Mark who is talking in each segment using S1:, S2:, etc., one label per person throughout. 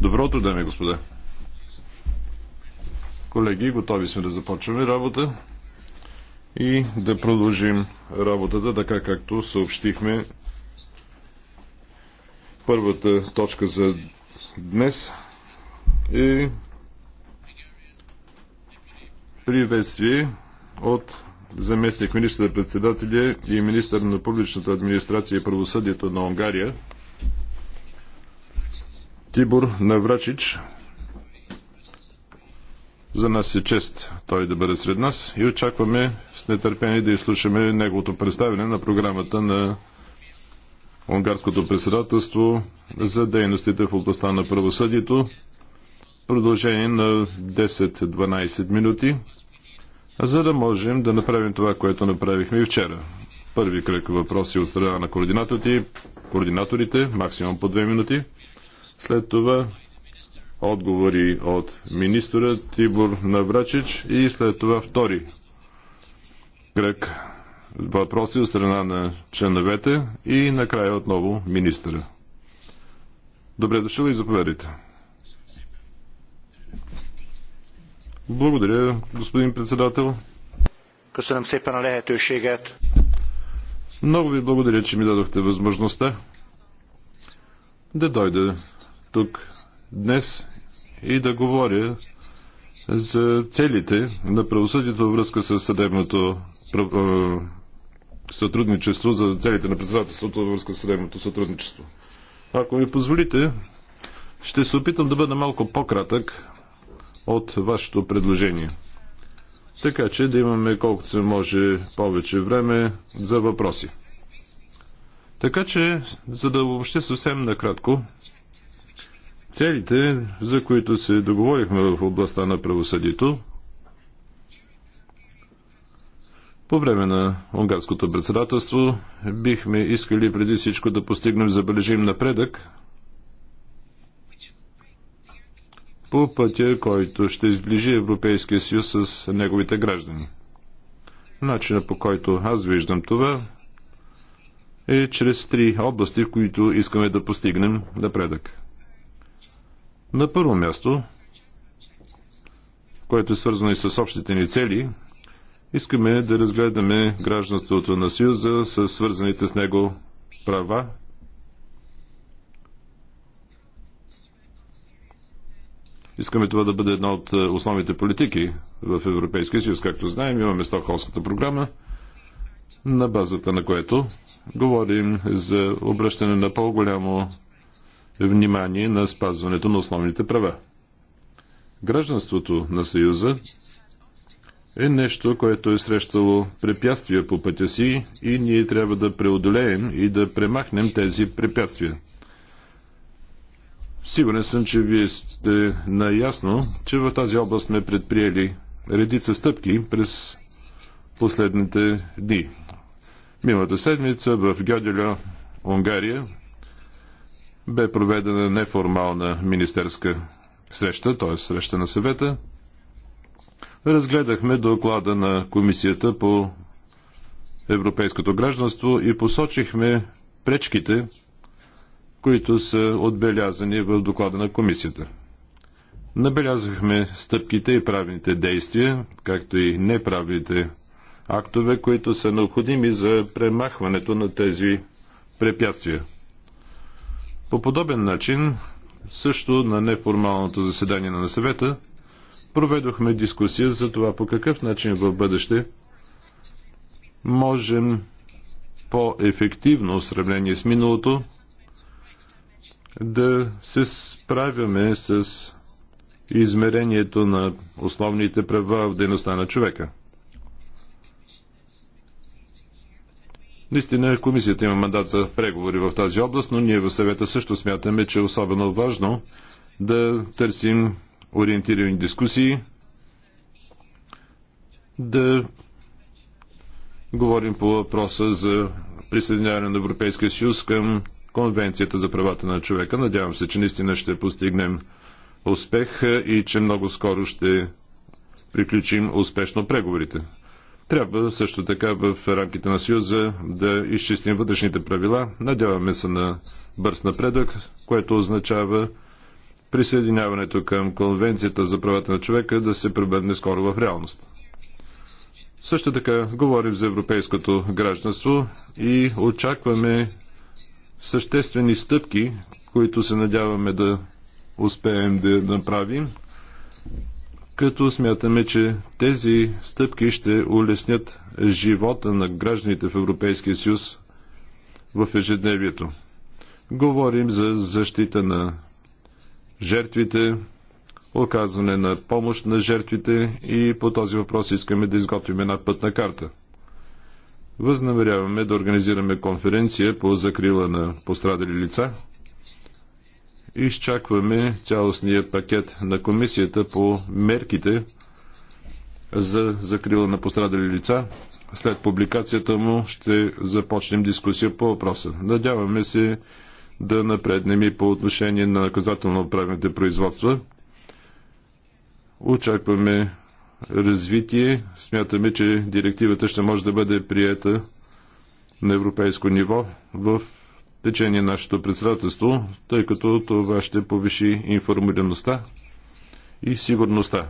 S1: Добро утро, дами и господа. Колеги, готови сме да започваме работа и да продължим работата така както съобщихме. Първата точка за днес и е приветствие от заместник министър-председателя и министър на публичната администрация и правосъдието на Унгария Тибор Наврачич. За нас е чест той да бъде сред нас и очакваме с нетърпение да изслушаме неговото представяне на програмата на унгарското председателство за дейностите в областта на правосъдието. Продължение на 10-12 минути, за да можем да направим това, което направихме и вчера. Първи кръг въпроси от страна на координаторите, координаторите максимум по 2 минути – след това отговори от министъра Тибор Наврачич и след това втори кръг въпроси от страна на членовете и накрая отново министъра. Добре дошъл и заповядайте. Благодаря, господин председател.
S2: Köszönöm szépen a lehetőséget.
S1: Много ви благодаря, че ми дадохте възможността да дойде тук днес и да говоря за целите на правосъдието във връзка с съдебното сътрудничество, за целите на председателството във връзка с съдебното сътрудничество. Ако ми позволите, ще се опитам да бъда малко по-кратък от вашето предложение. Така че да имаме колкото се може повече време за въпроси. Така че, за да обобщя съвсем накратко, Целите, за които се договорихме в областта на правосъдието, по време на унгарското председателство бихме искали преди всичко да постигнем забележим напредък по пътя, който ще изближи Европейския съюз с неговите граждани. Начина по който аз виждам това е чрез три области, в които искаме да постигнем напредък. На първо място, което е свързано и с общите ни цели, искаме да разгледаме гражданството на Съюза с свързаните с него права Искаме това да бъде една от е, основните политики в Европейския съюз. Както знаем, имаме Стокхолската програма, на базата на което говорим за обръщане на по-голямо внимание на спазването на основните права. Гражданството на Съюза е нещо, което е срещало препятствия по пътя си и ние трябва да преодолеем и да премахнем тези препятствия. Сигурен съм, че вие сте наясно, че в тази област сме предприели редица стъпки през последните дни. Миналата седмица в Гьоделя, Унгария, бе проведена неформална министерска среща, т.е. среща на съвета. Разгледахме доклада на Комисията по европейското гражданство и посочихме пречките, които са отбелязани в доклада на комисията. Набелязахме стъпките и правните действия, както и неправните актове, които са необходими за премахването на тези препятствия. По подобен начин, също на неформалното заседание на съвета, проведохме дискусия за това по какъв начин в бъдеще можем по-ефективно в сравнение с миналото да се справяме с измерението на основните права в дейността на човека. Наистина комисията има мандат за преговори в тази област, но ние в съвета също смятаме, че е особено важно да търсим ориентирани дискусии, да говорим по въпроса за присъединяване на Европейския съюз към Конвенцията за правата на човека. Надявам се, че наистина ще постигнем успех и че много скоро ще приключим успешно преговорите. Трябва също така в рамките на Съюза да изчистим вътрешните правила. Надяваме се на бърз напредък, което означава присъединяването към Конвенцията за правата на човека да се превърне скоро в реалност. Също така говорим за европейското гражданство и очакваме съществени стъпки, които се надяваме да успеем да направим като смятаме, че тези стъпки ще улеснят живота на гражданите в Европейския съюз в ежедневието. Говорим за защита на жертвите, оказване на помощ на жертвите и по този въпрос искаме да изготвим една пътна карта. Възнамеряваме да организираме конференция по закрила на пострадали лица – изчакваме цялостният пакет на комисията по мерките за закрила на пострадали лица. След публикацията му ще започнем дискусия по въпроса. Надяваме се да напреднем и по отношение на наказателно-правните производства. Очакваме развитие. Смятаме, че директивата ще може да бъде приета на европейско ниво в течение нашето председателство, тъй като това ще повиши информираността и сигурността.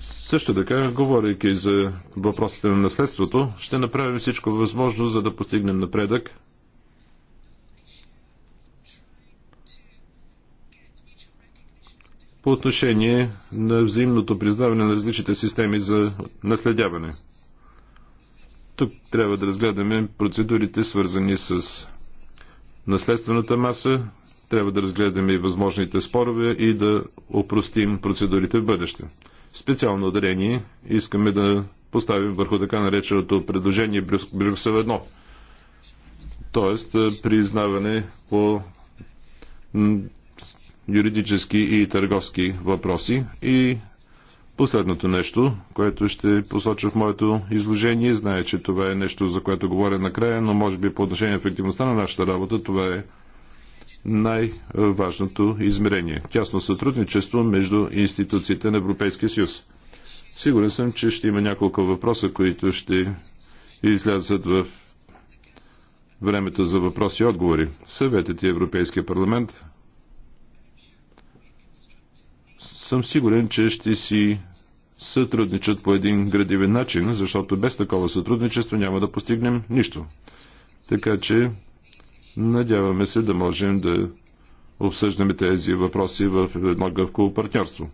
S1: Също така, говорейки за въпросите на наследството, ще направим всичко възможно, за да постигнем напредък по отношение на взаимното признаване на различните системи за наследяване. Тук трябва да разгледаме процедурите, свързани с наследствената маса, трябва да разгледаме и възможните спорове и да опростим процедурите в бъдеще. Специално ударение искаме да поставим върху така нареченото предложение Брюксел 1, т.е. признаване по юридически и търговски въпроси и Последното нещо, което ще посоча в моето изложение, знае, че това е нещо, за което говоря накрая, но може би по отношение на ефективността на нашата работа, това е най-важното измерение. Тясно сътрудничество между институциите на Европейския съюз. Сигурен съм, че ще има няколко въпроса, които ще излязат в времето за въпроси и отговори. Съветът и Европейския парламент съм сигурен, че ще си сътрудничат по един градивен начин, защото без такова сътрудничество няма да постигнем нищо. Така че надяваме се да можем да обсъждаме тези въпроси в едно гъвково партньорство.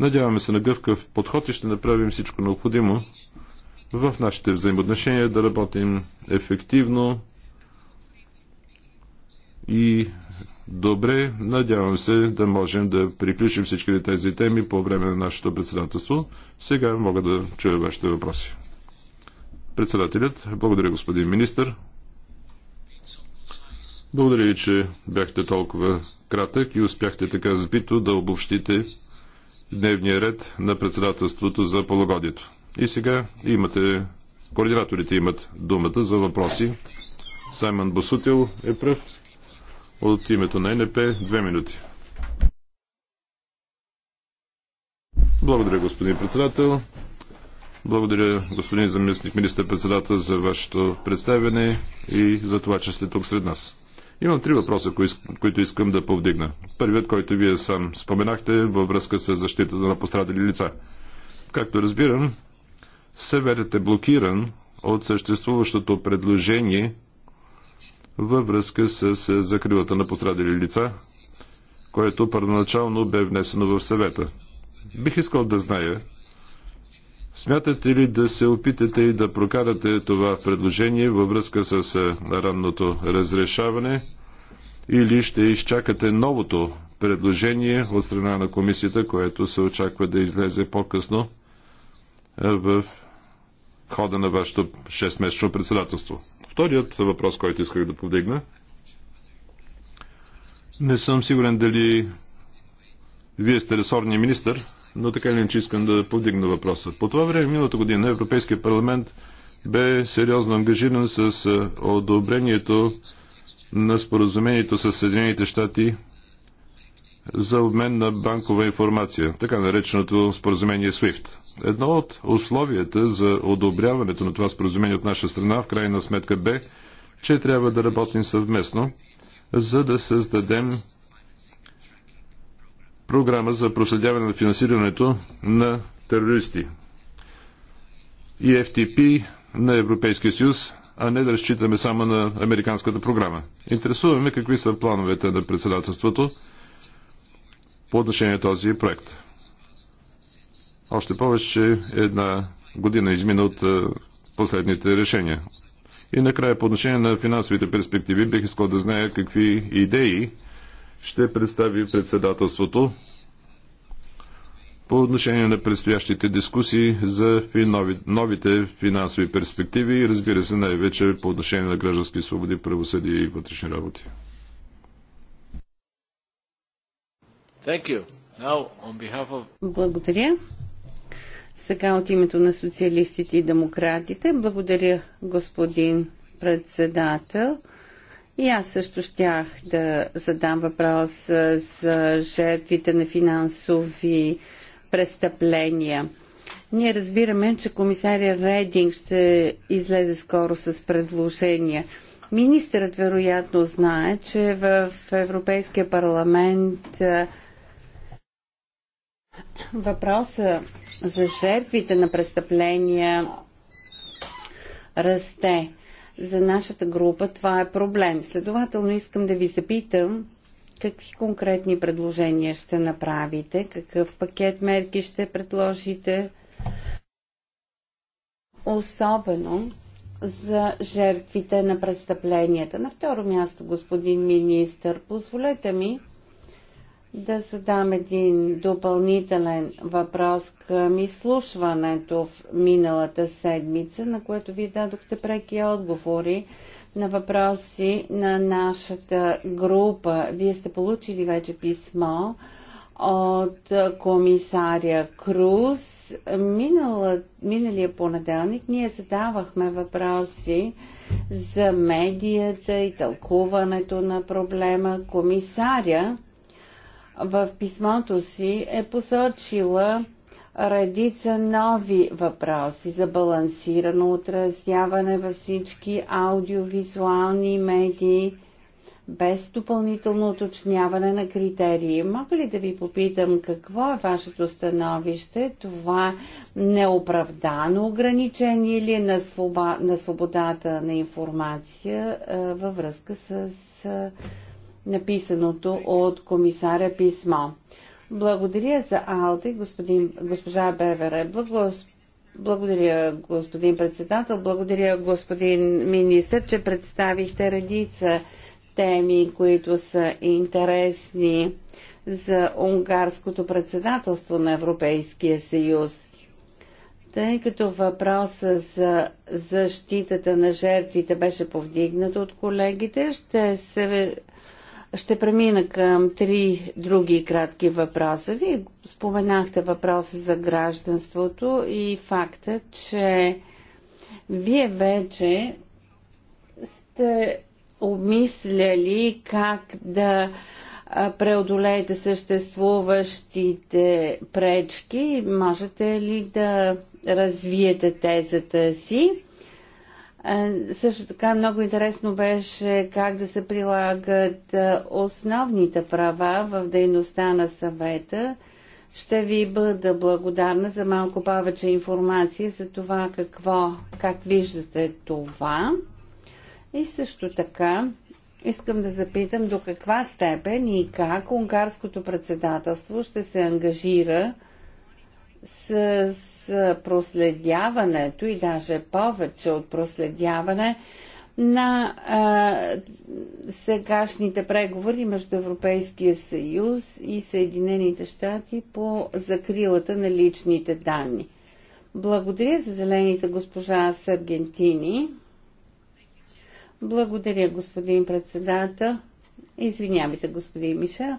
S1: Надяваме се на гъвкав подход и ще направим всичко необходимо в нашите взаимоотношения да работим ефективно и Добре, надявам се да можем да приключим всички тези теми по време на нашето председателство. Сега мога да чуя вашите въпроси. Председателят, благодаря господин министр. Благодаря ви, че бяхте толкова кратък и успяхте така сбито да обобщите дневния ред на председателството за полугодието. И сега имате, координаторите имат думата за въпроси. Саймън Басутил е пръв. От името на НП две минути. Благодаря, господин председател. Благодаря, господин заместник министър председател за вашето представяне и за това, че сте тук сред нас. Имам три въпроса, които искам да повдигна. Първият, който вие сам споменахте, във връзка с защитата на пострадали лица. Както разбирам, Северът е блокиран от съществуващото предложение във връзка с закрилата на пострадали лица, което първоначално бе внесено в съвета. Бих искал да зная, смятате ли да се опитате и да прокарате това предложение във връзка с ранното разрешаване или ще изчакате новото предложение от страна на комисията, което се очаква да излезе по-късно в хода на вашето 6-месечно председателство? Вторият въпрос, който исках да повдигна. Не съм сигурен дали вие сте ресорния министр, но така или иначе искам да повдигна въпроса. По това време, миналата година, Европейския парламент бе сериозно ангажиран с одобрението на споразумението с Съединените щати за обмен на банкова информация, така нареченото споразумение SWIFT. Едно от условията за одобряването на това споразумение от наша страна в крайна сметка бе, че трябва да работим съвместно, за да създадем програма за проследяване на финансирането на терористи. И FTP на Европейския съюз, а не да разчитаме само на американската програма. Интересуваме какви са плановете на председателството по отношение на този проект. Още повече една година измина от е, последните решения. И накрая по отношение на финансовите перспективи бих искал да зная какви идеи ще представи председателството по отношение на предстоящите дискусии за новите финансови перспективи и разбира се най-вече по отношение на граждански свободи, правосъдие и вътрешни работи.
S2: Now, of...
S3: Благодаря. Сега от името на социалистите и демократите. Благодаря, господин председател. И аз също щях да задам въпрос за жертвите на финансови престъпления. Ние разбираме, че комисария Рейдинг ще излезе скоро с предложения. Министърът вероятно знае, че в Европейския парламент въпроса за жертвите на престъпления расте. За нашата група това е проблем. Следователно искам да ви запитам какви конкретни предложения ще направите, какъв пакет мерки ще предложите, особено за жертвите на престъпленията. На второ място, господин министър, позволете ми да задам един допълнителен въпрос към изслушването в миналата седмица, на което ви дадохте преки отговори на въпроси на нашата група. Вие сте получили вече писмо от комисаря Круз. Минала, миналия понеделник ние задавахме въпроси за медията и тълкуването на проблема. Комисаря в писмото си е посочила редица нови въпроси за балансирано отразяване във всички аудиовизуални медии, без допълнително уточняване на критерии. Мога ли да ви попитам какво е вашето становище? Това неоправдано ограничение или е на, свобода, на свободата на информация във връзка с написаното от комисаря писмо. Благодаря за Алди, господин, госпожа Бевере. Благос... Благодаря, господин председател. Благодаря, господин министр, че представихте редица теми, които са интересни за унгарското председателство на Европейския съюз. Тъй като въпроса за защитата на жертвите беше повдигнат от колегите, ще се ще премина към три други кратки въпроса. Вие споменахте въпроса за гражданството и факта, че вие вече сте обмисляли как да преодолеете съществуващите пречки. Можете ли да развиете тезата си? Също така много интересно беше как да се прилагат основните права в дейността на съвета. Ще ви бъда благодарна за малко повече информация за това какво, как виждате това. И също така искам да запитам до каква степен и как унгарското председателство ще се ангажира с проследяването и даже повече от проследяване на а, сегашните преговори между Европейския съюз и Съединените щати по закрилата на личните данни. Благодаря за зелените госпожа Саргентини. Благодаря, господин председател. Извинявайте, господин Миша.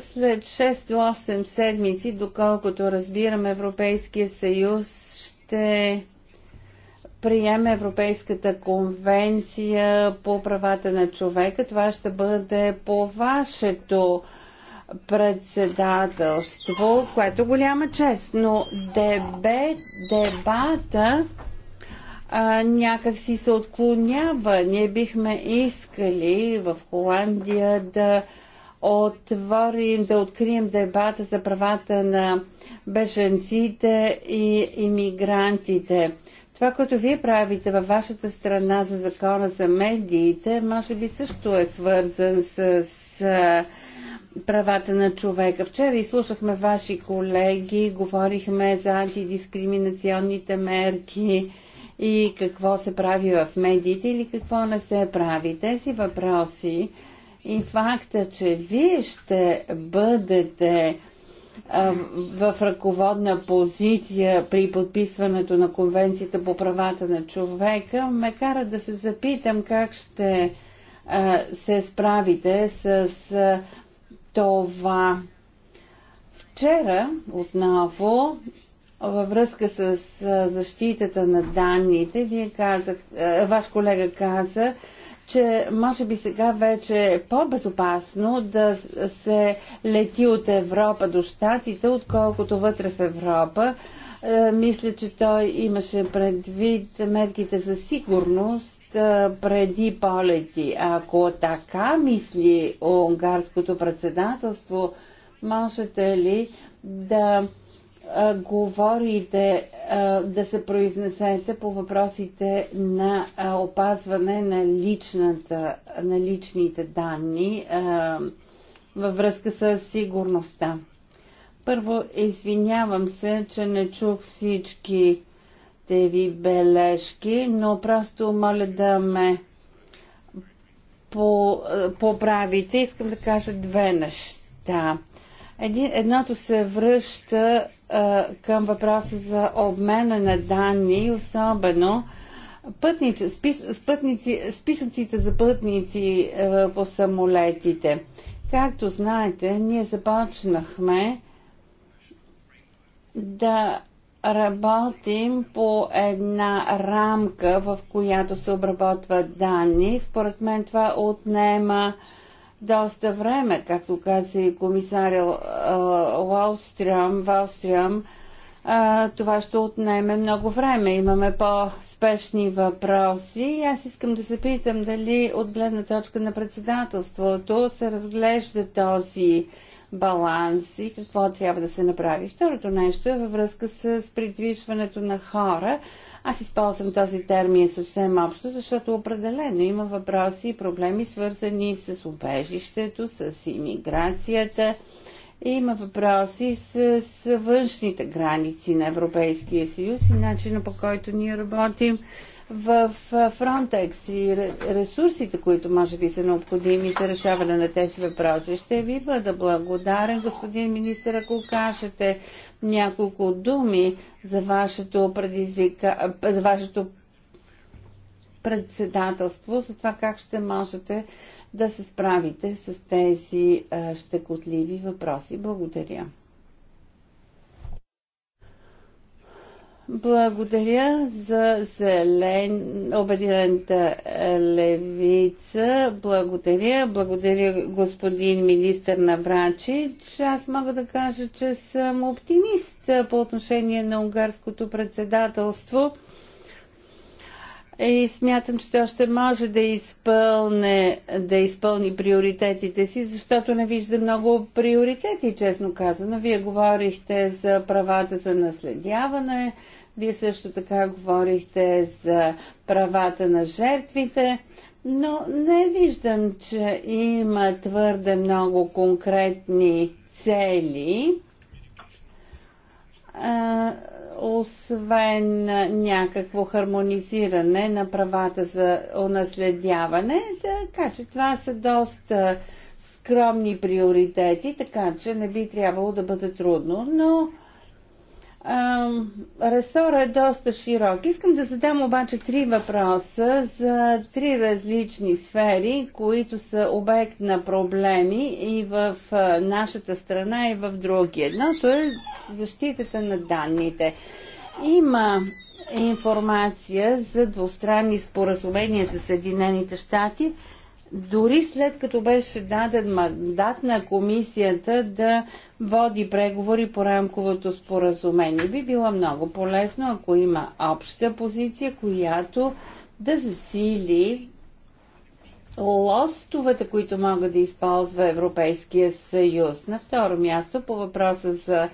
S3: След 6 до 8 седмици, доколкото разбирам, Европейския съюз ще приеме Европейската конвенция по правата на човека. Това ще бъде по вашето председателство, което голяма чест, но дебе, дебата а, някак си се отклонява. Ние бихме искали в Холандия да отворим, да открием дебата за правата на беженците и иммигрантите. Това, което вие правите във вашата страна за закона за медиите, може би също е свързан с, с правата на човека. Вчера изслушахме ваши колеги, говорихме за антидискриминационните мерки и какво се прави в медиите или какво не се прави. Тези въпроси и факта, че вие ще бъдете в ръководна позиция при подписването на Конвенцията по правата на човека, ме кара да се запитам как ще се справите с това. Вчера отново във връзка с защитата на данните, вие казах, ваш колега каза, че може би сега вече е по-безопасно да се лети от Европа до Штатите, отколкото вътре в Европа. Е, мисля, че той имаше предвид мерките за сигурност е, преди полети. Ако така мисли унгарското председателство, можете ли да а, говорите, а, да се произнесете по въпросите на а, опазване на, личната, на личните данни а, във връзка с сигурността. Първо, извинявам се, че не чух всички те ви бележки, но просто моля да ме по, поправите. Искам да кажа две неща. едното се връща към въпроса за обмена на данни, особено спис, пътници, списъците за пътници по самолетите. Както знаете, ние започнахме да работим по една рамка, в която се обработват данни. Според мен това отнема доста време, както каза и комисаря Уолстрям, Валстрям, това ще отнеме много време. Имаме по-спешни въпроси и аз искам да се питам дали от гледна точка на председателството се разглежда този баланс и какво трябва да се направи. Второто нещо е във връзка с придвижването на хора. Аз използвам този термин съвсем общо, защото определено има въпроси и проблеми, свързани с убежището, с иммиграцията. Има въпроси с, с външните граници на Европейския съюз и начина по който ние работим в Frontex и ресурсите, които може би са необходими за решаване на тези въпроси. Ще ви бъда благодарен, господин министър, ако кажете няколко думи за вашето, предизвика, за вашето председателство, за това как ще можете да се справите с тези щекотливи въпроси. Благодаря. Благодаря за зелен, обединената левица. Благодаря. Благодаря господин министър Наврачи. Аз мога да кажа, че съм оптимист по отношение на унгарското председателство и смятам, че той ще може да, изпълне, да изпълни приоритетите си, защото не вижда много приоритети, честно казано. Вие говорихте за правата за наследяване, вие също така говорихте за правата на жертвите, но не виждам, че има твърде много конкретни цели, а, освен някакво хармонизиране на правата за унаследяване, така че това са доста скромни приоритети, така че не би трябвало да бъде трудно, но ресора е доста широк. Искам да задам обаче три въпроса за три различни сфери, които са обект на проблеми и в нашата страна, и в други. Едното е защитата на данните. Има информация за двустранни споразумения с Съединените щати – дори след като беше даден мандат на комисията да води преговори по рамковото споразумение. Би било много полезно, ако има обща позиция, която да засили лостовете, които могат да използва Европейския съюз. На второ място по въпроса за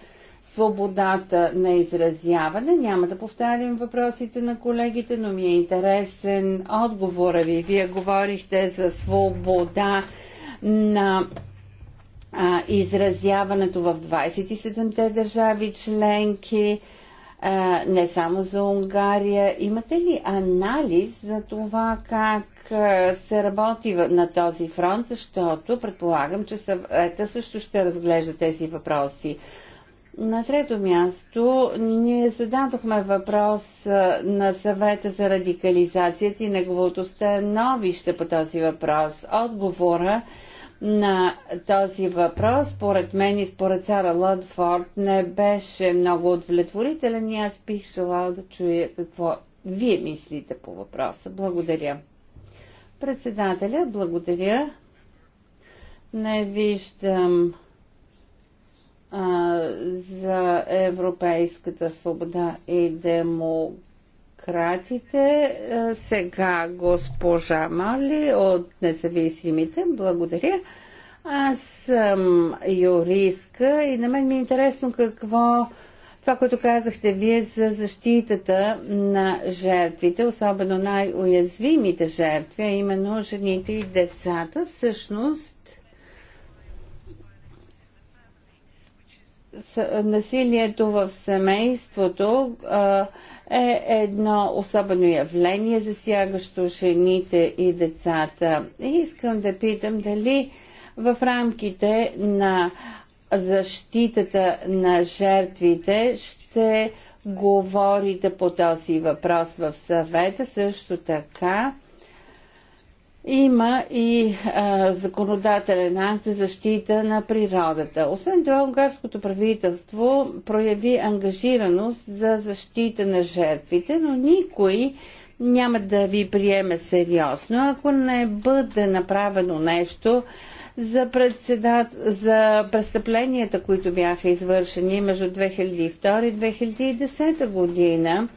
S3: свободата на изразяване. Няма да повтарям въпросите на колегите, но ми е интересен отговора ви. Вие говорихте за свобода на а, изразяването в 27-те държави членки, а, не само за Унгария. Имате ли анализ за това как се работи на този фронт, защото предполагам, че съвета също ще разглежда тези въпроси. На трето място, ние зададохме въпрос на съвета за радикализацията и неговото становище по този въпрос. Отговора на този въпрос, според мен и според Сара Лъдфорд, не беше много удовлетворителен и аз бих желала да чуя какво вие мислите по въпроса. Благодаря. Председателя, благодаря. Не виждам а, за европейската свобода и демократите. Сега госпожа Мали от независимите. Благодаря. Аз съм юристка и на мен ми е интересно какво това, което казахте вие за защитата на жертвите, особено най-уязвимите жертви, а именно жените и децата, всъщност насилието в семейството а, е едно особено явление, засягащо жените и децата. И искам да питам дали в рамките на защитата на жертвите ще говорите по този въпрос в съвета, също така има и а, законодателен акт за защита на природата. Освен това, унгарското правителство прояви ангажираност за защита на жертвите, но никой няма да ви приеме сериозно, ако не бъде направено нещо за, председат... за престъпленията, които бяха извършени между 2002 и 2010 година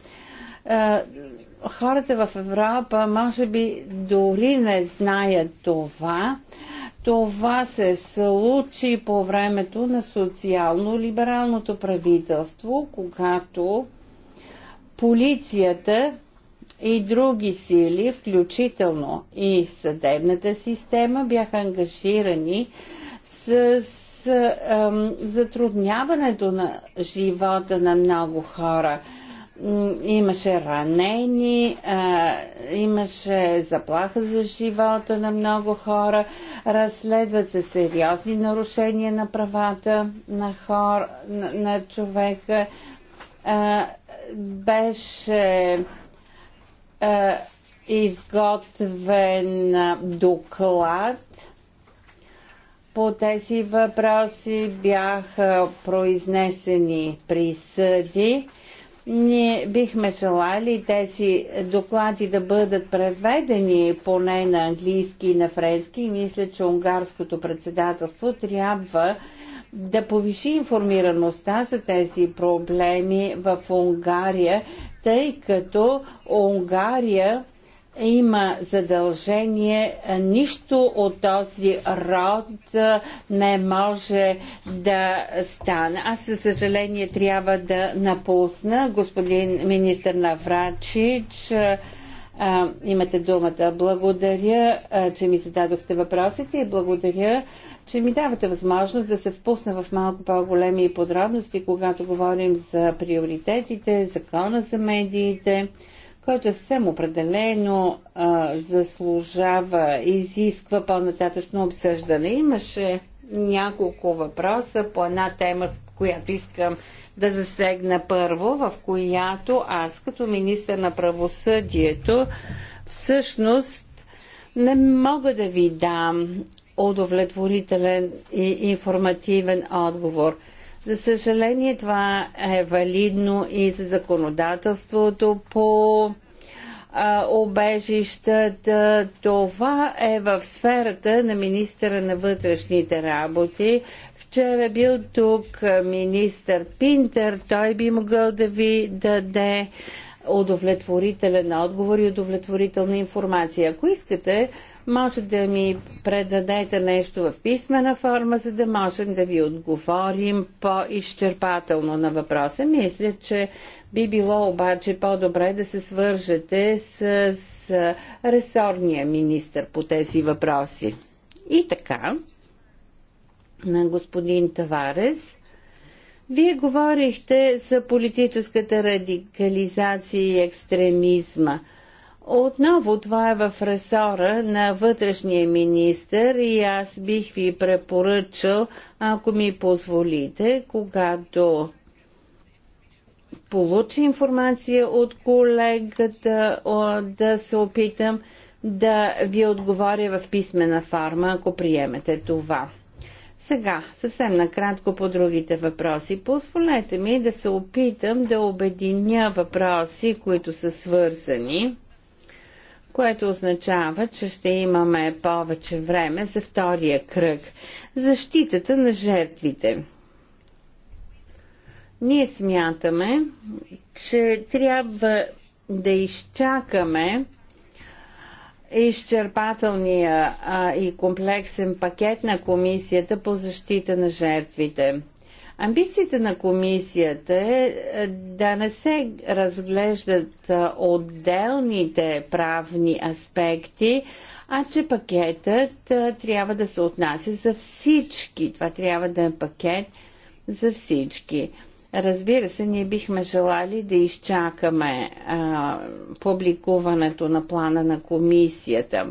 S3: хората в Европа може би дори не знаят това. Това се случи по времето на социално-либералното правителство, когато полицията и други сили, включително и съдебната система, бяха ангажирани с, с ем, затрудняването на живота на много хора – имаше ранени, а, имаше заплаха за живота на много хора, разследват се сериозни нарушения на правата на, хор, на, на човека. А, беше а, изготвен доклад по тези въпроси, бяха произнесени присъди ние бихме желали тези доклади да бъдат преведени поне на английски и на френски. Мисля, че унгарското председателство трябва да повиши информираността за тези проблеми в Унгария, тъй като Унгария има задължение, нищо от този род не може да стане. Аз със съжаление трябва да напусна. Господин министр Наврачич, а, имате думата. Благодаря, а, че ми зададохте въпросите и благодаря, че ми давате възможност да се впусна в малко по-големи подробности, когато говорим за приоритетите, закона за медиите който е съвсем определено а, заслужава, изисква по-нататъчно обсъждане. Имаше няколко въпроса по една тема, с която искам да засегна първо, в която аз като министър на правосъдието всъщност не мога да ви дам удовлетворителен и информативен отговор. За съжаление, това е валидно и за законодателството по а, обежищата. Това е в сферата на министра на вътрешните работи. Вчера бил тук министър Пинтер. Той би могъл да ви даде удовлетворителен отговор и удовлетворителна информация. Ако искате, може да ми предадете нещо в писмена форма, за да можем да ви отговорим по-изчерпателно на въпроса. Мисля, че би било обаче по-добре да се свържете с, с ресорния министр по тези въпроси. И така, на господин Таварес. Вие говорихте за политическата радикализация и екстремизма – отново това е в ресора на вътрешния министр и аз бих ви препоръчал, ако ми позволите, когато получа информация от колегата, да се опитам да ви отговоря в писмена форма, ако приемете това. Сега, съвсем накратко по другите въпроси. Позволете ми да се опитам да обединя въпроси, които са свързани – което означава, че ще имаме повече време за втория кръг защитата на жертвите. Ние смятаме, че трябва да изчакаме изчерпателния а, и комплексен пакет на Комисията по защита на жертвите. Амбицията на комисията е, е да не се разглеждат е, отделните правни аспекти, а че пакетът е, трябва да се отнася за всички. Това трябва да е пакет за всички. Разбира се, ние бихме желали да изчакаме а, публикуването на плана на комисията.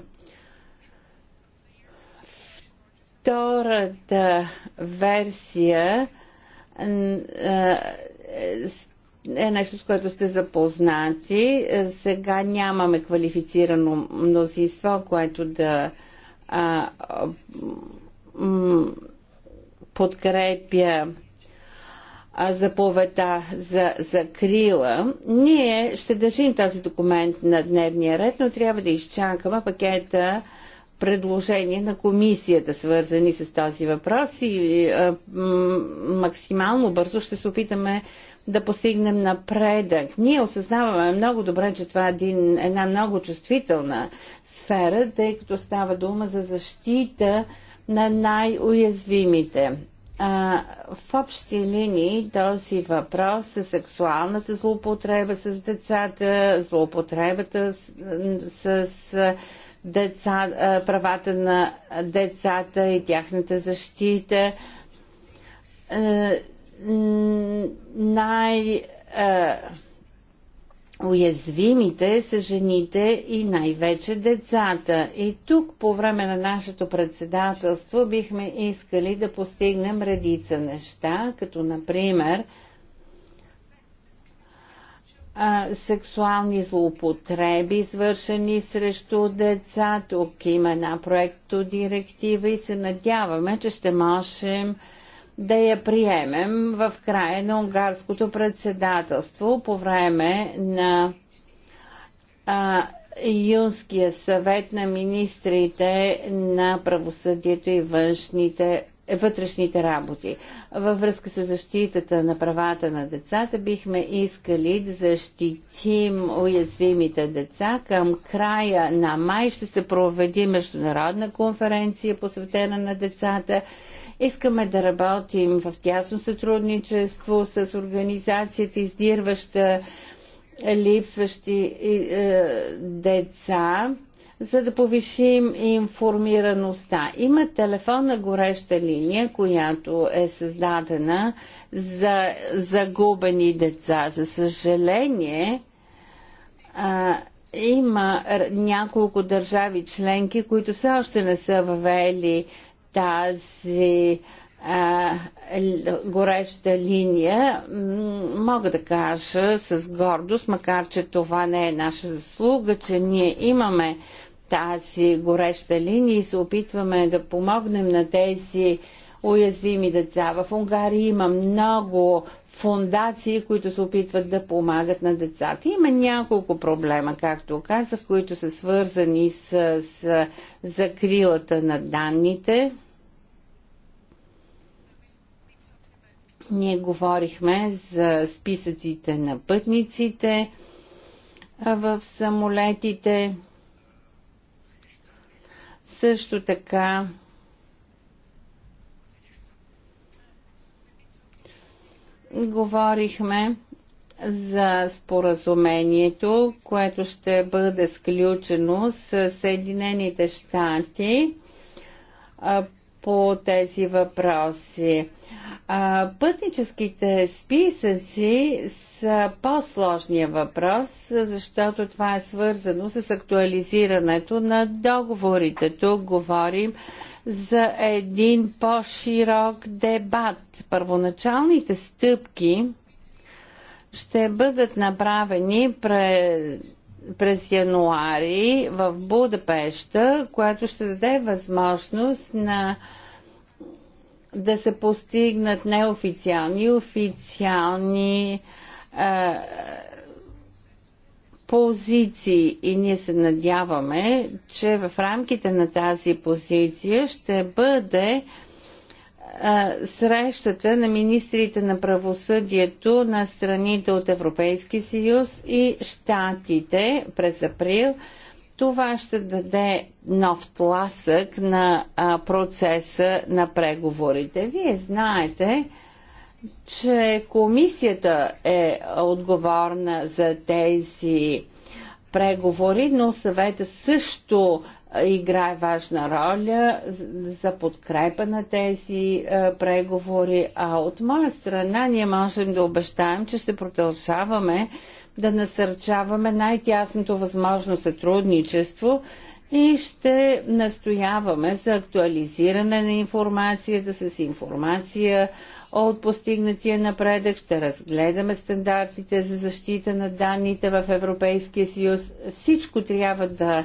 S3: Втората версия е, е, е нещо, с което сте запознати. Е, сега нямаме квалифицирано мнозинство, което да а, подкрепя заповета за закрила. Ние ще държим този документ на дневния ред, но трябва да изчакаме пакета предложения на комисията, свързани с този въпрос и а, е, максимално бързо ще се опитаме да постигнем напредък. Ние осъзнаваме много добре, че това е един, една много чувствителна сфера, тъй като става дума за защита на най-уязвимите. в общи линии този въпрос е сексуалната злоупотреба с децата, злоупотребата с, с деца, правата на децата и тяхната защита. Е, най- уязвимите са жените и най-вече децата. И тук по време на нашето председателство бихме искали да постигнем редица неща, като например – а, сексуални злоупотреби, извършени срещу деца. Тук има една директива и се надяваме, че ще можем да я приемем в края на унгарското председателство по време на а, Юнския съвет на министрите на правосъдието и външните вътрешните работи. Във връзка с защитата на правата на децата бихме искали да защитим уязвимите деца. Към края на май ще се проведи международна конференция посветена на децата. Искаме да работим в тясно сътрудничество с организацията, издирваща липсващи е, деца за да повишим информираността. Има телефонна гореща линия, която е създадена за загубени деца. За съжаление, а, има няколко държави членки, които все още не са въвели тази а, гореща линия. Мога да кажа с гордост, макар че това не е наша заслуга, че ние имаме тази гореща линия и се опитваме да помогнем на тези уязвими деца. В Унгария има много фундации, които се опитват да помагат на децата. Има няколко проблема, както казах, които са свързани с, с закрилата на данните. Ние говорихме за списъците на пътниците в самолетите. Също така говорихме за споразумението, което ще бъде сключено с Съединените щати по тези въпроси. Пътническите списъци по-сложния въпрос, защото това е свързано с актуализирането на договорите. Тук говорим за един по-широк дебат. Първоначалните стъпки ще бъдат направени през януари в Будапешта, което ще даде възможност на да се постигнат неофициални и официални позиции и ние се надяваме, че в рамките на тази позиция ще бъде срещата на министрите на правосъдието на страните от Европейски съюз и щатите през април. Това ще даде нов тласък на процеса на преговорите. Вие знаете, че комисията е отговорна за тези преговори, но съвета също играе важна роля за подкрепа на тези е, преговори. А от моя страна ние можем да обещаем, че ще продължаваме да насърчаваме най-тясното възможно сътрудничество и ще настояваме за актуализиране на информацията с информация от постигнатия напредък. Ще разгледаме стандартите за защита на данните в Европейския съюз. Всичко трябва да,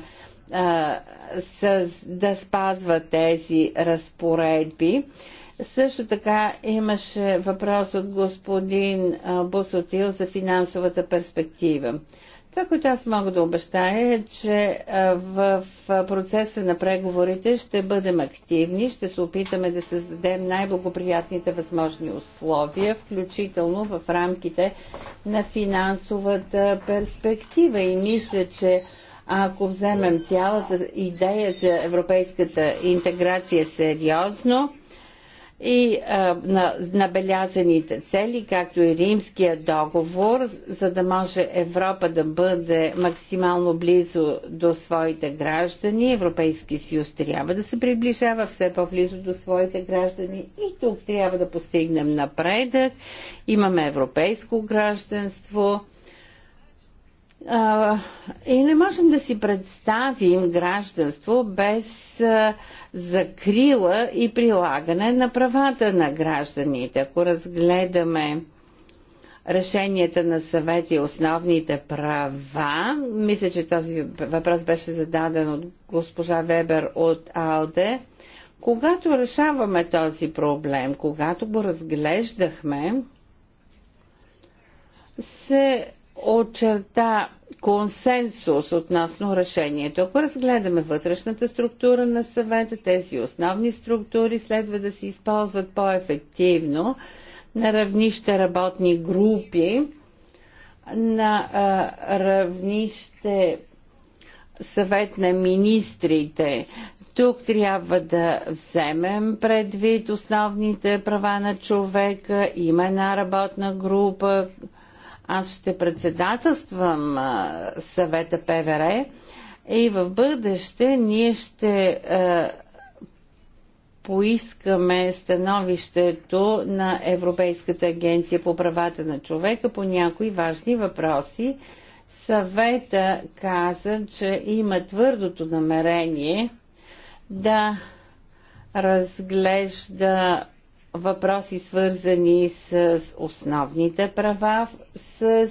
S3: а, с, да спазва тези разпоредби. Също така имаше въпрос от господин Бусотил за финансовата перспектива. Това, което аз мога да обещая е, че в процеса на преговорите ще бъдем активни, ще се опитаме да създадем най-благоприятните възможни условия, включително в рамките на финансовата перспектива. И мисля, че ако вземем цялата идея за европейската интеграция сериозно, и а, на набелязаните цели, както и римския договор, за да може Европа да бъде максимално близо до своите граждани. Европейски съюз трябва да се приближава все по-близо до своите граждани и тук трябва да постигнем напредък. Имаме европейско гражданство и не можем да си представим гражданство без закрила и прилагане на правата на гражданите. Ако разгледаме решенията на съвет и основните права, мисля, че този въпрос беше зададен от госпожа Вебер от АЛДЕ, когато решаваме този проблем, когато го разглеждахме, се очерта консенсус относно решението. Ако разгледаме вътрешната структура на съвета, тези основни структури следва да се използват по-ефективно на равнище работни групи, на а, равнище съвет на министрите. Тук трябва да вземем предвид основните права на човека. Има една работна група, аз ще председателствам съвета ПВР и в бъдеще ние ще поискаме становището на Европейската агенция по правата на човека по някои важни въпроси. Съвета каза, че има твърдото намерение да разглежда въпроси свързани с основните права, с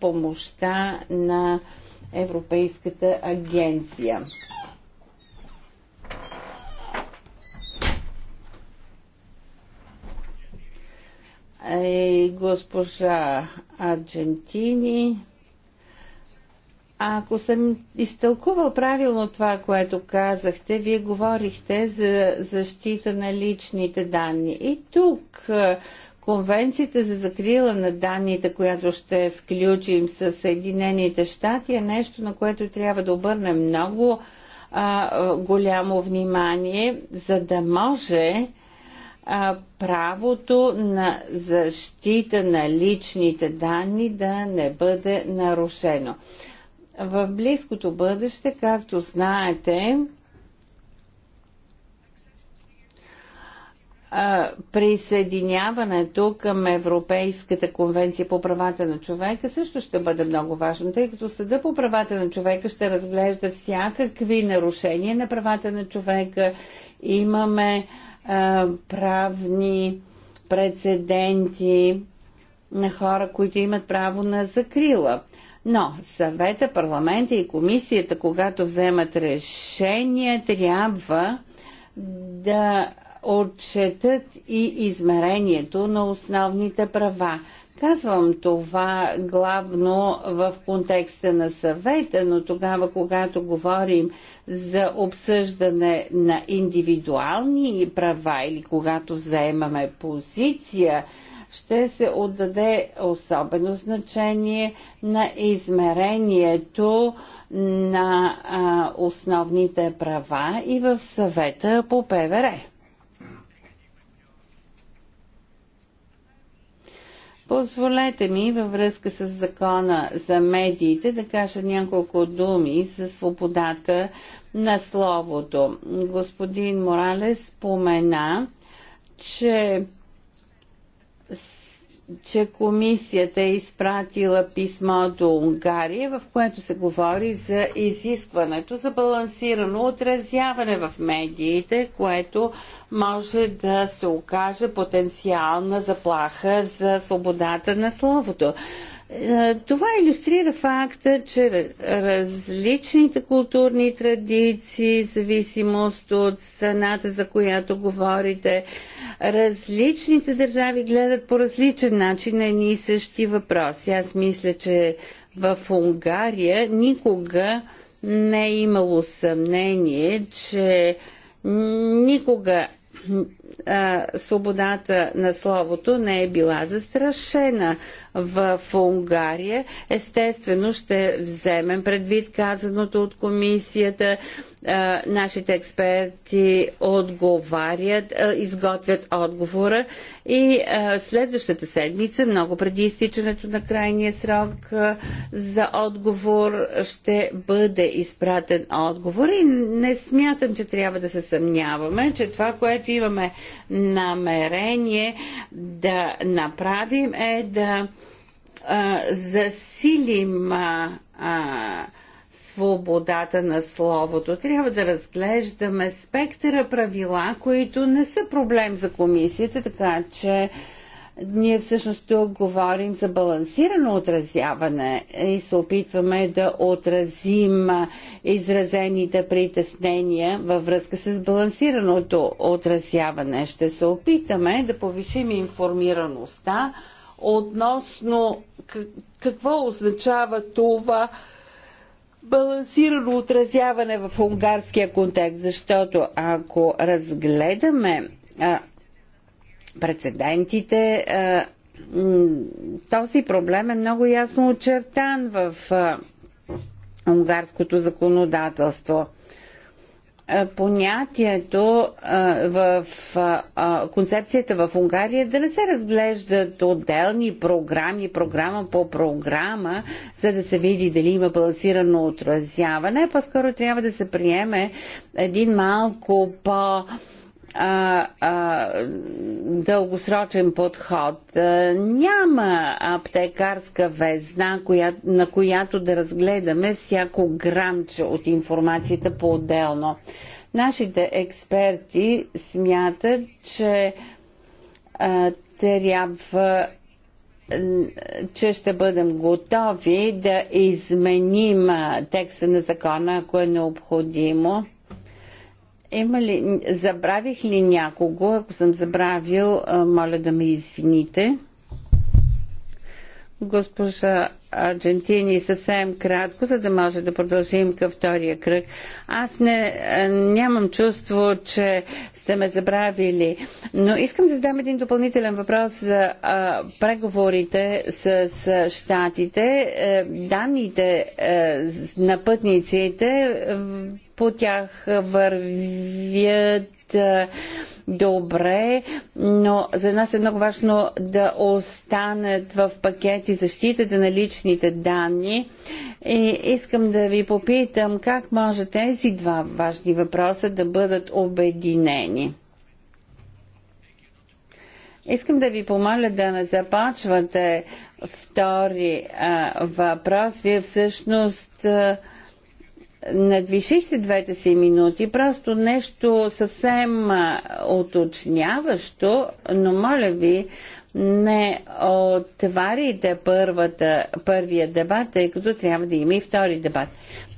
S3: помощта на Европейската агенция. госпожа Аргентини ако съм изтълкувал правилно това, което казахте, вие говорихте за защита на личните данни. И тук Конвенцията за закрила на данните, която ще сключим с Съединените щати, е нещо, на което трябва да обърнем много а, голямо внимание, за да може а, правото на защита на личните данни да не бъде нарушено. В близкото бъдеще, както знаете, присъединяването към Европейската конвенция по правата на човека също ще бъде много важно, тъй като Съда по правата на човека ще разглежда всякакви нарушения на правата на човека. Имаме а, правни прецеденти на хора, които имат право на закрила. Но съвета, парламента и комисията, когато вземат решение, трябва да отчетат и измерението на основните права. Казвам това главно в контекста на съвета, но тогава, когато говорим за обсъждане на индивидуални права или когато заемаме позиция ще се отдаде особено значение на измерението на а, основните права и в съвета по ПВР. Позволете ми във връзка с закона за медиите да кажа няколко думи за свободата на словото. Господин Моралес спомена, че че комисията е изпратила писмо до Унгария, в което се говори за изискването за балансирано отразяване в медиите, което може да се окаже потенциална заплаха за свободата на словото. Е, това иллюстрира факта, че различните културни традиции, в зависимост от страната, за която говорите, различните държави гледат по различен начин на едни и същи въпроси. Аз мисля, че в Унгария никога не е имало съмнение, че никога а, свободата на словото не е била застрашена в Унгария. Естествено ще вземем предвид казаното от комисията нашите експерти отговарят, изготвят отговора и следващата седмица, много преди изтичането на крайния срок за отговор, ще бъде изпратен отговор и не смятам, че трябва да се съмняваме, че това, което имаме намерение да направим е да засилим а, свободата на словото. Трябва да разглеждаме спектъра правила, които не са проблем за комисията, така че ние всъщност тук говорим за балансирано отразяване и се опитваме да отразим изразените притеснения във връзка с балансираното отразяване. Ще се опитаме да повишим информираността относно какво означава това балансирано отразяване в унгарския контекст, защото ако разгледаме а, прецедентите, а, този проблем е много ясно очертан в а, унгарското законодателство понятието в концепцията в Унгария да не се разглеждат отделни програми, програма по програма, за да се види дали има балансирано отразяване. По-скоро трябва да се приеме един малко по- а, а, дългосрочен подход. няма аптекарска везна, коя, на която да разгледаме всяко грамче от информацията по-отделно. Нашите експерти смятат, че а, трябва че ще бъдем готови да изменим текста на закона, ако е необходимо има ли, забравих ли някого? Ако съм забравил, моля да ме извините. Госпожа Аржентини съвсем кратко, за да може да продължим към втория кръг. Аз не, нямам чувство, че сте ме забравили, но искам да задам един допълнителен въпрос за а, преговорите с, с щатите. Е, данните а, е, на пътниците по тях вървят добре, но за нас е много важно да останат в пакети защитата на личните данни. И искам да ви попитам как може тези два важни въпроса да бъдат обединени. Искам да ви помоля да не започвате втори а, въпрос. Вие всъщност а, надвишихте двете си минути, просто нещо съвсем уточняващо, но моля ви, не отваряйте първата, първия дебат, тъй като трябва да има и втори дебат.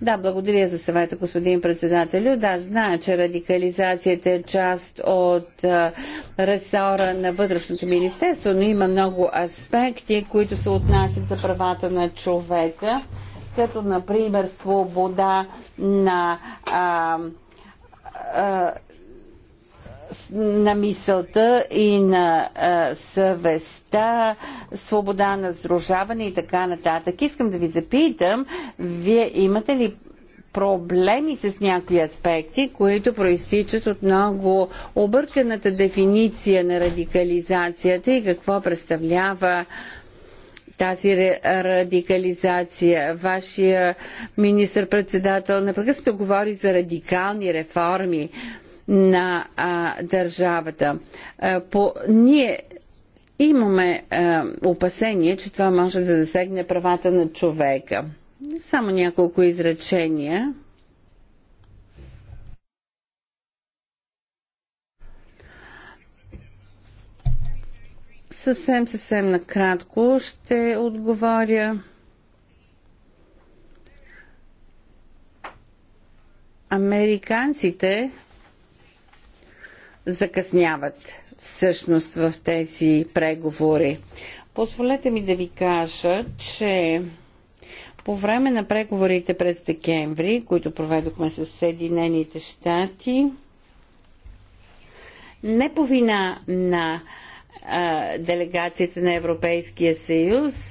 S3: Да, благодаря за съвета, господин председателю. Да, знае, че радикализацията е част от а, ресора на вътрешното министерство, но има много аспекти, които се отнасят за правата на човека като например свобода на а, а, на мисълта и на а, съвестта, свобода на сдружаване и така нататък. Искам да ви запитам, вие имате ли проблеми с някои аспекти, които проистичат от много обърканата дефиниция на радикализацията и какво представлява тази радикализация. Вашия министр-председател непрекъснато говори за радикални реформи на а, държавата. А, по, ние имаме а, опасение, че това може да засегне правата на човека. Само няколко изречения. Съвсем, съвсем накратко ще отговоря. Американците закъсняват всъщност в тези преговори. Позволете ми да ви кажа, че по време на преговорите през декември, които проведохме с Съединените щати, не по вина на делегацията на Европейския съюз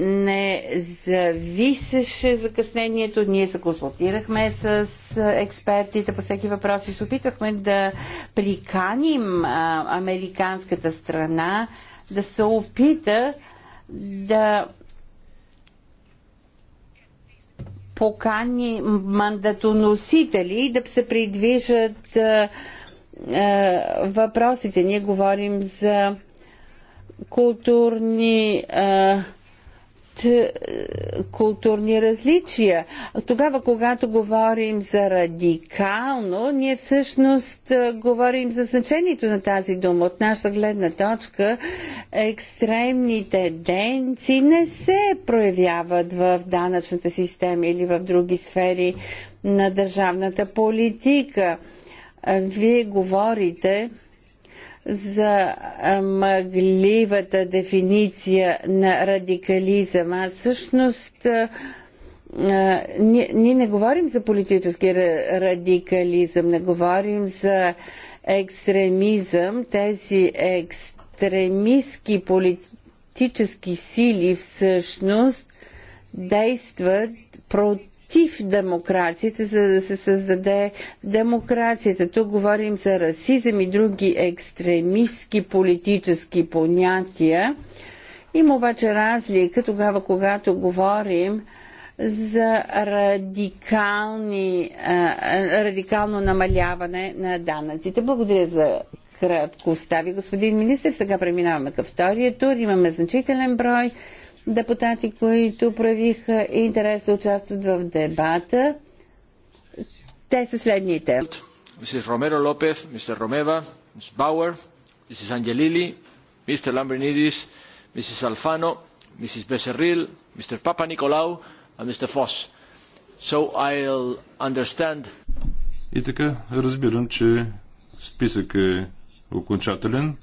S3: не зависеше закъснението. Ние се консултирахме с експертите по всеки въпрос и се опитвахме да приканим американската страна да се опита да покани мандатоносители да се придвижат е, въпросите. Ние говорим за културни е, е, културни различия. Тогава, когато говорим за радикално, ние всъщност говорим за значението на тази дума. От наша гледна точка, екстремните денци не се проявяват в данъчната система или в други сфери на държавната политика. Вие говорите за мъгливата дефиниция на радикализъм. А всъщност ние, не говорим за политически радикализъм, не говорим за екстремизъм. Тези екстремистски политически сили всъщност действат против против демокрацията, за да се създаде демокрацията. Тук говорим за расизъм и други екстремистски политически понятия. Има обаче разлика тогава, когато говорим за радикални, радикално намаляване на данъците. Благодаря за краткостта ви, господин министр. Сега преминаваме към втория тур. Имаме значителен брой депутати, които проявиха интерес да участват в дебата. Те са следните.
S2: Mrs. Romero López, Mr. Romeva, Ms. Bauer, Mrs. Angelili, Mr. Lambrinidis, Mrs. Alfano, Mrs. Becerril, Mr. Papa Nicolau and Mr. Foss. So I'll understand. И
S1: така, разбирам, че списък е окончателен.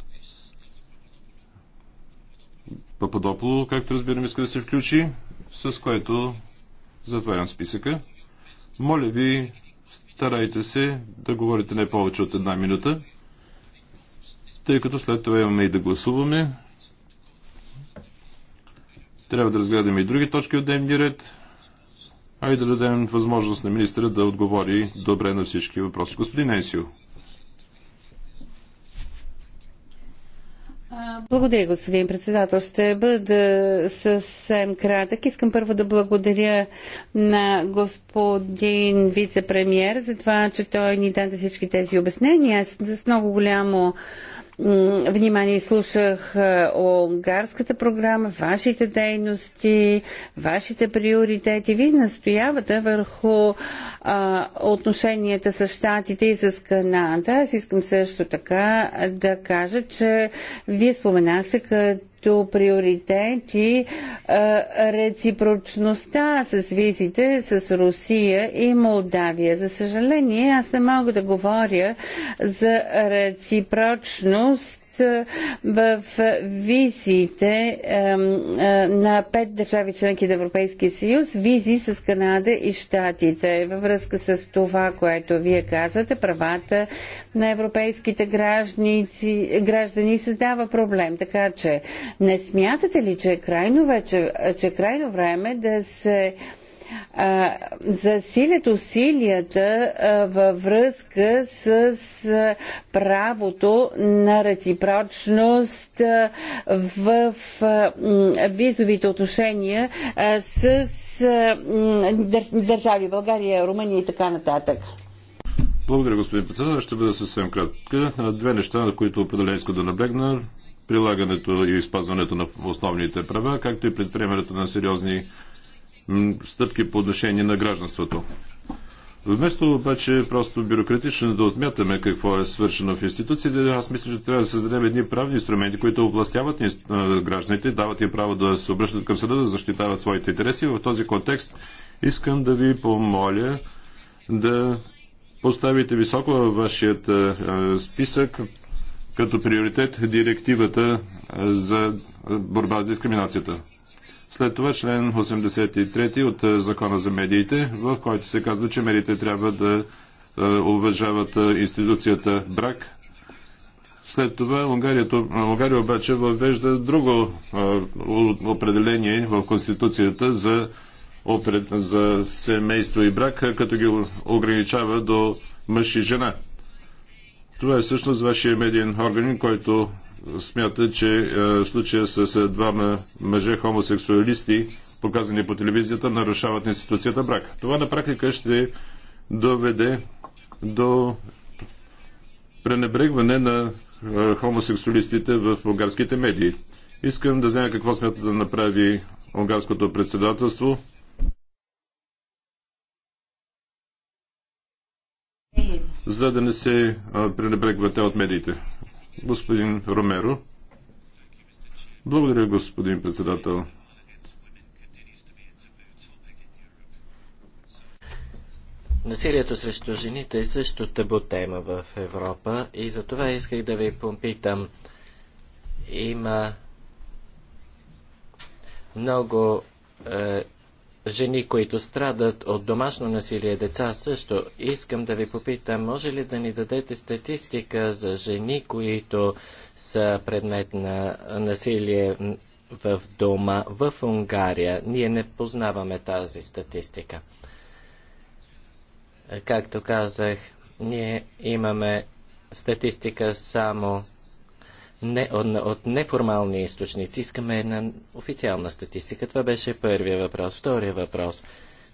S1: Пападополо, както разбирам, иска да се включи, с което затварям списъка. Моля ви, старайте се да говорите не повече от една минута, тъй като след това имаме и да гласуваме. Трябва да разгледаме и други точки от дневния ред, а и да дадем възможност на министра да отговори добре на всички въпроси. Господин Енсио.
S3: Благодаря, господин председател. Ще бъда съвсем кратък. Искам първо да благодаря на господин вице-премьер за това, че той ни даде всички тези обяснения. Аз с много голямо внимание слушах е, унгарската програма, вашите дейности, вашите приоритети. Вие настоявате върху а, отношенията с Штатите и с Канада. Аз искам също така да кажа, че вие споменахте като като приоритети реципрочността с визите с Русия и Молдавия. За съжаление, аз не мога да говоря за реципрочност в визите е, на пет държави членки на Европейския съюз, визи с Канада и Штатите. Във връзка с това, което вие казвате, правата на европейските граждани, граждани създава проблем. Така че не смятате ли, че е крайно, вече, че е крайно време да се засилят усилията във връзка с правото на реципрочност в визовите отношения с държави България, Румъния и така нататък.
S1: Благодаря, господин председател. Ще бъда съвсем кратка. Две неща, на които определено иска да наблегна прилагането и изпазването на основните права, както и предприемането на сериозни стъпки по отношение на гражданството. Вместо обаче просто бюрократично да отмятаме какво е свършено в институциите, аз мисля, че трябва да създадем едни правни инструменти, които областяват гражданите, дават им право да се обръщат към съда, да защитават своите интереси. В този контекст искам да ви помоля да поставите високо във вашият списък като приоритет директивата за борба с дискриминацията. След това член 83 от е, Закона за медиите, в който се казва, че медиите трябва да е, уважават е, институцията брак. След това Унгария, Унгария обаче въвежда друго определение в Конституцията за, за семейство и брак, като ги ограничава до мъж и жена. Това е всъщност вашия медиен орган, който смята, че е, случая с е, двама мъже хомосексуалисти, показани по телевизията, нарушават институцията брак. Това на практика ще доведе до пренебрегване на е, хомосексуалистите в унгарските медии. Искам да знам какво смята да направи унгарското председателство. за да не се пренебрегвате от медиите господин Ромеро. Благодаря, господин председател.
S2: Насилието срещу жените е също табу тема в Европа и за това исках да ви попитам. Има много е, жени, които страдат от домашно насилие деца също. Искам да ви попитам, може ли да ни дадете статистика за жени, които са предмет на насилие в дома в Унгария? Ние не познаваме тази статистика. Както казах, ние имаме статистика само не, от, от неформални източници. Искаме една официална статистика. Това беше първия въпрос. Втория въпрос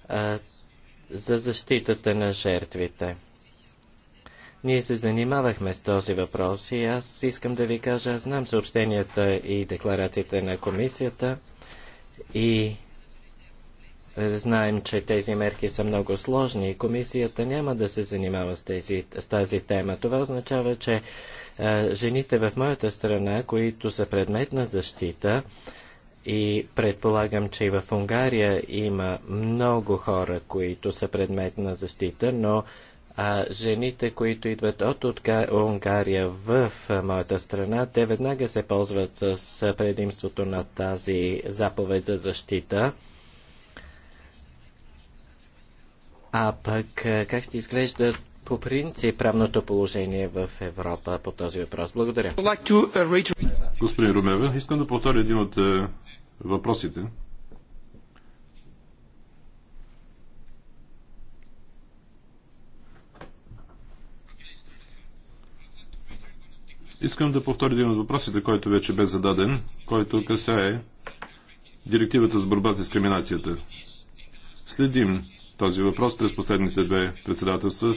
S2: а, за защитата на жертвите. Ние се занимавахме с този въпрос и аз искам да ви кажа, аз знам съобщенията и декларациите на комисията и Знаем, че тези мерки са много сложни и комисията няма да се занимава с, тези, с тази тема. Това означава, че е, жените в моята страна, които са предмет на защита, и предполагам, че и в Унгария има много хора, които са предмет на защита, но а, жените, които идват от, Унгария в моята страна, те веднага се ползват с предимството на тази заповед за защита. А пък как ти изглежда по принцип правното положение в Европа по този въпрос? Благодаря. Uh, Господин Румева, искам да повторя един от е, въпросите.
S1: Искам да повторя един от въпросите, който вече бе зададен, който касае директивата за борба с дискриминацията. Следим този въпрос през последните две председателства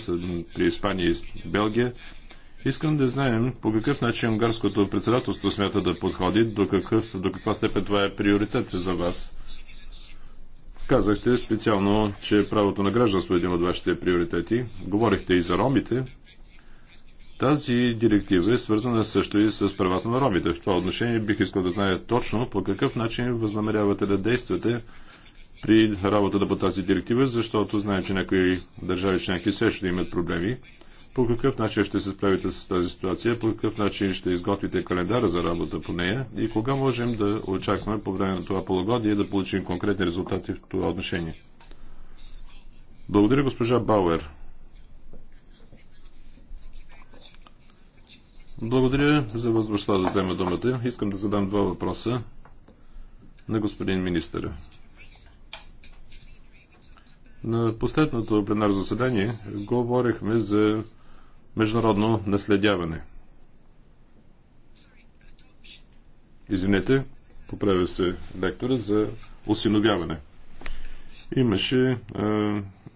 S1: при Испания и Белгия. Искам да знаем по какъв начин унгарското председателство смята да подходи, до, какъв, до каква степен това е приоритет за вас. Казахте специално, че правото на гражданство е един от вашите приоритети. Говорихте и за ромите. Тази директива е свързана също и с правата на ромите. В това отношение бих искал да зная точно по какъв начин възнамерявате да действате при работата по тази директива, защото знаем, че някои държави членки също имат проблеми. По какъв начин ще се справите с тази ситуация, по какъв начин ще изготвите календара за работа по нея и кога можем да очакваме по време на това полугодие да получим конкретни резултати в това отношение? Благодаря, госпожа Бауер. Благодаря за възможността да взема думата. Искам да задам два въпроса на господин министъра. На последното пленарно заседание говорихме за международно наследяване. Извинете, поправя се лектора за осиновяване. Имаше е,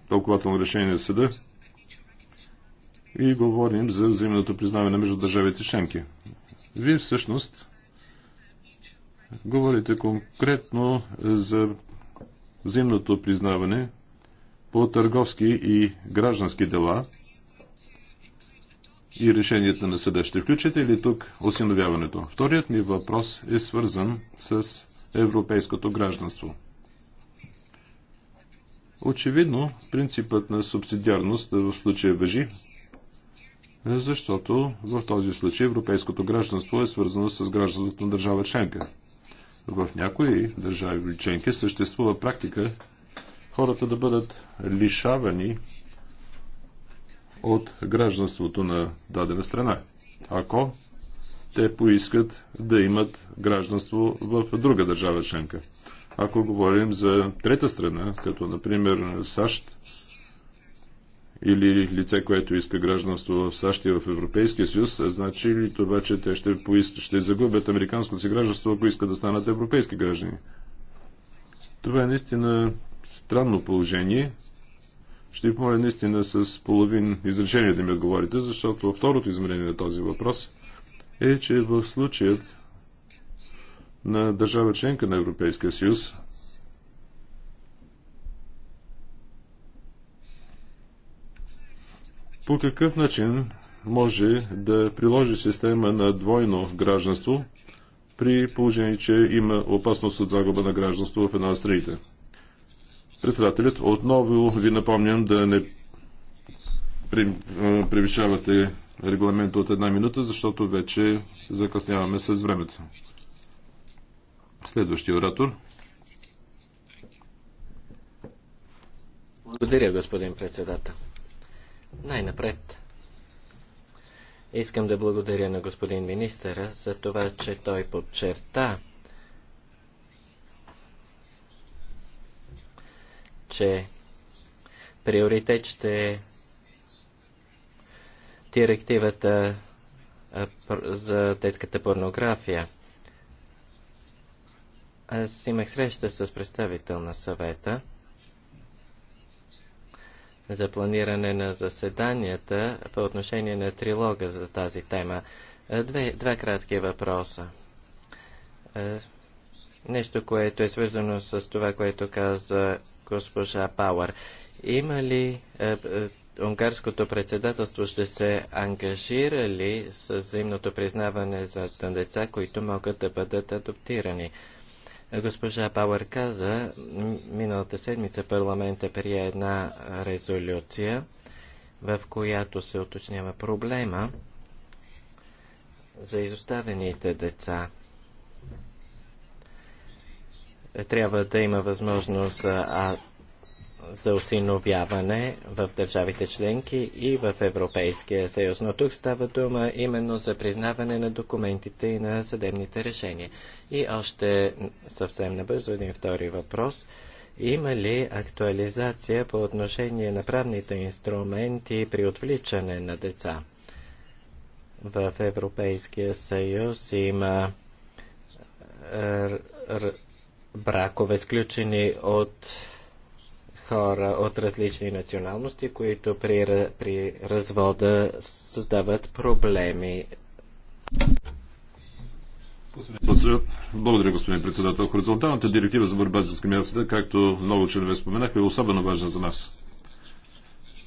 S1: тълкователно решение на съда и говорим за взаимното признаване между държавите членки. Вие всъщност говорите конкретно за взаимното признаване по търговски и граждански дела и решенията на съда. Ще включите ли тук осиновяването? Вторият ми въпрос е свързан с европейското гражданство. Очевидно, принципът на субсидиарност в случая въжи, защото в този случай европейското гражданство е свързано с гражданството на държава членка. В някои държави членки съществува практика хората да бъдат лишавани от гражданството на дадена страна, ако те поискат да имат гражданство в друга държава членка. Ако говорим за трета страна, като например САЩ или лице, което иска гражданство в САЩ и в Европейския съюз, значи ли това, че те ще, поиска, ще загубят американското си гражданство, ако искат да станат европейски граждани? Това е наистина странно положение. Ще ви помоля наистина с половин изречение да ми отговорите, защото второто измерение на този въпрос е, че в случаят на държава членка на Европейския съюз по какъв начин може да приложи система на двойно гражданство при положение, че има опасност от загуба на гражданство в една от страните. Председателят, отново ви напомням да не превишавате регламента от една минута, защото вече закъсняваме с времето.
S2: Следващия оратор. Благодаря, господин председател. Най-напред. Искам да благодаря на господин министъра за това, че той подчерта че приоритет ще е директивата за детската порнография. Аз имах среща с представител на съвета за планиране на заседанията по отношение на трилога за тази тема. Две, два кратки въпроса. Нещо, което е свързано с това, което каза госпожа Пауър. Има ли е, е, унгарското председателство ще се ангажира ли с взаимното признаване за деца, които могат да бъдат адоптирани? Госпожа Пауър каза, миналата седмица парламента прие една резолюция, в която се уточнява проблема за изоставените деца трябва да има възможност а, за осиновяване в държавите членки и в Европейския съюз. Но тук става дума именно за признаване на документите и на съдебните решения. И още съвсем набързо един втори въпрос. Има ли актуализация по отношение на правните инструменти при отвличане на деца? В Европейския съюз има бракове, сключени от хора от различни националности, които при, при развода създават проблеми.
S1: Благодаря, господин председател. Хоризонталната директива за борба с дискриминацията, както много членове споменаха, е особено важна за нас.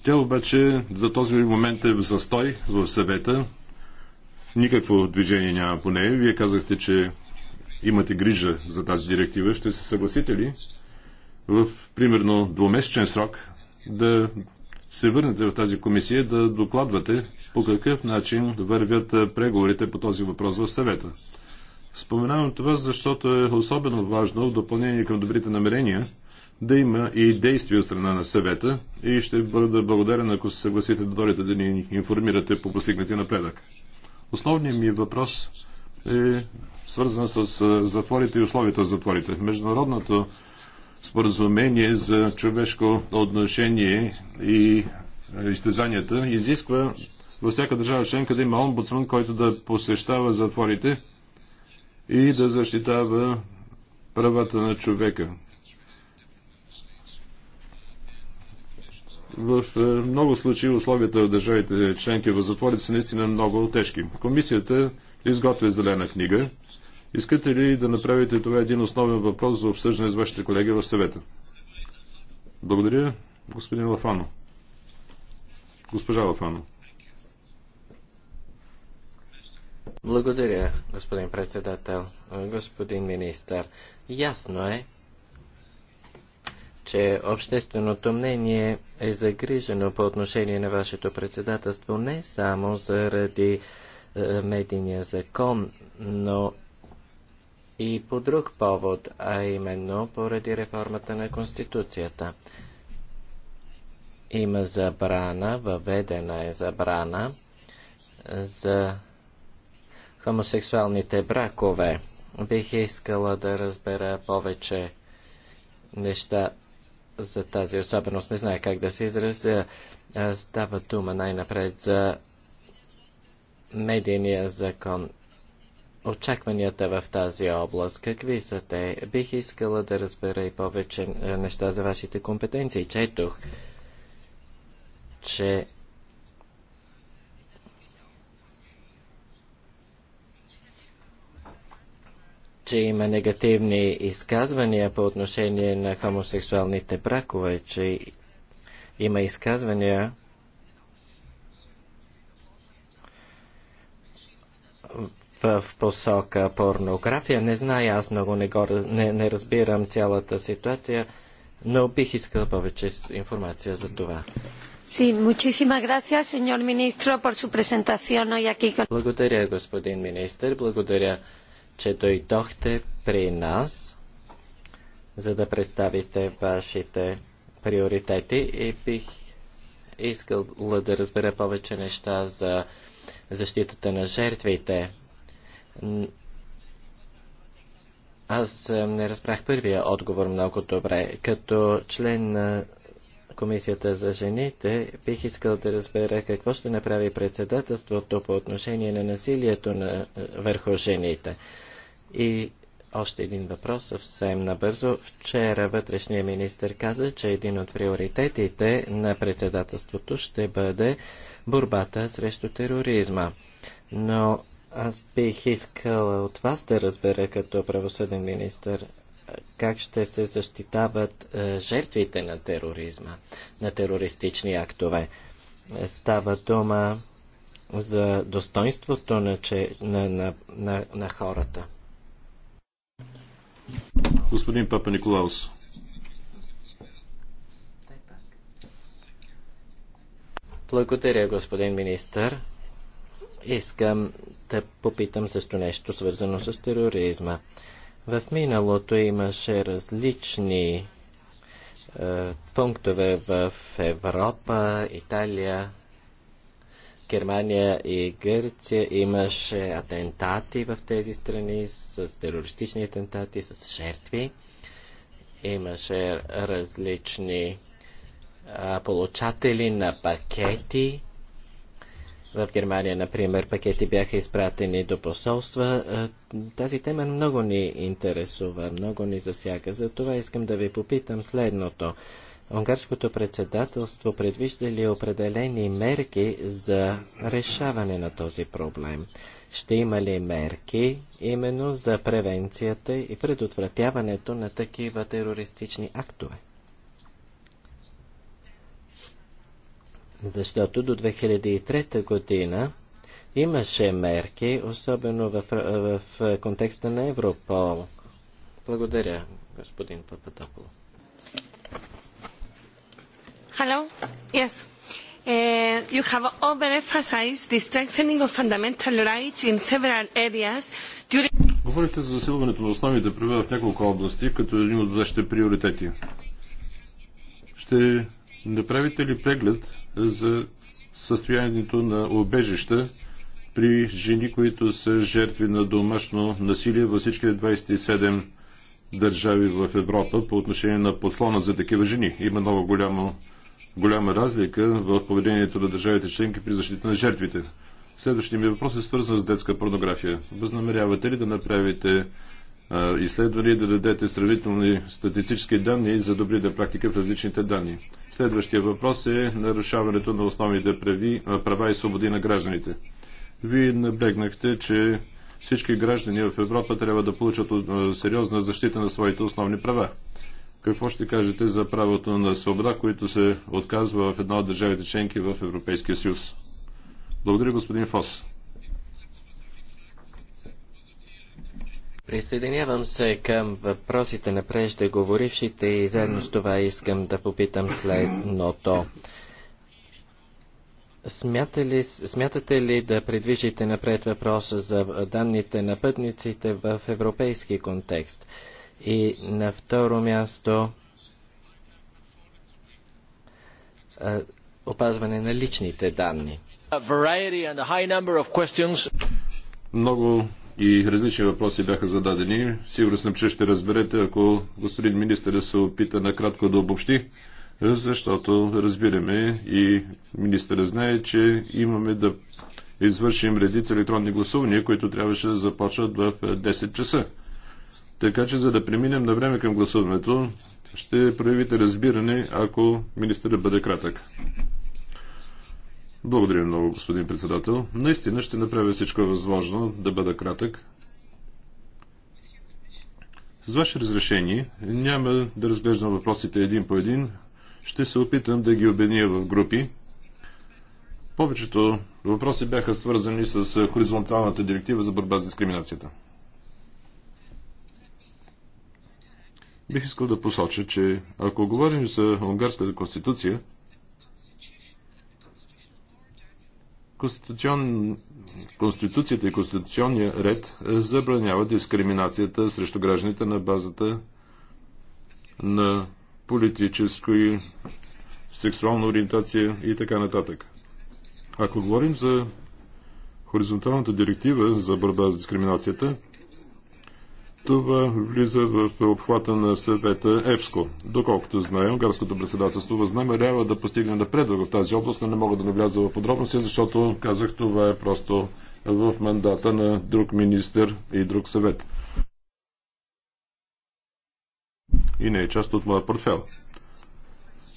S1: Тя обаче за този момент е в застой в съвета. Никакво движение няма по нея. Вие казахте, че имате грижа за тази директива, ще се съгласите ли в примерно двумесечен срок да се върнете в тази комисия да докладвате по какъв начин вървят преговорите по този въпрос в съвета. Споменавам това, защото е особено важно в допълнение към добрите намерения да има и действия от страна на съвета и ще бъда благодарен, ако се съгласите да дойдете да ни информирате по постигнати напредък. Основният ми въпрос е свързана с затворите и условията в затворите. Международното споразумение за човешко отношение и изтезанията изисква във всяка държава членка да има омбудсман, който да посещава затворите и да защитава правата на човека. В много случаи условията в държавите членки в затворите са наистина много тежки. Комисията изготвя зелена книга Искате ли да направите това един основен въпрос за обсъждане с вашите колеги в съвета? Благодаря, господин Лафано. Госпожа Лафано.
S2: Благодаря, господин председател, господин министър. Ясно е, че общественото мнение е загрижено по отношение на вашето председателство не само заради е, медийния закон, но и по друг повод, а именно поради реформата на Конституцията. Има забрана, въведена е забрана за хомосексуалните бракове. Бих искала да разбера повече неща за тази особеност. Не знае как да се изразя. Става дума най-напред за медийния закон очакванията в тази област? Какви са те? Бих искала да разбера и повече е, неща за вашите компетенции. Четох, че че има негативни изказвания по отношение на хомосексуалните бракове, че има изказвания в в посока порнография. Не знае, аз много не, го, не, не разбирам цялата ситуация, но бих искала повече информация за това. Sí, muchísimas gracias, señor ministro, por su presentación hoy aquí. Благодаря, господин министр. Благодаря, че дойдохте при нас, за да представите вашите приоритети и бих искал да разбера повече неща за защитата на жертвите. Аз не разбрах първия отговор много добре. Като член на Комисията за жените, бих искал да разбера какво ще направи председателството по отношение на насилието на, върху жените. И още един въпрос съвсем набързо. Вчера вътрешния министр каза, че един от приоритетите на председателството ще бъде борбата срещу тероризма. Но аз бих искал от вас да разбера като правосъден министр как ще се защитават е, жертвите на тероризма, на терористични актове. Става дума за достоинството на, че, на, на, на, на хората. Господин Папа Николаус. Благодаря, господин министър. Искам да попитам също нещо свързано с тероризма. В миналото имаше различни е, пунктове в Европа, Италия, Германия и Гърция. Имаше атентати в тези страни с терористични атентати, с жертви. Имаше различни е, получатели на пакети в Германия, например, пакети бяха изпратени до посолства. Е, тази тема много ни интересува, много ни засяга. За това искам да ви попитам следното. Унгарското председателство предвижда ли определени мерки за решаване на този проблем? Ще има ли мерки именно за превенцията и предотвратяването на такива терористични актове? Защото до 2003 година имаше мерки, особено в, в, в контекста на Европол. Благодаря, господин Пападополо.
S3: Hello? Yes. Uh, you have overemphasized the strengthening of fundamental rights in several areas during...
S1: Говорите за засилването на основните права в няколко области, като един от вашите приоритети. Ще направите ли преглед за състоянието на обежища при жени, които са жертви на домашно насилие във всички 27 държави в Европа по отношение на послона за такива жени. Има много голямо, голяма разлика в поведението на държавите членки при защита на жертвите. Следващия ми въпрос е свързан с детска порнография. Възнамерявате ли да направите изследвания ли да дадете сравнителни статистически данни за добрите практика в различните данни. Следващия въпрос е нарушаването на основните прави, права и свободи на гражданите. Вие наблегнахте, че всички граждани в Европа трябва да получат сериозна защита на своите основни права. Какво ще кажете за правото на свобода, което се отказва в една от държавите членки в Европейския съюз?
S2: Благодаря, господин Фос. Присъединявам се към въпросите на преждеговорившите и заедно с това искам да попитам следното. Смята ли, смятате ли да предвижите напред въпроса за данните на пътниците в европейски контекст? И на второ място опазване на личните данни.
S1: Много и различни въпроси бяха зададени. Сигурно съм, че ще разберете, ако господин министър се опита накратко да обобщи, защото разбираме и министър знае, че имаме да извършим редица електронни гласувания, които трябваше да започват в 10 часа. Така че, за да преминем на време към гласуването, ще проявите разбиране, ако министърът бъде кратък. Благодаря много, господин председател. Наистина ще направя всичко възможно да бъда кратък. С ваше разрешение няма да разглеждам въпросите един по един. Ще се опитам да ги обединя в групи. Повечето въпроси бяха свързани с хоризонталната директива за борба с дискриминацията. Бих искал да посоча, че ако говорим за унгарската конституция, Конституцион... Конституцията и конституционния ред е, забранява дискриминацията срещу гражданите на базата на политическо и сексуална ориентация и така нататък. Ако говорим за хоризонталната директива за борба с дискриминацията, това влиза в обхвата на съвета Евско. Доколкото знае, унгарското председателство възнамерява да постигне напредък в тази област, но не мога да навляза в подробности, защото, казах, това е просто в мандата на друг министр и друг съвет. И не е част от моя портфел.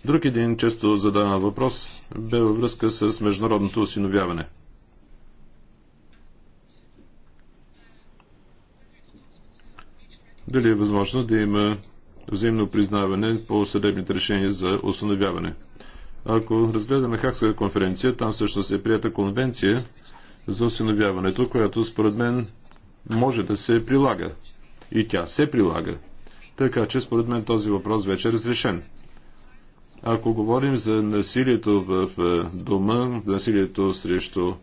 S1: Друг един често задаван въпрос бе във връзка с международното осиновяване – дали е възможно да има взаимно признаване по съдебните решения за установяване. Ако разгледаме Хакска конференция, там всъщност е прията конвенция за установяването, която според мен може да се прилага. И тя се прилага. Така че според мен този въпрос вече е разрешен. Ако говорим за насилието в е, дома, насилието срещу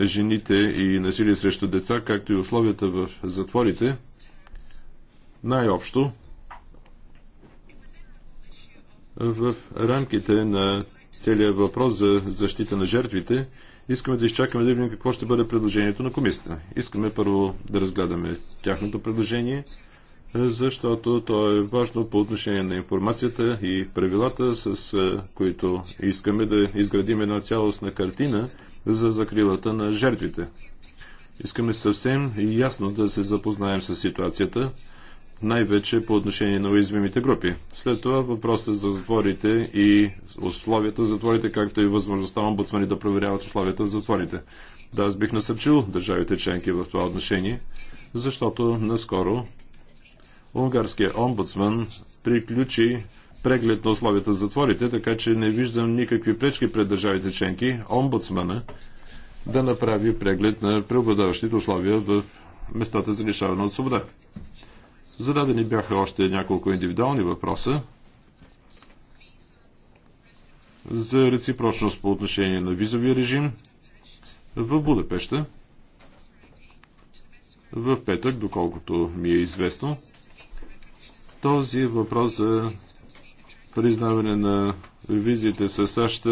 S1: жените и насилие срещу деца, както и условията в затворите, най-общо, в рамките на целия въпрос за защита на жертвите, искаме да изчакаме да видим какво ще бъде предложението на комисията. Искаме първо да разгледаме тяхното предложение, защото то е важно по отношение на информацията и правилата, с които искаме да изградим една цялостна картина за закрилата на жертвите. Искаме съвсем ясно да се запознаем с ситуацията, най-вече по отношение на уязвимите групи. След това въпросът за затворите и условията за затворите, както и възможността омбудсмани да проверяват условията в затворите. Да, аз бих насърчил държавите членки в това отношение, защото наскоро унгарският омбудсман приключи преглед на условията за затворите, така че не виждам никакви пречки пред държавите членки омбудсмана да направи преглед на преобладаващите условия в местата за лишаване от свобода. Зададени бяха още няколко индивидуални въпроса за реципрочност по отношение на визовия режим в Будапеща в петък, доколкото ми е известно. Този въпрос за признаване на визите с САЩ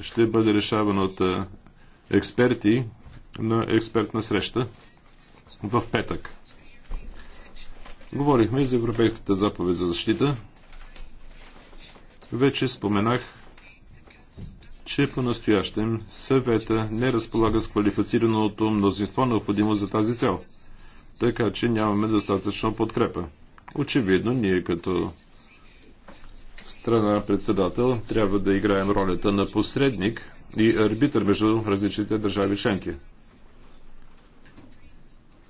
S1: ще бъде решаван от експерти на експертна среща в петък. Говорихме и за Европейската заповед за защита. Вече споменах, че по-настоящем съвета не разполага с квалифицираното мнозинство необходимо за тази цел, така че нямаме достатъчно подкрепа. Очевидно, ние като страна председател трябва да играем ролята на посредник и арбитър между различните държави членки.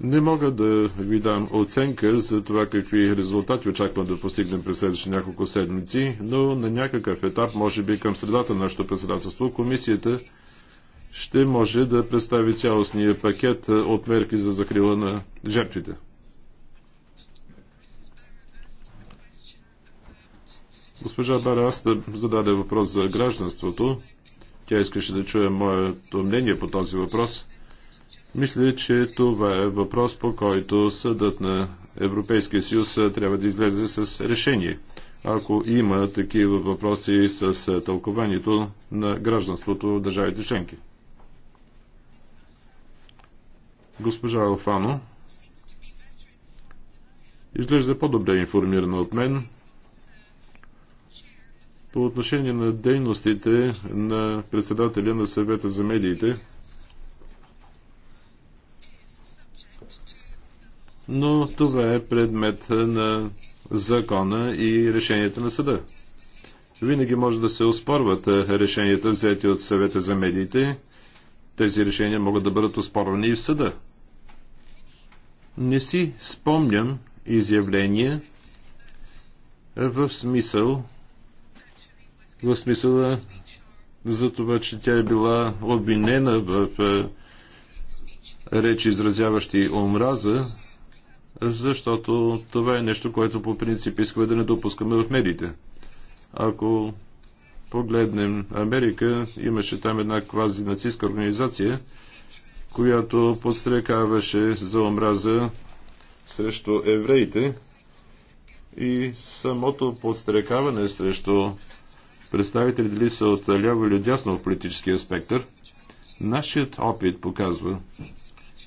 S1: Не мога да ви дам оценка за това какви резултати очаквам да постигнем през следващите няколко седмици, но на някакъв етап, може би към средата на нашето председателство, комисията ще може да представи цялостния пакет от мерки за закрила на жертвите. Госпожа Бара, да зададе въпрос за гражданството. Тя искаше да чуе моето мнение по този въпрос – мисля, че това е въпрос, по който съдът на Европейския съюз трябва да излезе с решение. Ако има такива въпроси с тълкованието на гражданството в държавите членки. Госпожа Алфано изглежда по-добре информирана от мен по отношение на дейностите на председателя на съвета за медиите но това е предмет на закона и решението на съда. Винаги може да се оспорват решенията, взети от съвета за медиите. Тези решения могат да бъдат оспорвани и в съда. Не си спомням изявление в смисъл в смисъла за това, че тя е била обвинена в е, речи, изразяващи омраза, защото това е нещо, което по принцип искаме да не допускаме в медиите. Ако погледнем Америка, имаше там една квази нацистска организация, която подстрекаваше за омраза срещу евреите и самото подстрекаване срещу представители дали са от ляво или дясно в политическия спектър, нашият опит показва,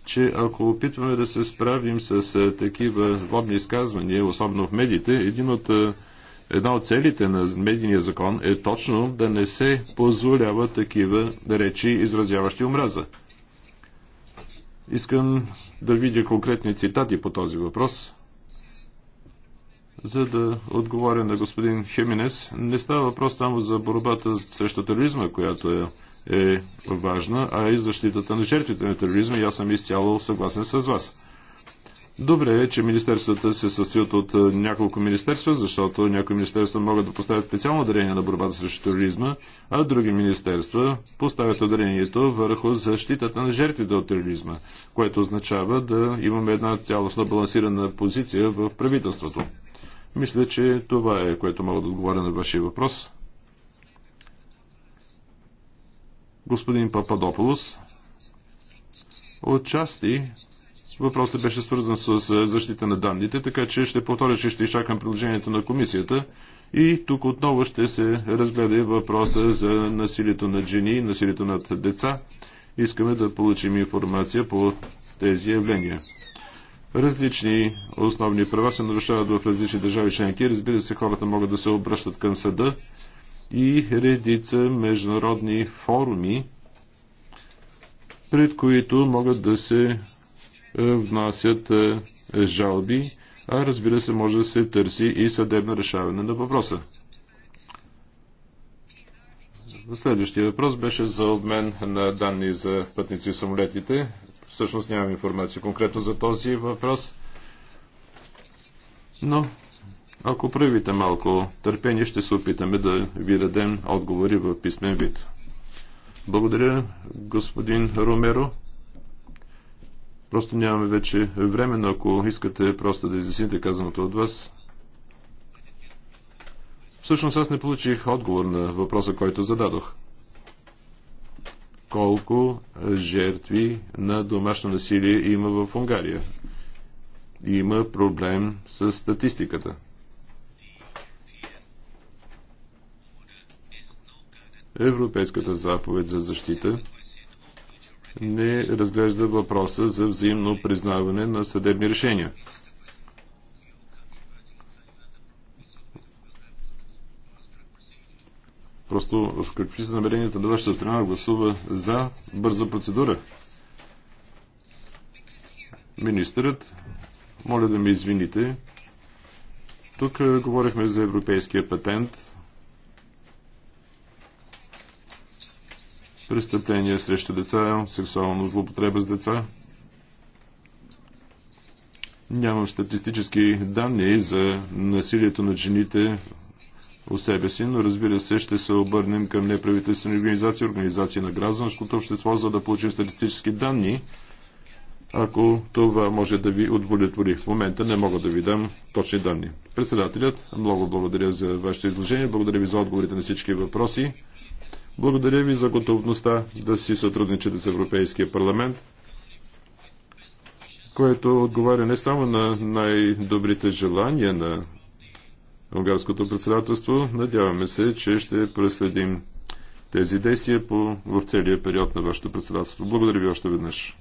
S1: че ако опитваме да се справим с е, такива злобни изказвания, особено в медиите, един от, е, една от целите на медийния закон е точно да не се позволява такива речи, изразяващи омраза. Искам да видя конкретни цитати по този въпрос, за да отговоря на господин Хеминес. Не става въпрос само за борбата срещу тероризма, която е е важна, а и защитата на жертвите на тероризма. И аз съм изцяло съгласен с вас. Добре е, че министерствата се състоят от е, няколко министерства, защото някои министерства могат да поставят специално дарение на борбата срещу тероризма, а други министерства поставят ударението върху защитата на жертвите от тероризма, което означава да имаме една цялостно балансирана позиция в правителството. Мисля, че това е, което мога да отговоря на вашия въпрос. господин Пападополос. Отчасти въпросът беше свързан с защита на данните, така че ще повторя, че ще изчакам предложението на комисията. И тук отново ще се разгледа въпроса за насилието над жени, насилието над деца. Искаме да получим информация по тези явления. Различни основни права се нарушават в различни държави членки. Разбира се, хората могат да се обръщат към съда и редица международни форуми, пред които могат да се е, внасят е, жалби, а разбира се може да се търси и съдебно решаване на въпроса. Следващия въпрос беше за обмен на данни за пътници и самолетите. Всъщност нямам информация конкретно за този въпрос, но ако проявите малко търпение, ще се опитаме да ви дадем отговори в писмен вид. Благодаря, господин Ромеро. Просто нямаме вече време, но ако искате просто да изясните казаното от вас. Всъщност аз не получих отговор на въпроса, който зададох. Колко жертви на домашно насилие има в Унгария? Има проблем с статистиката. Европейската заповед за защита не разглежда въпроса за взаимно признаване на съдебни решения. Просто в какви са намеренията на вашата страна гласува за бърза процедура? Министърът, моля да ме извините, тук говорихме за европейския патент – престъпления срещу деца, сексуална злоупотреба с деца. Нямам статистически данни за насилието на жените у себе си, но разбира се ще се обърнем към неправителствени организации, организации на гражданското общество, за да получим статистически данни, ако това може да ви удовлетвори. В момента не мога да ви дам точни данни. Председателят, много благодаря за вашето изложение, благодаря ви за отговорите на всички въпроси. Благодаря ви за готовността да си сътрудничате с Европейския парламент, което отговаря не само на най-добрите желания на унгарското председателство. Надяваме се, че ще преследим тези действия по, в целия период на вашето председателство. Благодаря ви още веднъж.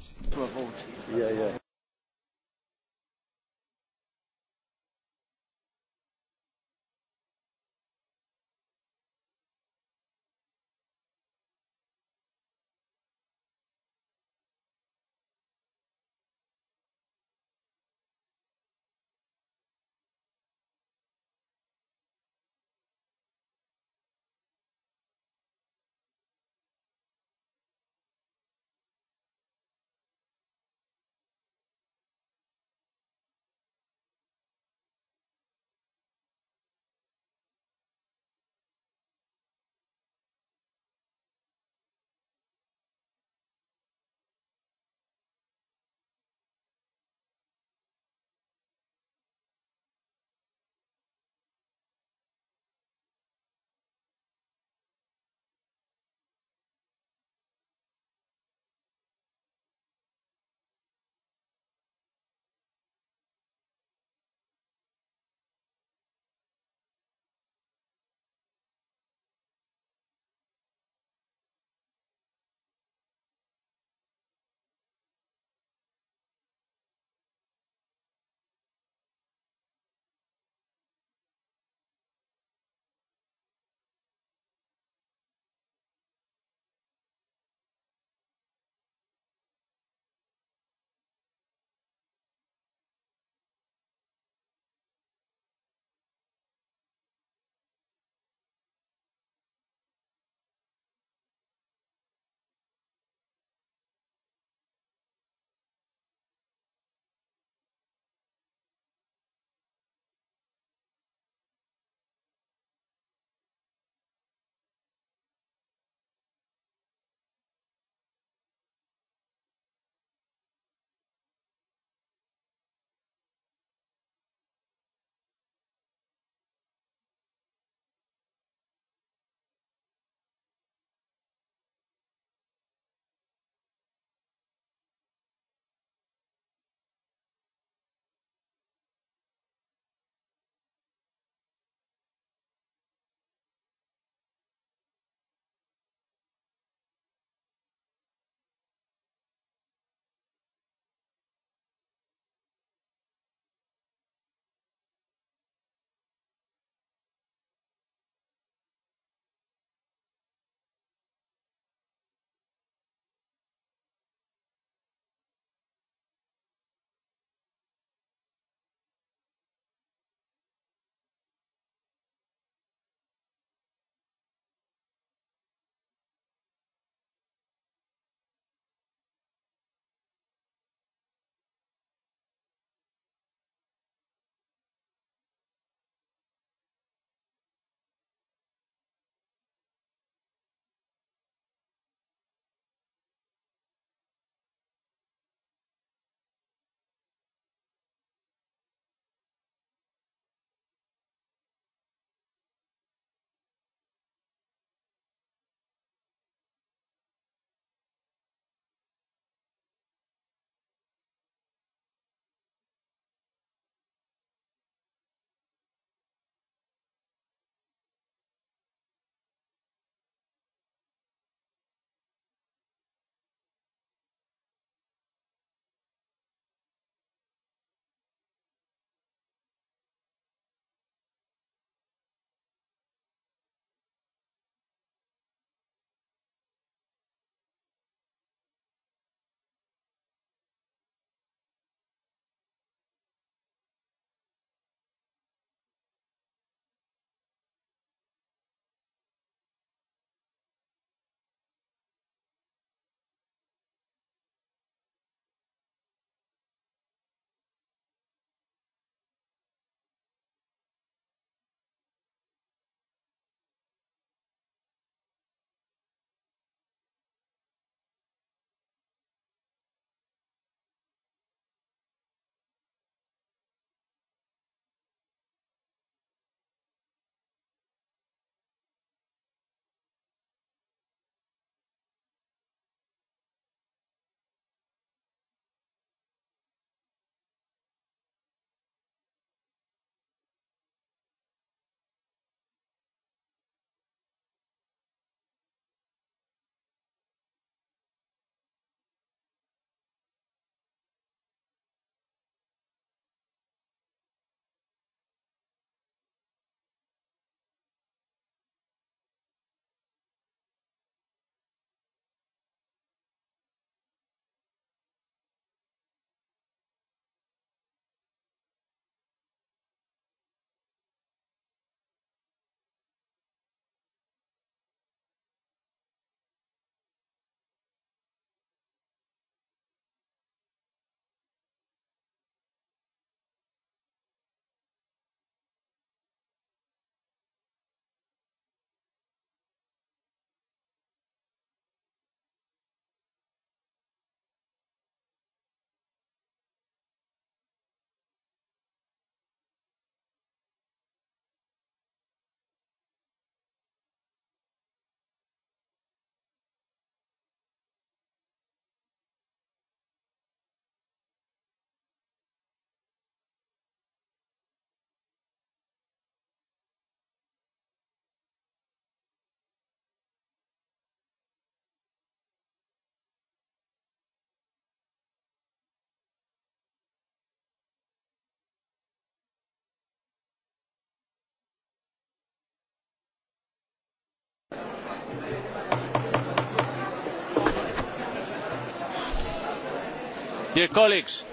S2: Dear colleagues,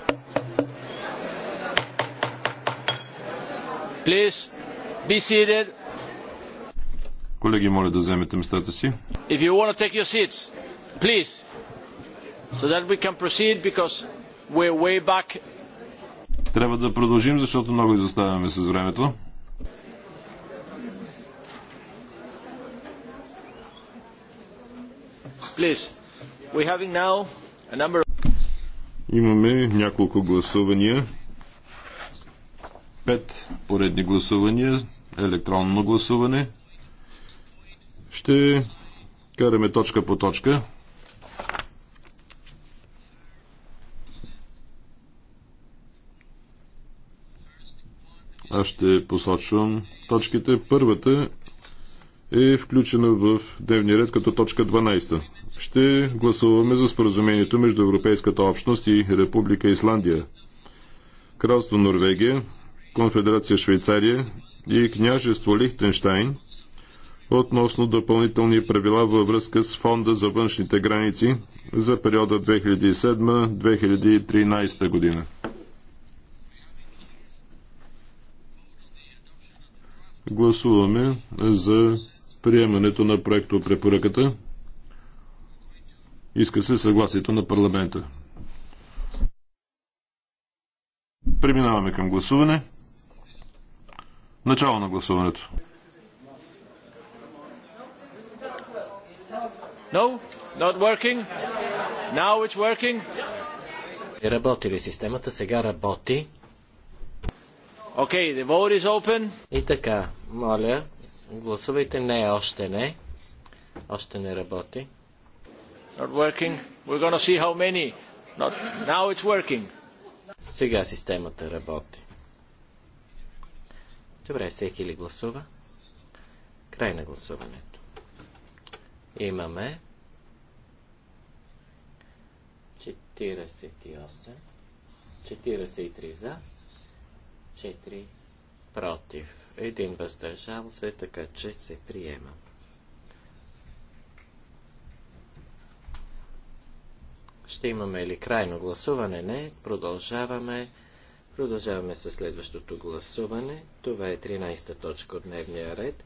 S2: please be seated. Колеги,
S1: моля да вземете местата си.
S2: If you want to take your seats, please, so that we can proceed because we're way back.
S1: Трябва да продължим, защото много изоставяме с времето.
S2: Please, we're having now a number
S1: Имаме няколко гласувания. Пет поредни гласувания. Електронно гласуване. Ще караме точка по точка. Аз ще посочвам точките. Първата е включена в дневния ред като точка 12. Ще гласуваме за споразумението между Европейската общност и Република Исландия, Кралство Норвегия, Конфедерация Швейцария и Княжество Лихтенштайн относно допълнителни правила във връзка с Фонда за външните граници за периода 2007-2013 година. Гласуваме за приемането на проекто препоръката. Иска се съгласието на парламента. Преминаваме към гласуване. Начало на гласуването.
S2: No, not working. Now it's working. Е, работи ли системата? Сега работи. Okay, the vote is open. И така, моля, Гласувайте. Не, още не. Още не работи. Not working. We're gonna see how many. Not... Now it's working. Сега системата работи. Добре, всеки ли гласува? Край на гласуването. Имаме 48, 43 за, 4 против, един въздържал се, така че се приема. Ще имаме ли крайно гласуване? Не. Продължаваме. Продължаваме с следващото гласуване. Това е 13-та точка от дневния ред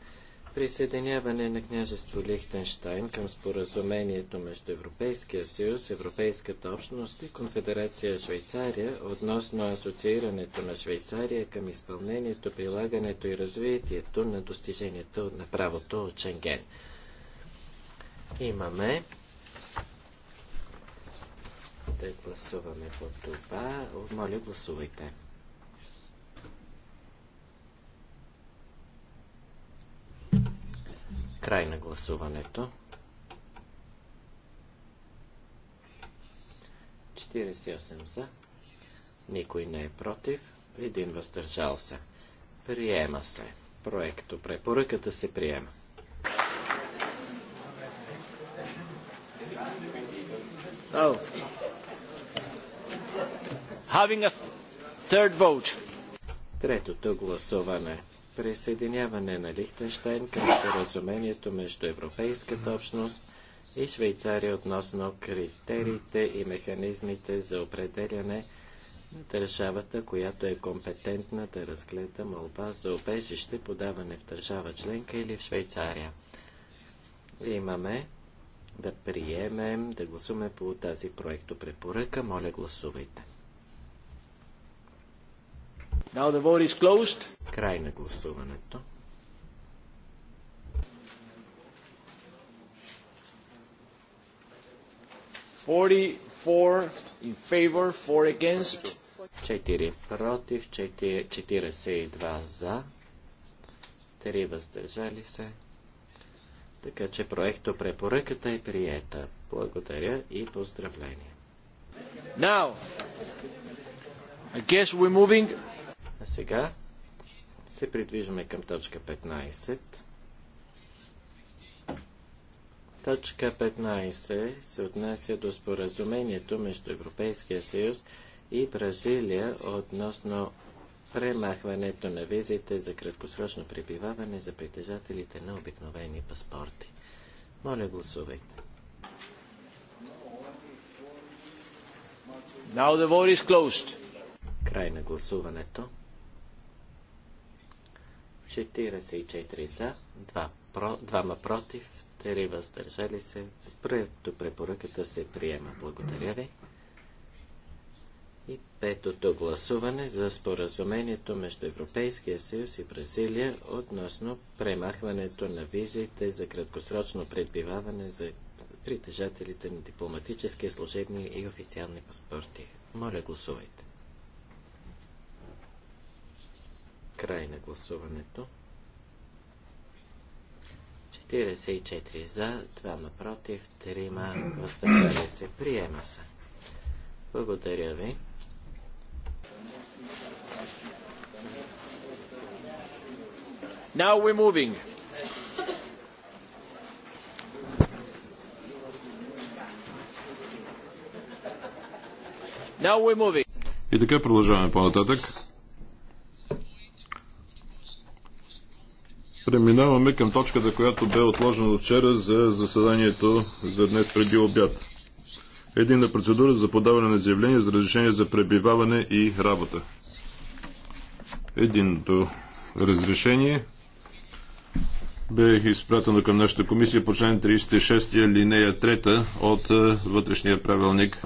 S2: присъединяване на княжество Лихтенштайн към споразумението между Европейския съюз, Европейската общност и Конфедерация Швейцария относно асоциирането на Швейцария към изпълнението, прилагането и развитието на достижението на правото от Шенген. Имаме да гласуваме по това. Моля, гласувайте. Край на гласуването. 48 за. Никой не е против. Един въздържал се. Приема се. Проекто препоръката се приема. Oh. Having a third vote. Третото гласуване присъединяване на Лихтенштайн към споразумението между Европейската общност и Швейцария относно критериите и механизмите за определяне на държавата, която е компетентна да разгледа молба за обежище, подаване в държава членка или в Швейцария. Имаме да приемем, да гласуваме по тази проекто препоръка. Моля, гласувайте. Now the vote is closed. Край на гласуването. in favor, four against. 4 против, 4, 42 за, 3 въздържали се. Така че проекто препоръката е приета. Благодаря и поздравления. Now, I guess we're moving а сега се придвижваме към точка 15. Точка 15 се отнася до споразумението между Европейския съюз и Бразилия относно премахването на визите за краткосрочно пребиваване за притежателите на обикновени паспорти. Моля, гласувайте. Now the vote is closed. Край на гласуването. 44 за, 2 про, 2 против, 3 въздържали се. Прето препоръката се приема. Благодаря ви. И петото гласуване за споразумението между Европейския съюз и Бразилия относно премахването на визите за краткосрочно пребиваване за притежателите на дипломатически, служебни и официални паспорти. Моля, гласувайте. Край на гласуването. 44 за, 2 против, 3 въздържали се. Приема се. Благодаря ви. Now we're moving. Now we're moving.
S1: И така продължаваме по-нататък. Преминаваме към точката, която бе отложена вчера за заседанието за днес преди обяд. Единна процедура за подаване на заявление за разрешение за пребиваване и работа. Единното разрешение бе изпратено към нашата комисия по член 36 линея 3 от е, вътрешния правилник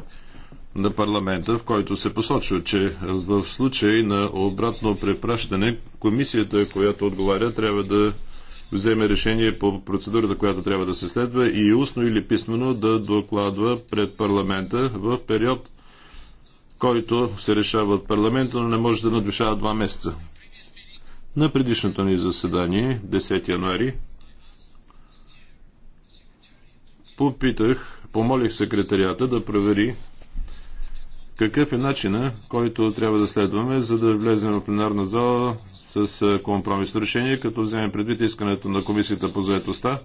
S1: на парламента, в който се посочва, че в случай на обратно препращане, комисията, която отговаря, трябва да вземе решение по процедурата, която трябва да се следва и устно или писмено да докладва пред парламента в период, който се решава от парламента, но не може да надвишава два месеца. На предишното ни заседание, 10 януари, попитах, помолих секретарията да провери какъв е начина, който трябва да следваме, за да влезем в пленарна зала с компромисно решение, като вземем предвид искането на Комисията по заедостта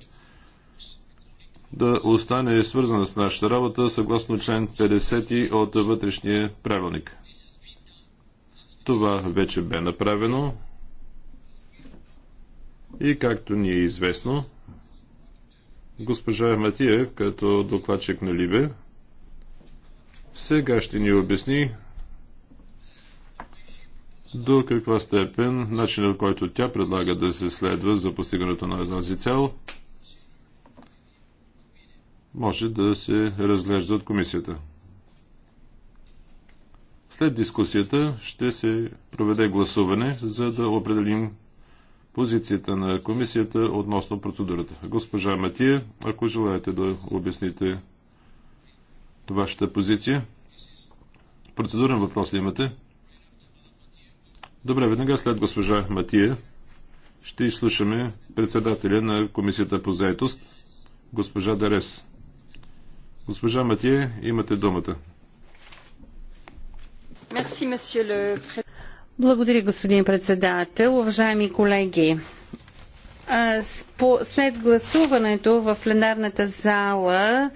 S1: да остане свързана с нашата работа, съгласно член 50 от вътрешния правилник. Това вече бе направено и както ни е известно, госпожа Матиев, като докладчик на Либе, сега ще ни обясни до каква степен начинът, който тя предлага да се следва за постигането на тази цел, може да се разглежда от комисията. След дискусията ще се проведе гласуване, за да определим позицията на комисията относно процедурата. Госпожа Матия, ако желаете да обясните е вашата позиция? Процедурен въпрос имате? Добре, веднага след госпожа Матия ще изслушаме председателя на Комисията по заетост, госпожа Дарес. Госпожа Матие, имате думата.
S3: Благодаря, господин председател. Уважаеми колеги, след гласуването в пленарната зала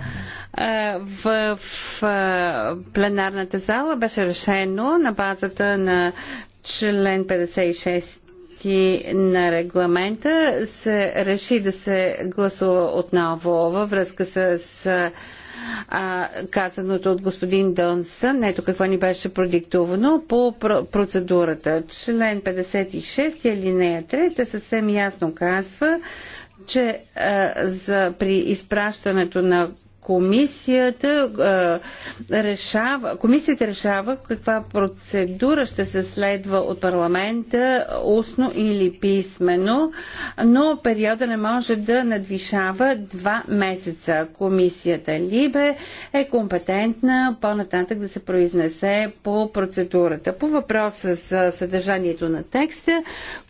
S3: в, в пленарната зала беше решено на базата на член 56 на регламента се реши да се гласува отново във връзка с а, казаното от господин Донсън, ето какво ни беше продиктовано по процедурата. Член 56 алинея 3 съвсем ясно казва, че а, за, при изпращането на комисията е, решава, комисията решава каква процедура ще се следва от парламента устно или писмено, но периода не може да надвишава два месеца. Комисията Либе е компетентна по-нататък да се произнесе по процедурата. По въпроса за съдържанието на текста,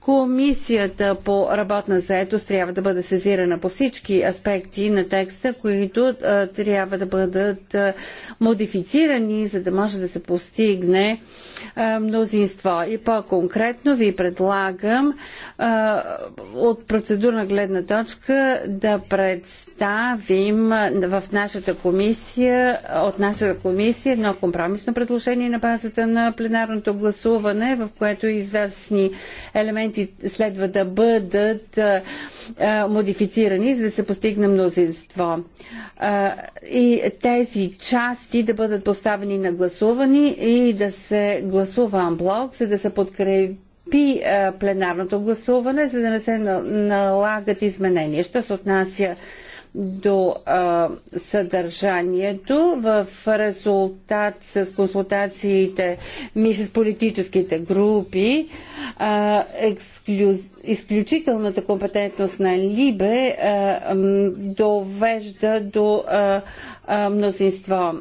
S3: Комисията по работна заетост трябва да бъде сезирана по всички аспекти на текста, които а, трябва да бъдат а, модифицирани, за да може да се постигне а, мнозинство. И по-конкретно ви предлагам а, от процедурна гледна точка да представим в нашата комисия, от нашата комисия едно компромисно предложение на базата на пленарното гласуване, в което е известни елементи документи следва да бъдат модифицирани, за да се постигне мнозинство. и тези части да бъдат поставени на гласувани и да се гласува анблок, за да се подкрепи подкрепи пленарното гласуване, за да не се налагат изменения. Що се отнася до а, съдържанието в резултат с консултациите ми с политическите групи. А, ексклюз... Изключителната компетентност на Либе а, м, довежда до а, а, мнозинство.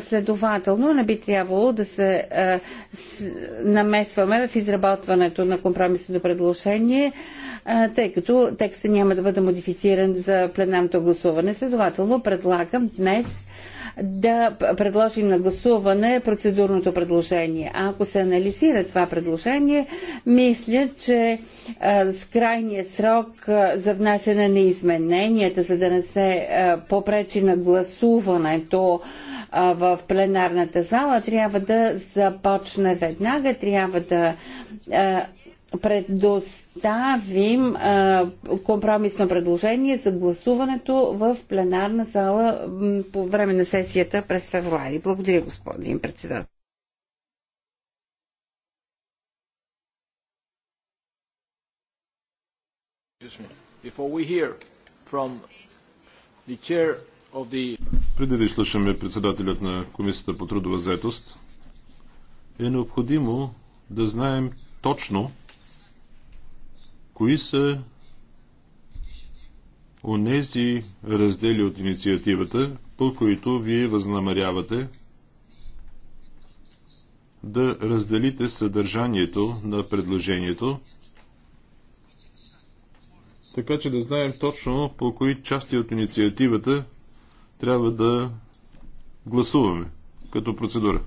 S3: Следователно, не би трябвало да се а, с, намесваме в изработването на компромисното предложение, а, тъй като текстът няма да бъде модифициран за пленарното гласуване. Следователно, предлагам днес да предложим на гласуване процедурното предложение. А ако се анализира това предложение, мисля, че е, с крайния срок е, за внасяне на измененията, за да не се е, попречи на гласуването в пленарната зала, трябва да започне веднага, трябва да предоставим а, компромисно предложение за гласуването в пленарна зала по време на сесията през февруари. Благодаря, господин председател.
S1: Преди да изслушаме председателят на Комисията по трудова заетост, е необходимо да знаем точно Кои са онези раздели от инициативата, по които вие възнамерявате да разделите съдържанието на предложението, така че да знаем точно по кои части от инициативата трябва да гласуваме като процедура.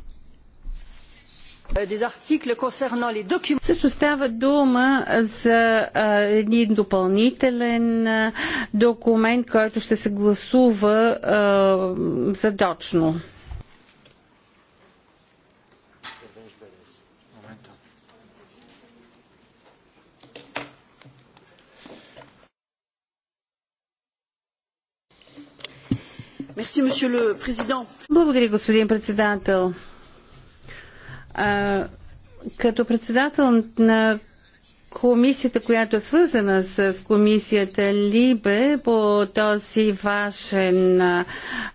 S3: Също става дума за един допълнителен документ, който ще се гласува задочно. Благодаря, господин председател като председател на комисията, която е свързана с комисията Либе по този важен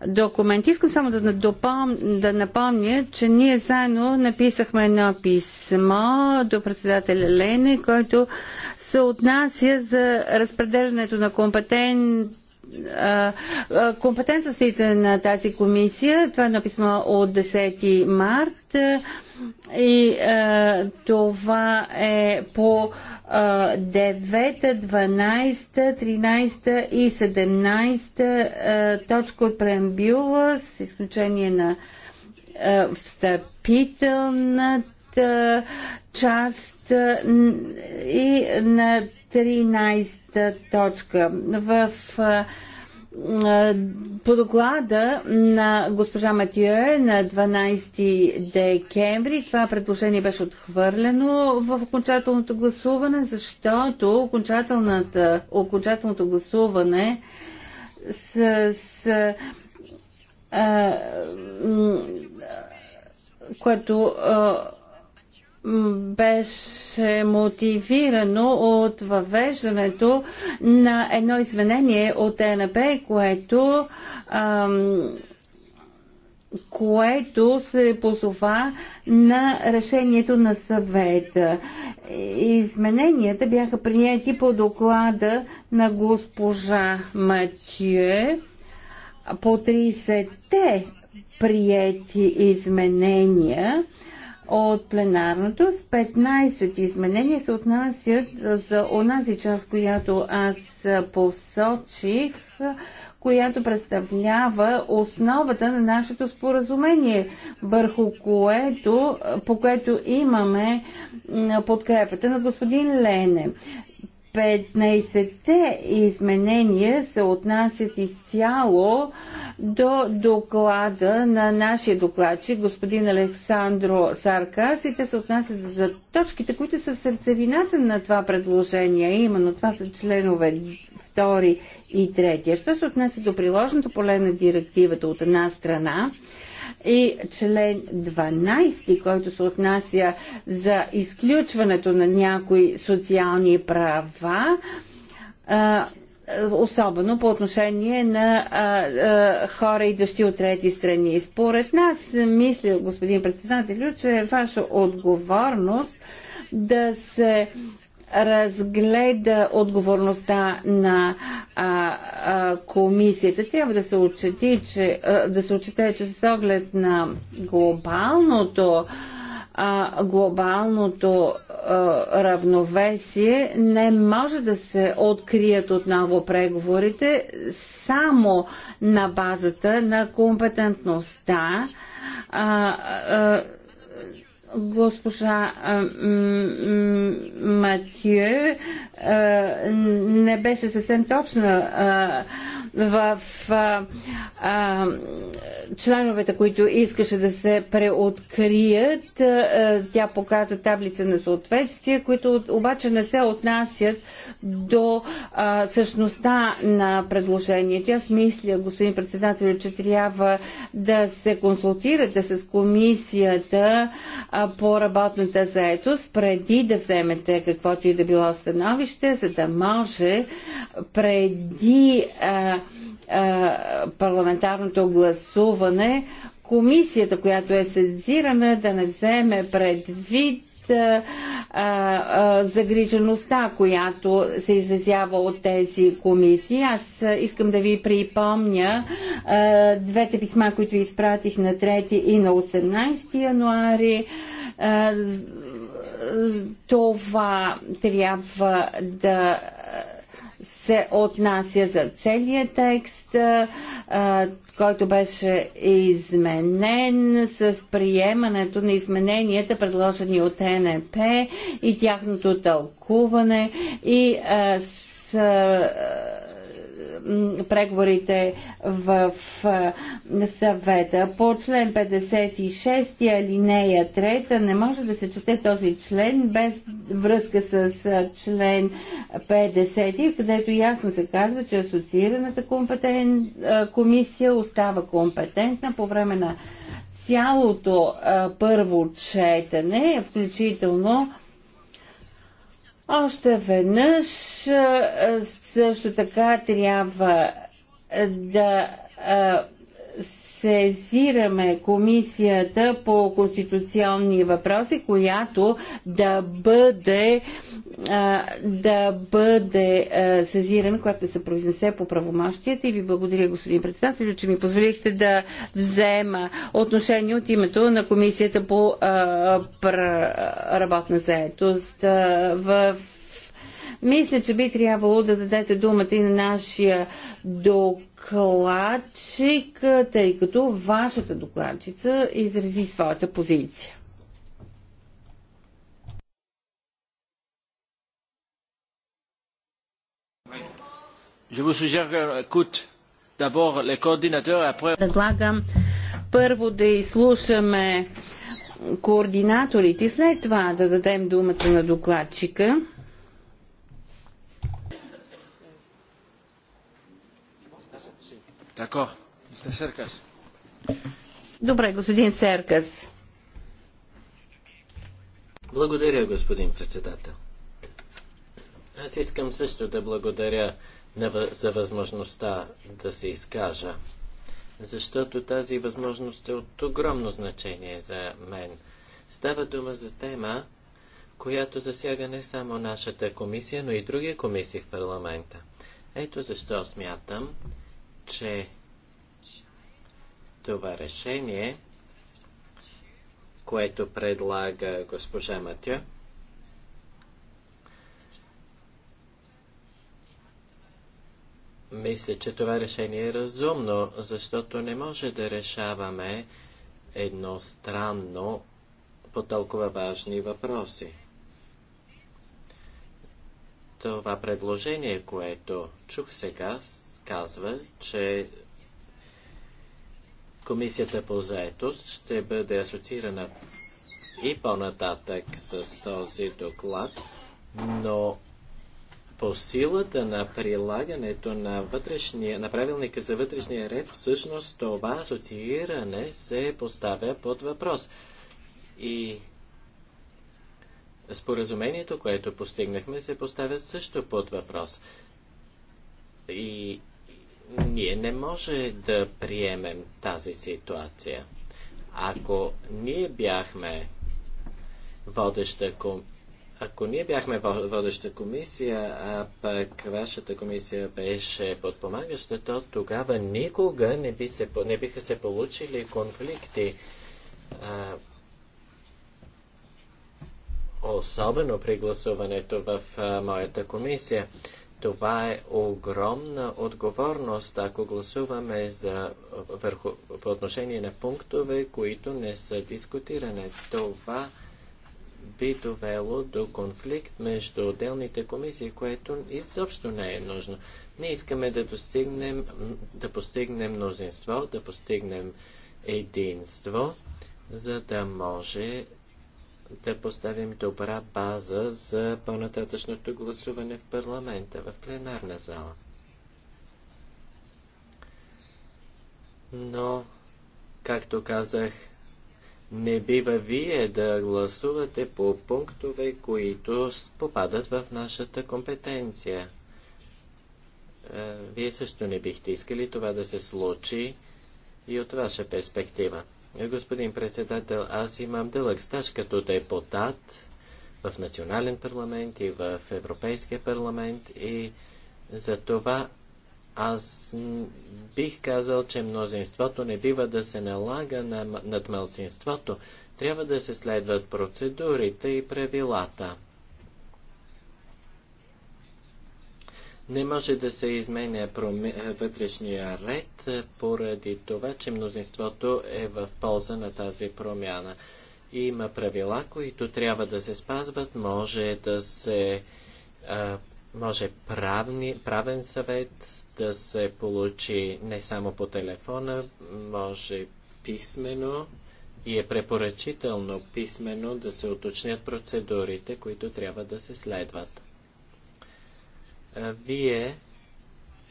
S3: документ. Искам само да, допом... да напомня, че ние заедно написахме едно писмо до председателя Лене, който се отнася за разпределянето на компетент компетентностите на тази комисия. Това е едно писмо от 10 март. И а, е, това е по а, 9, 12, 13 и 17 а, е, точка от преамбюла, с изключение на а, е, встъпителната част а, и на 13 точка. В а, по доклада на госпожа Матиое на 12 декември това предложение беше отхвърлено в окончателното гласуване, защото окончателното гласуване с, с а, което а, беше мотивирано от въвеждането на едно изменение от ЕНП, което ам, което се позова на решението на съвета. Измененията бяха приняти по доклада на госпожа Матюе по 30-те приети изменения от пленарното с 15 изменения се отнасят за онази част, която аз посочих, която представлява основата на нашето споразумение, върху което, по което имаме подкрепата на господин Лене. 15-те изменения се отнасят изцяло до доклада на нашия докладчик, господин Александро Саркас, и те се отнасят за точките, които са в сърцевината на това предложение. Именно това са членове 2 и 3. Що се отнася до приложното поле на директивата от една страна, и член 12, който се отнася за изключването на някои социални права, особено по отношение на хора, и хора, идващи от трети страни. Според нас, мисля, господин председател, че е ваша отговорност да се разгледа отговорността на а, а, комисията. Трябва да се отчете, че, а, да се отчете, че с оглед на глобалното а, глобалното а, равновесие не може да се открият отново преговорите само на базата на компетентността а, а, госпожа Матю не беше съвсем точна в а, а, членовете, които искаше да се преоткрият. А, тя показа таблица на съответствия, които обаче не се отнасят до а, същността на предложението. Аз мисля, господин председател, че трябва да се консултирате с комисията а, по работната заетост преди да вземете каквото и да било становище, за да може преди а, парламентарното гласуване, комисията, която е сезирана, да не вземе предвид загрижеността, която се изразява от тези комисии. Аз искам да ви припомня двете писма, които ви изпратих на 3 и на 18 януари. това трябва да се отнася за целия текст, който беше изменен с приемането на измененията, предложени от НП и тяхното тълкуване и с преговорите в съвета. По член 56 алинея 3 не може да се чете този член без връзка с член 50, където ясно се казва, че асоциираната компетен... комисия остава компетентна по време на цялото а, първо четене, включително още веднъж също така трябва да сезираме комисията по конституционни въпроси, която да бъде да бъде сезирана, която да се произнесе по правомощията и ви благодаря, господин председател, че ми позволихте да взема отношение от името на комисията по работна заетост в мисля, че би трябвало да дадете думата и на нашия докладчик, тъй като вашата докладчица изрази своята позиция.
S2: Je vous suggère écoute d'abord les coordinateurs après.
S3: Предлагам първо да изслушаме координаторите, след това да дадем думата на докладчика. Добре, господин Серкас.
S2: Благодаря, господин председател. Аз искам също да благодаря за възможността да се изкажа, защото тази възможност е от огромно значение за мен. Става дума за тема, която засяга не само нашата комисия, но и други комисии в парламента. Ето защо смятам, че това решение, което предлага госпожа Матя, мисля, че това решение е разумно, защото не може да решаваме едностранно по толкова важни въпроси. Това предложение, което чух сега, казва, че Комисията по заетост ще бъде асоциирана и по-нататък с този доклад, но по силата на прилагането на, вътрешния, на правилника за вътрешния ред, всъщност това асоцииране се поставя под въпрос. И споразумението, което постигнахме, се поставя също под въпрос. И ние не може да приемем тази ситуация. Ако ние бяхме водеща ако ние бяхме водеща комисия, а пък вашата комисия беше подпомагаща, то тогава никога не, би се, не биха се получили конфликти. А, особено при гласуването в а, моята комисия. Това е огромна отговорност, ако гласуваме за, върху, по отношение на пунктове, които не са дискутирани. Това би довело до конфликт между отделните комисии, което изобщо не е нужно. Ние искаме да достигнем, да постигнем мнозинство, да постигнем единство, за да може да поставим добра база за по-нататъчното гласуване в парламента, в пленарна зала. Но, както казах, не бива вие да гласувате по пунктове, които попадат в нашата компетенция. Е, вие също не бихте искали това да се случи и от ваша перспектива. Е, господин председател, аз имам дълъг стаж като депутат в национален парламент и в Европейския парламент и за това аз бих казал, че мнозинството не бива да се налага на, над малцинството. Трябва да се следват процедурите и правилата. Не може да се изменя е, вътрешния ред е, поради това, че мнозинството е в полза на тази промяна. Има правила, които трябва да се спазват, може да се а, е, може правни, правен съвет да се получи не само по телефона, може писмено и е препоръчително писмено да се уточнят процедурите, които трябва да се следват. Вие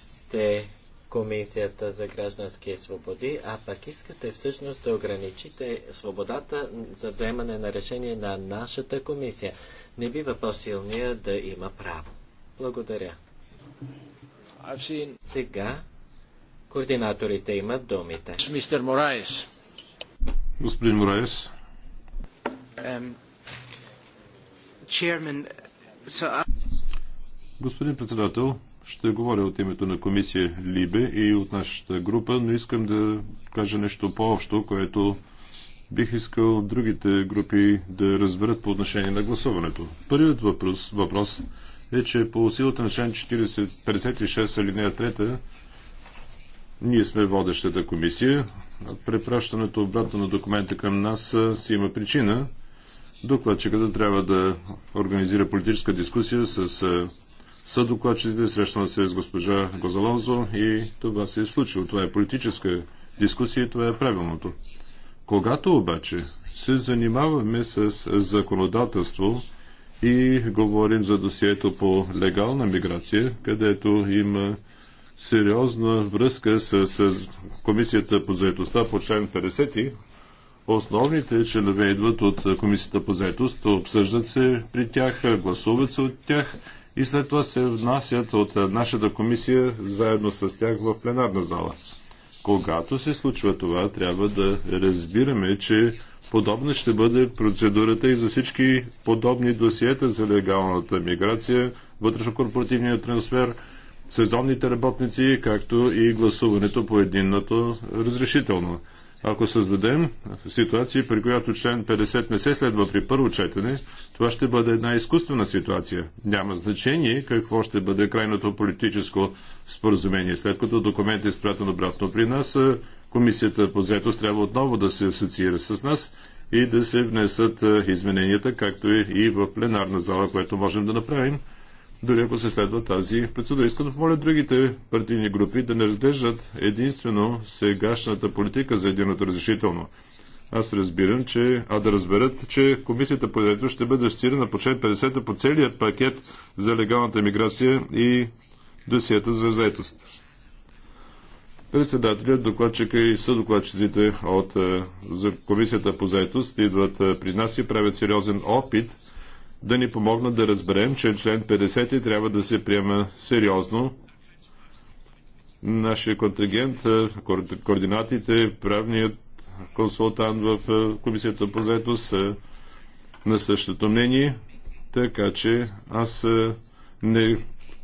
S2: сте Комисията за граждански свободи, а пък искате всъщност да ограничите свободата за вземане на решение на нашата комисия. Не бива по-силния да има право. Благодаря. Сега координаторите имат думите. Мистер Мораес.
S1: Господин Мораес.
S2: Um, chairman, so I...
S1: Господин председател, ще говоря от името на комисия Либе и от нашата група, но искам да кажа нещо по-общо, което бих искал другите групи да разберат по отношение на гласуването. Първият въпрос, въпрос е, че по силата на член 40, 56 алинея 3 ние сме водещата комисия. Препращането обратно на документа към нас си има причина. Докладчиката трябва да организира политическа дискусия с са докладчиците, срещнал се с госпожа Гозалонзо и това се е случило. Това е политическа дискусия и това е правилното. Когато обаче се занимаваме с законодателство и говорим за досието по легална миграция, където има сериозна връзка с, с Комисията по заедостта по член 50, Основните членове идват от Комисията по заедост, обсъждат се при тях, гласуват се от тях и след това се внасят от нашата комисия заедно с тях в пленарна зала. Когато се случва това, трябва да разбираме, че подобна ще бъде процедурата и за всички подобни досиета за легалната миграция, вътрешно-корпоративния трансфер, сезонните работници, както и гласуването по единното разрешително. Ако създадем ситуация, при която член 50 не се следва при първо четене, това ще бъде една изкуствена ситуация. Няма значение какво ще бъде крайното политическо споразумение. След като документ е спрятан обратно при нас, комисията по заетост трябва отново да се асоциира с нас и да се внесат измененията, както и в пленарна зала, което можем да направим дори ако се следва тази процедура. Искам да помоля другите партийни групи да не разглеждат единствено сегашната политика за единото разрешително. Аз разбирам, че, а да разберат, че комисията по директор ще бъде стирана по член 50 по целият пакет за легалната миграция и досията за заетост. Председателят, докладчика и съдокладчиците от е, за комисията по заетост идват е, при нас и правят сериозен опит – да ни помогнат да разберем, че член 50 трябва да се приема сериозно. Нашия контрагент, координатите, правният консултант в Комисията по заедост са на същото мнение, така че аз не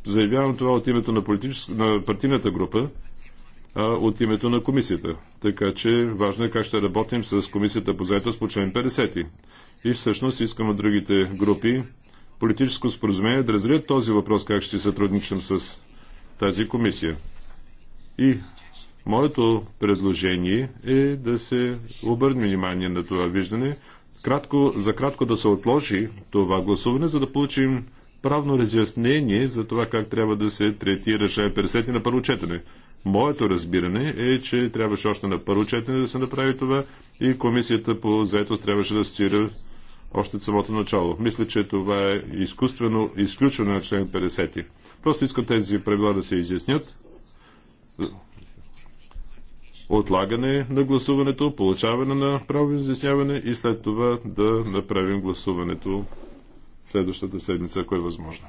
S1: заявявам това от името на, на партийната група, а, от името на комисията. Така че важно е как ще работим с комисията по заедост по член 50. И всъщност искам от другите групи политическо споразумение да разрият този въпрос как ще сътрудничам с тази комисия. И моето предложение е да се обърне внимание на това виждане, кратко, за кратко да се отложи това гласуване, за да получим правно разяснение за това как трябва да се третира член 50 на първо четене. Моето разбиране е, че трябваше още на първо четене да се направи това и комисията по заетост трябваше да стира още от самото начало. Мисля, че това е изкуствено изключване на член 50. Просто искам тези правила да се изяснят. Отлагане на гласуването, получаване на право изясняване и след това да направим гласуването следващата седмица, ако е възможно.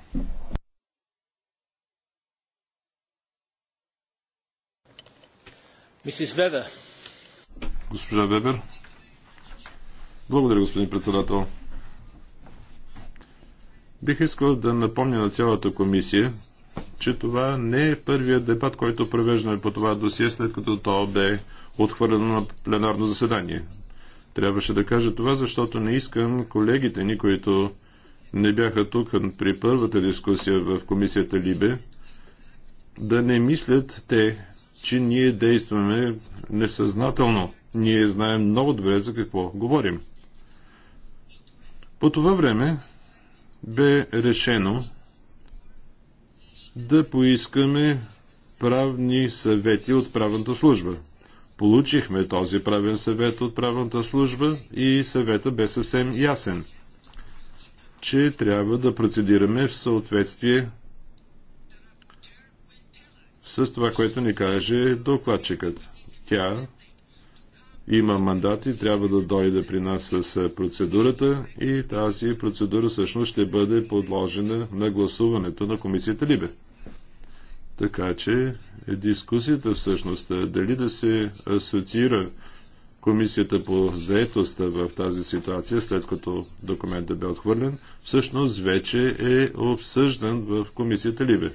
S1: Госпожа Вебер. Благодаря, господин председател. Бих искал да напомня на цялата комисия, че това не е първият дебат, който провеждаме по това досие, след като то бе отхвърлено на пленарно заседание. Трябваше да кажа това, защото не искам колегите ни, които не бяха тук при първата дискусия в комисията Либе, да не мислят те, че ние действаме несъзнателно. Ние знаем много добре за какво говорим. По това време бе решено да поискаме правни съвети от правната служба. Получихме този правен съвет от правната служба и съвета бе съвсем ясен, че трябва да процедираме в съответствие с това, което ни каже докладчикът. Тя има мандат и трябва да дойде при нас с процедурата и тази процедура всъщност ще бъде подложена на гласуването на комисията Либе. Така че е, дискусията всъщност дали да се асоциира комисията по заетостта в тази ситуация, след като документът бе отхвърлен, всъщност вече е обсъждан в комисията Либе.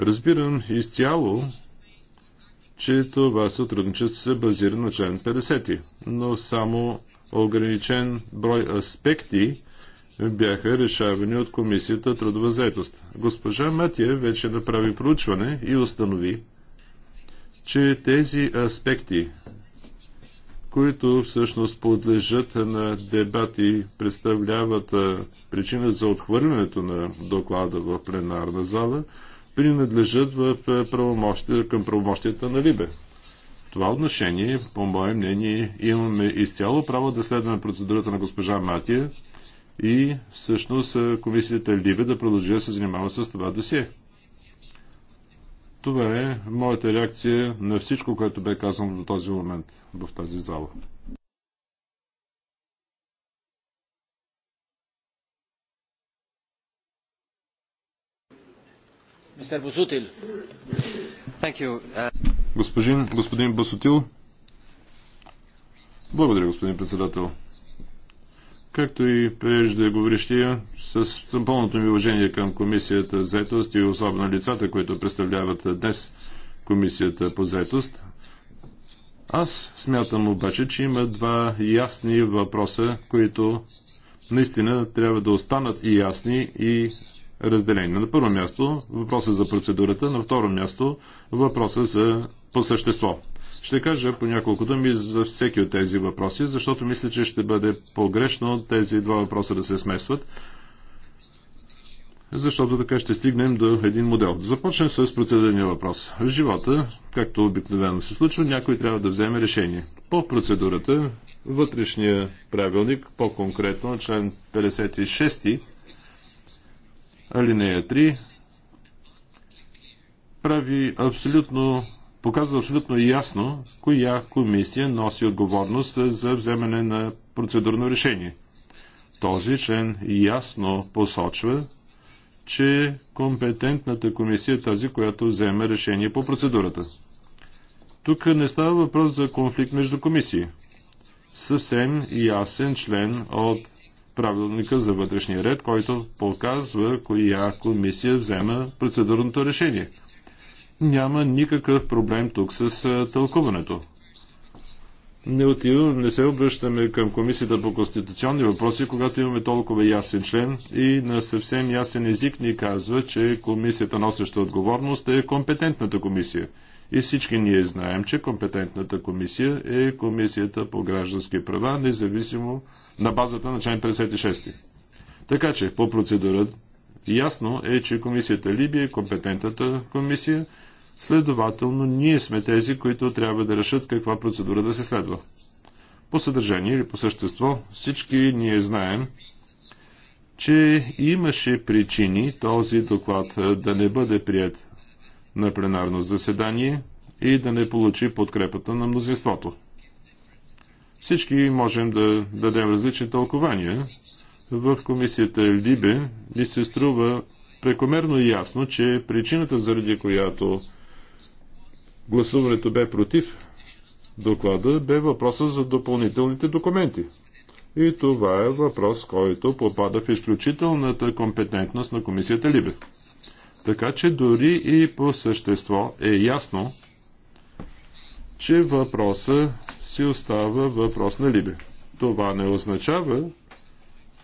S1: Разбирам изцяло, че това сътрудничество се базира на член 50, но само ограничен брой аспекти бяха решавани от Комисията трудова заедост. Госпожа Матия вече направи проучване и установи, че тези аспекти, които всъщност подлежат на дебати, представляват причина за отхвърлянето на доклада в пленарна зала – принадлежат в е, правомощ... към правомощията на Либе. Това отношение, по мое мнение, имаме изцяло право да следваме процедурата на госпожа Матия и всъщност е, комисията Либе да продължи да се занимава с това досие. Това е моята реакция на всичко, което бе казано до този момент в тази зала. Uh, господин, господин Благодаря, господин председател. Както и говорещия, с пълното ми уважение към Комисията за заетост и особено лицата, които представляват днес Комисията по заетост, аз смятам обаче, че има два ясни въпроса, които наистина трябва да останат и ясни и разделени. На първо място въпросът за процедурата, на второ място въпросът за по същество. Ще кажа по няколко думи за всеки от тези въпроси, защото мисля, че ще бъде погрешно тези два въпроса да се смесват, защото така ще стигнем до един модел. Започнем с процедурния въпрос. В живота, както обикновено се случва, някой трябва да вземе решение. По процедурата, вътрешния правилник, по-конкретно член 56 Алинея 3 прави абсолютно, показва абсолютно ясно, коя комисия носи отговорност за вземане на процедурно решение. Този член ясно посочва, че компетентната комисия е тази, която вземе решение по процедурата. Тук не става въпрос за конфликт между комисии. Съвсем ясен член от правилника за вътрешния ред, който показва коя комисия взема процедурното решение. Няма никакъв проблем тук с тълкуването. Не отивам, не се обръщаме към Комисията по конституционни въпроси, когато имаме толкова ясен член и на съвсем ясен език ни казва, че комисията носеща отговорност е компетентната комисия. И всички ние знаем, че компетентната комисия е Комисията по граждански права, независимо на базата на член 56. Така че по процедура ясно е, че комисията Либия е компетентната комисия, следователно ние сме тези, които трябва да решат каква процедура да се следва. По съдържание или по същество всички ние знаем, че имаше причини този доклад да не бъде прият на пленарно заседание и да не получи подкрепата на мнозинството. Всички можем да дадем различни тълкования. В комисията Либе ми се струва прекомерно ясно, че причината, заради която гласуването бе против доклада, бе въпроса за допълнителните документи. И това е въпрос, който попада в изключителната компетентност на комисията Либе. Така че дори и по същество е ясно, че въпроса си остава въпрос на Либе. Това не означава,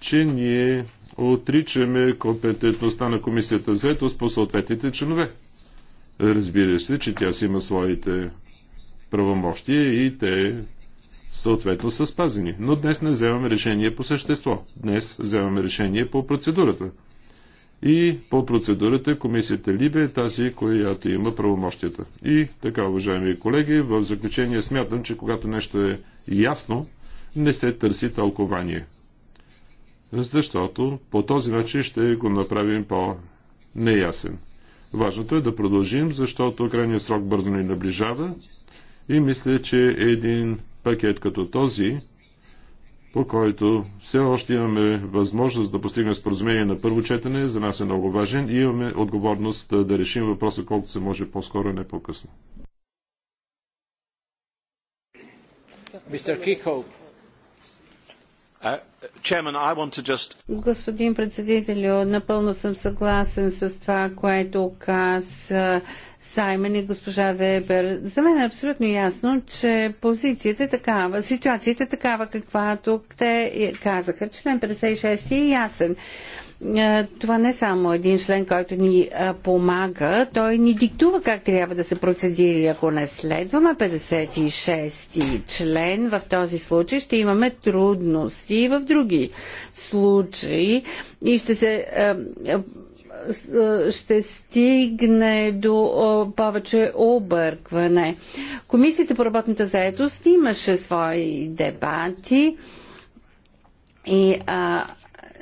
S1: че ние отричаме компетентността на комисията за етост по съответните чинове. Разбира се, че тя си има своите правомощия и те съответно са спазени. Но днес не вземаме решение по същество. Днес вземаме решение по процедурата – и по процедурата комисията Либе е тази, която има правомощията. И така, уважаеми колеги, в заключение смятам, че когато нещо е ясно, не се търси тълкование. Защото по този начин ще го направим по-неясен. Важното е да продължим, защото крайният срок бързо ни наближава и мисля, че един пакет като този по който все още имаме възможност да постигнем споразумение на първо четене, за нас е много важен и имаме отговорност да решим въпроса колкото се може по-скоро, не по-късно.
S2: Мистер Кикхоп.
S1: Uh,
S3: Господин председател, напълно съм съгласен с това, което каза Саймън и госпожа Вебер. За мен е абсолютно ясно, че позицията е такава, ситуацията е такава, каквато те казаха. Член 56 е ясен. Е, това не е само един член, който ни е, помага, той ни диктува как трябва да се процедири. Ако не следваме 56 член, в този случай ще имаме трудности в други случаи и ще се е, ще стигне до повече объркване. Комисията по работната заедост имаше свои дебати и а,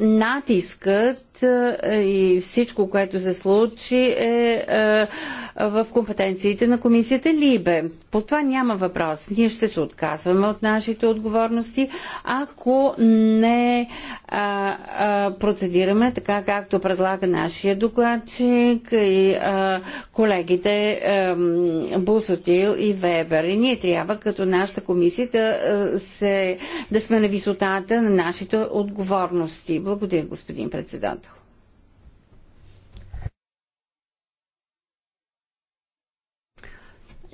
S3: натискът е, и всичко, което се случи е, е в компетенциите на комисията Либе. По това няма въпрос. Ние ще се отказваме от нашите отговорности, ако не е, процедираме така, както предлага нашия докладчик и колегите Бусотил и Вебер. И ние трябва като нашата комисия да, се, да сме на висотата на нашите отговорности. Благодаря, господин председател.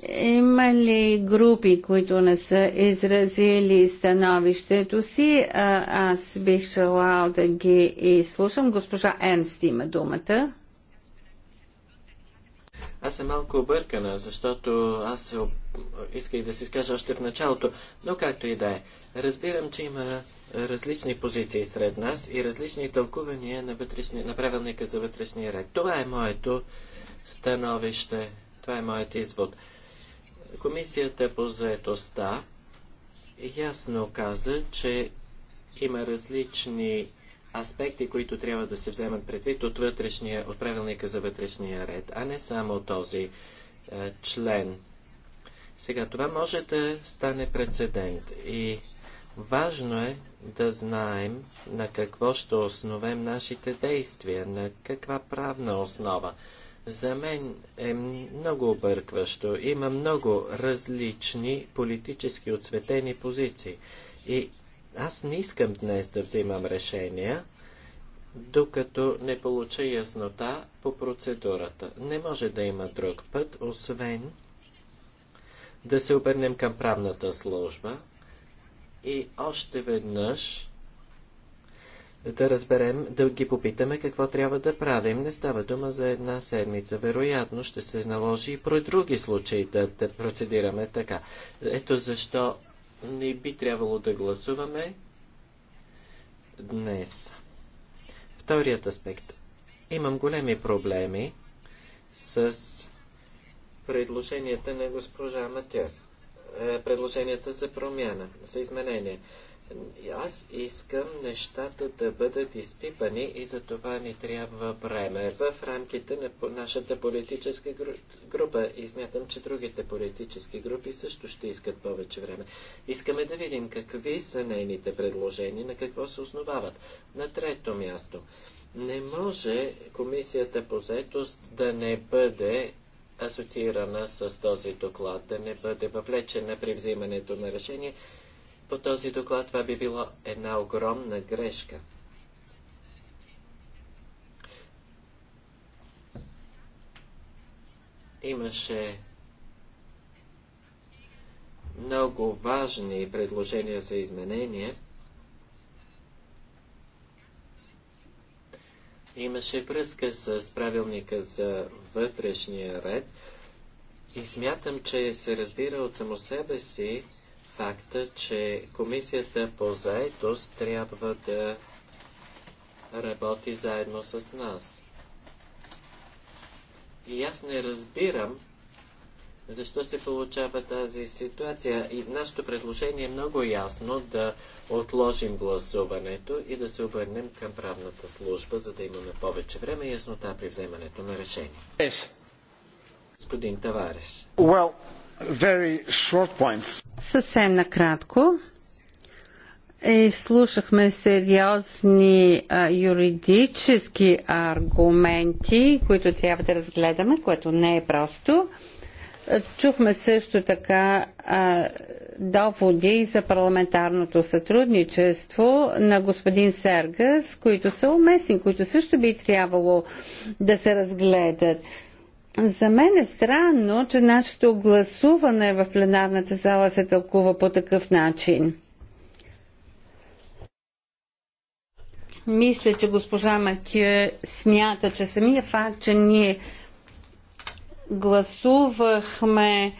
S3: Има ли групи, които не са изразили становището си? А, аз бих желал да ги изслушам. Госпожа Енст има думата.
S2: Аз съм малко объркана, защото аз исках да си скажа още в началото, но както и да е. Разбирам, че има различни позиции сред нас и различни тълкувания на, вътрешни, на правилника за вътрешния ред. Това е моето становище, това е моят извод. Комисията по заетостта ясно каза, че има различни аспекти, които трябва да се вземат предвид от, вътрешния, от правилника за вътрешния ред, а не само този е, член. Сега това може да стане прецедент и Важно е да знаем на какво ще основем нашите действия, на каква правна основа. За мен е много объркващо. Има много различни политически отцветени позиции. И аз не искам днес да взимам решения, докато не получа яснота по процедурата. Не може да има друг път, освен да се обърнем към правната служба, и още веднъж да разберем, да ги попитаме какво трябва да правим. Не става дума за една седмица. Вероятно ще се наложи и про други случаи да, да процедираме така. Ето защо не би трябвало да гласуваме днес. Вторият аспект. Имам големи проблеми с предложенията на госпожа Матер. Е, предложенията за промяна, за изменение. Аз искам нещата да бъдат изпипани и за това ни трябва време в рамките на нашата политическа група и смятам, че другите политически групи също ще искат повече време. Искаме да видим какви са нейните предложения, на какво се основават. На трето място. Не може комисията по заетост да не бъде асоциирана с този доклад, да не бъде въвлечена при взимането на решение. По този доклад това би било една огромна грешка. Имаше много важни предложения за изменение. имаше връзка с правилника за вътрешния ред и смятам, че се разбира от само себе си факта, че комисията по заедност трябва да работи заедно с нас. И аз не разбирам защо се получава тази ситуация. И нашето предложение е много ясно да отложим гласуването и да се обърнем към правната служба, за да имаме повече време и яснота при вземането на решение. Господин Тавареш.
S3: Well, very short points. Съвсем накратко. И е, слушахме сериозни а, юридически аргументи, които трябва да разгледаме, което не е просто. Чухме също така а, доводи за парламентарното сътрудничество на господин Сергас, които са уместни, които също би трябвало да се разгледат. За мен е странно, че нашето гласуване в пленарната зала се тълкува по такъв начин. Мисля, че госпожа Макия смята, че самия факт, че ние гласувахме,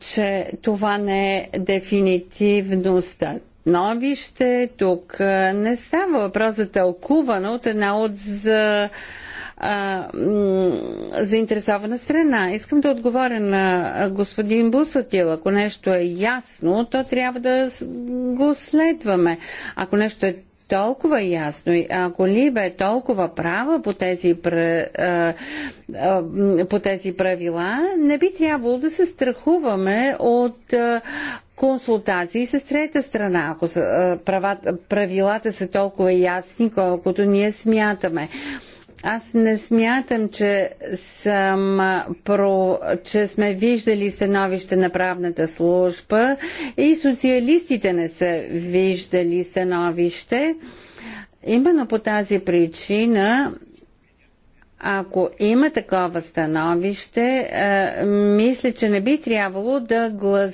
S3: че това не е дефинитивно становище. Тук не става въпрос за тълкуване от една от за заинтересована страна. Искам да отговоря на господин Бусотил. Ако нещо е ясно, то трябва да го следваме. Ако нещо е толкова ясно и ако Либе е толкова права по тези, по тези правила, не би трябвало да се страхуваме от консултации с трета страна, ако правилата са толкова ясни, колкото ние смятаме. Аз не смятам, че, съм про, че сме виждали становище на правната служба и социалистите не са виждали становище. Именно по тази причина ако има такова становище, е, мисля, че не би трябвало да гласуваме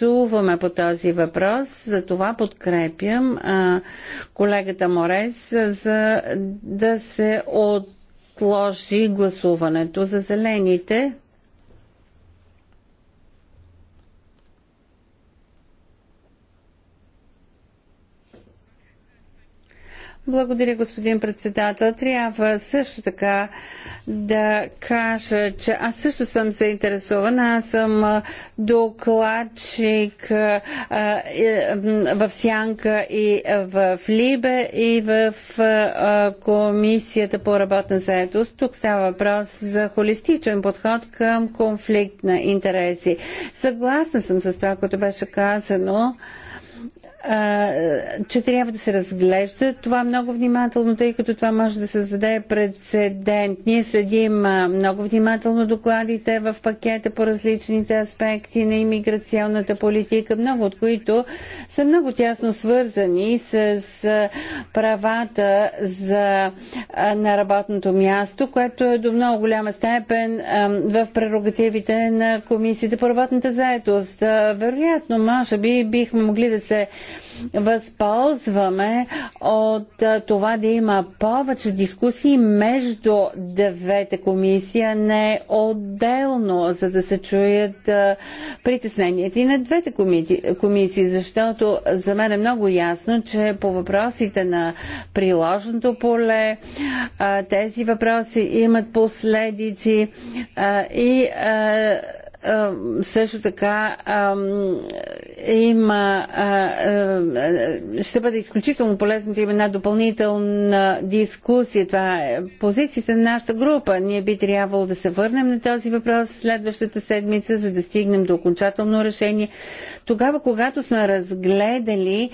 S3: гласуваме по този въпрос. За това подкрепям а, колегата Морес, за да се отложи гласуването за зелените. Благодаря, господин председател. Трябва също така да кажа, че аз също съм заинтересована. Аз съм докладчик в Сянка и в Либе и в Комисията по работна заедост. Тук става въпрос за холистичен подход към конфликт на интереси. Съгласна съм с това, което беше казано че трябва да се разглежда това много внимателно, тъй като това може да създаде прецедент. Ние следим много внимателно докладите в пакета по различните аспекти на иммиграционната политика, много от които са много тясно свързани с правата за, на работното място, което е до много голяма степен в прерогативите на Комисията по работната заедост. Вероятно, може би, бихме могли да се възползваме от това да има повече дискусии между двете комисии, не отделно, за да се чуят притесненията и на двете комисии, защото за мен е много ясно, че по въпросите на приложното поле тези въпроси имат последици и също така има, ще бъде изключително полезно да има една допълнителна дискусия. Това е позицията на нашата група. Ние би трябвало да се върнем на този въпрос следващата седмица, за да стигнем до окончателно решение. Тогава, когато сме разгледали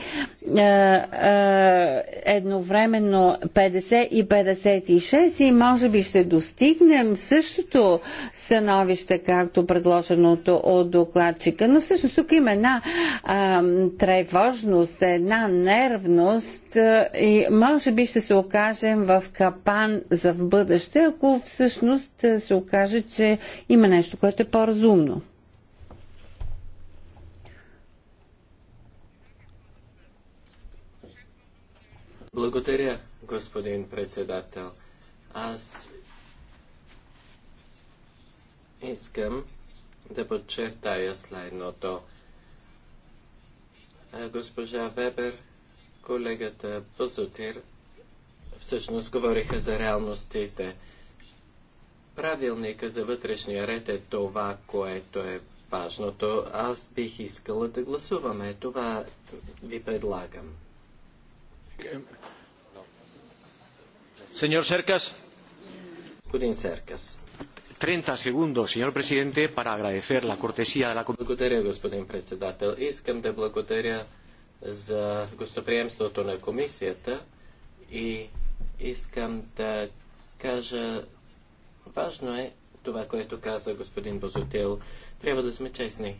S3: едновременно 50 и 56 и може би ще достигнем същото становище, както предложеното от докладчика. Но всъщност тук има една а, тревожност, една нервност и може би ще се окажем в капан за в бъдеще, ако всъщност се окаже, че има нещо, което е по-разумно.
S2: Благодаря, господин председател. Аз искам да подчертая следното госпожа Вебер, колегата Бозутир, всъщност говориха за реалностите. Правилника за вътрешния ред е това, което е важното. Аз бих искала да гласуваме. Това ви предлагам. Сеньор Серкас. Господин Серкас. 30 segundos, señor presidente, para agradecer la cortesía de la Comisión. Благодаря, господин председател. Искам да благодаря за гостоприемството на комисията и искам да кажа, важно е това, което каза господин Бозотел. Трябва да сме честни.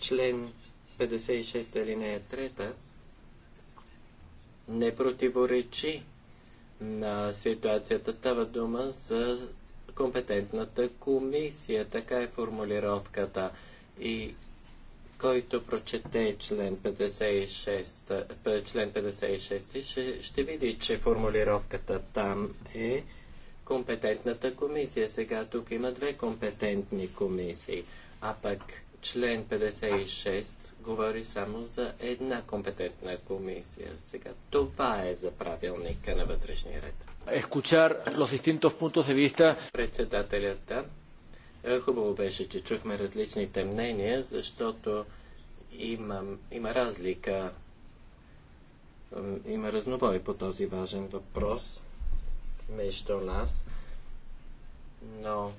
S2: Член 56 алинея 3 не противоречи на ситуацията. Става дума за компетентната комисия. Така е формулировката. И който прочете член 56, член 56 ще, ще види, че формулировката там е компетентната комисия. Сега тук има две компетентни комисии, а пък член 56 говори само за една компетентна комисия. Сега това е за правилника на вътрешния ред escuchar los distintos puntos de vista. Е, хубаво беше, че чухме различните мнения, защото има, има разлика, има разнобой по този важен въпрос между нас, но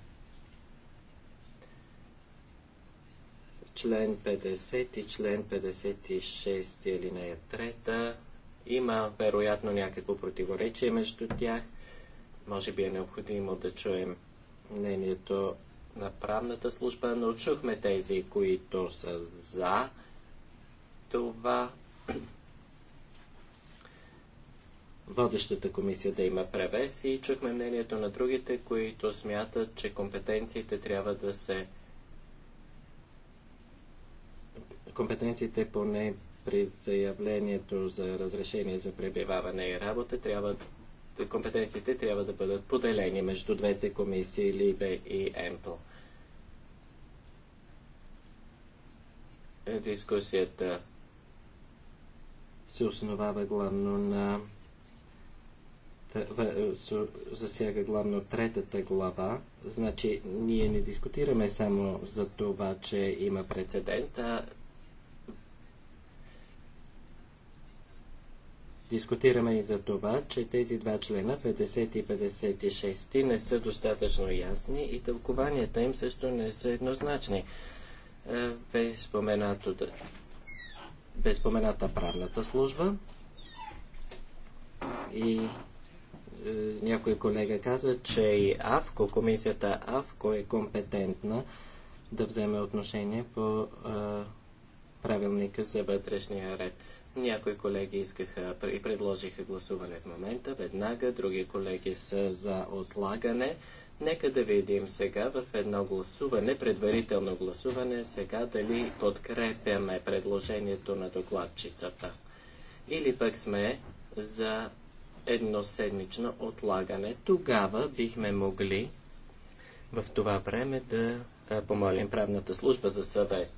S2: член 50 и член 56 алинея 3 има вероятно някакво противоречие между тях. Може би е необходимо да чуем мнението на правната служба, но чухме тези, които са за това водещата комисия да има превес и чухме мнението на другите, които смятат, че компетенциите трябва да се компетенциите поне при заявлението за разрешение за пребиваване и работа трябва компетенциите трябва да бъдат поделени между двете комисии Либе и ЕМПЛ. Дискусията се основава главно на засяга главно третата глава. Значи, ние не дискутираме само за това, че има прецедент, а Дискутираме и за това, че тези два члена, 50 и 56, не са достатъчно ясни и тълкованията им също не са еднозначни. Е, Безпомената спомената правната служба и е, някой колега каза, че и АВКО, комисията АВКО е компетентна да вземе отношение по е, правилника за вътрешния ред. Някои колеги искаха и предложиха гласуване в момента, веднага, други колеги са за отлагане. Нека да видим сега в едно гласуване, предварително гласуване, сега дали подкрепяме предложението на докладчицата. Или пък сме за едноседмично отлагане. Тогава бихме могли в това време да помолим правната служба за съвет.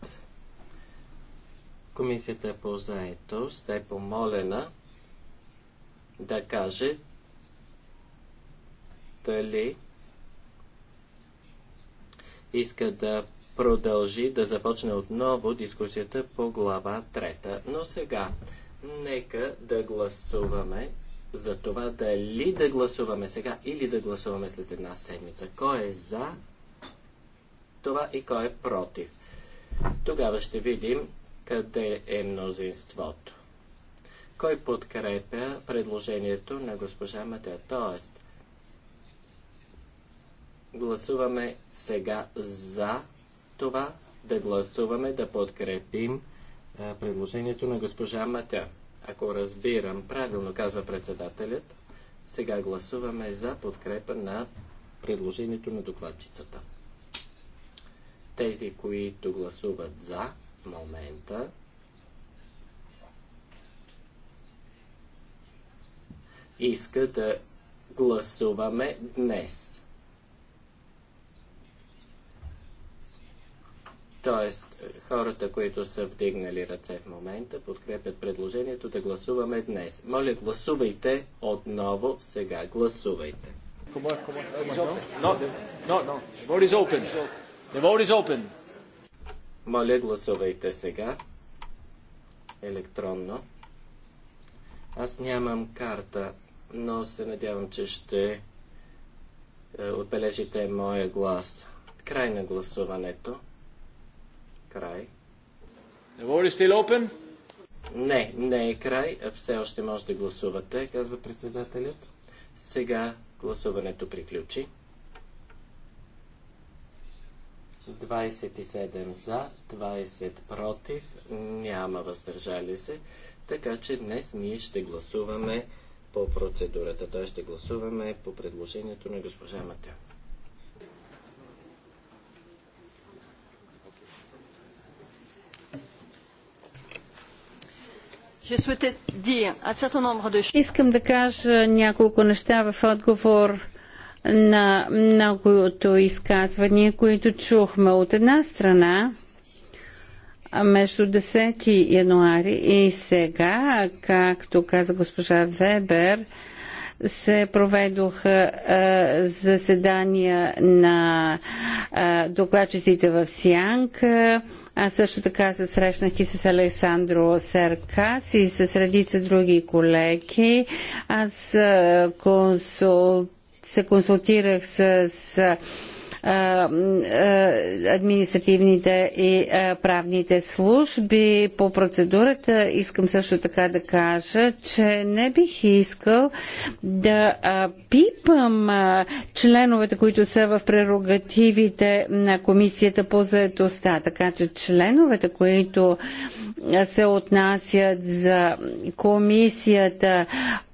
S2: Комисията по заетост е помолена да каже дали иска да продължи, да започне отново дискусията по глава трета. Но сега, нека да гласуваме за това дали да гласуваме сега или да гласуваме след една седмица. Кой е за това и кой е против? Тогава ще видим къде е мнозинството. Кой подкрепя предложението на госпожа Матея? Тоест, гласуваме сега за това, да гласуваме, да подкрепим предложението на госпожа Матя. Ако разбирам правилно, казва председателят, сега гласуваме за подкрепа на предложението на докладчицата. Тези, които гласуват за, момента иска да гласуваме днес. Тоест, хората, които са вдигнали ръце в момента, подкрепят предложението да гласуваме днес. Моля, гласувайте отново сега. Гласувайте. No, no, no. Vote is open. The vote is open. Моля, гласувайте сега електронно. Аз нямам карта, но се надявам, че ще е, отбележите моя глас. Край на гласуването. Край. Не, не е край. Все още може да гласувате, казва председателят. Сега гласуването приключи. 27 за, 20 против, няма въздържали се. Така че днес ние ще гласуваме по процедурата, Тоест ще гласуваме по предложението на госпожа Матео.
S3: Искам да кажа няколко неща в отговор на многото изказвания, които чухме. От една страна, между 10 януари и сега, както каза госпожа Вебер, се проведоха е, заседания на е, докладчиците в Сянка. Аз също така се срещнах и с Александро Серкас и с редица други колеги. Аз е, се консултирах с, а, административните и правните служби по процедурата. Искам също така да кажа, че не бих искал да пипам членовете, които са в прерогативите на комисията по заедостта. Така че членовете, които се отнасят за комисията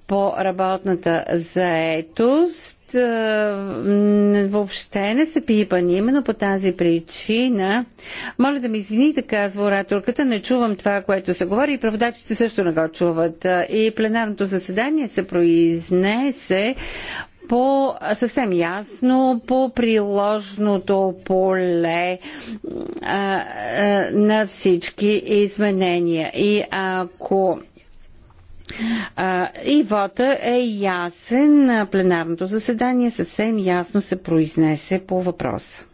S3: по работната заетост, въобще не са пипани. Именно по тази причина, моля да ми извините, казва ораторката, не чувам това, което се говори и праводачите също не го чуват. И пленарното заседание се произнесе по съвсем ясно по приложното поле а, а, на всички изменения. И ако и вота е ясен на пленарното заседание, съвсем ясно се произнесе по въпроса.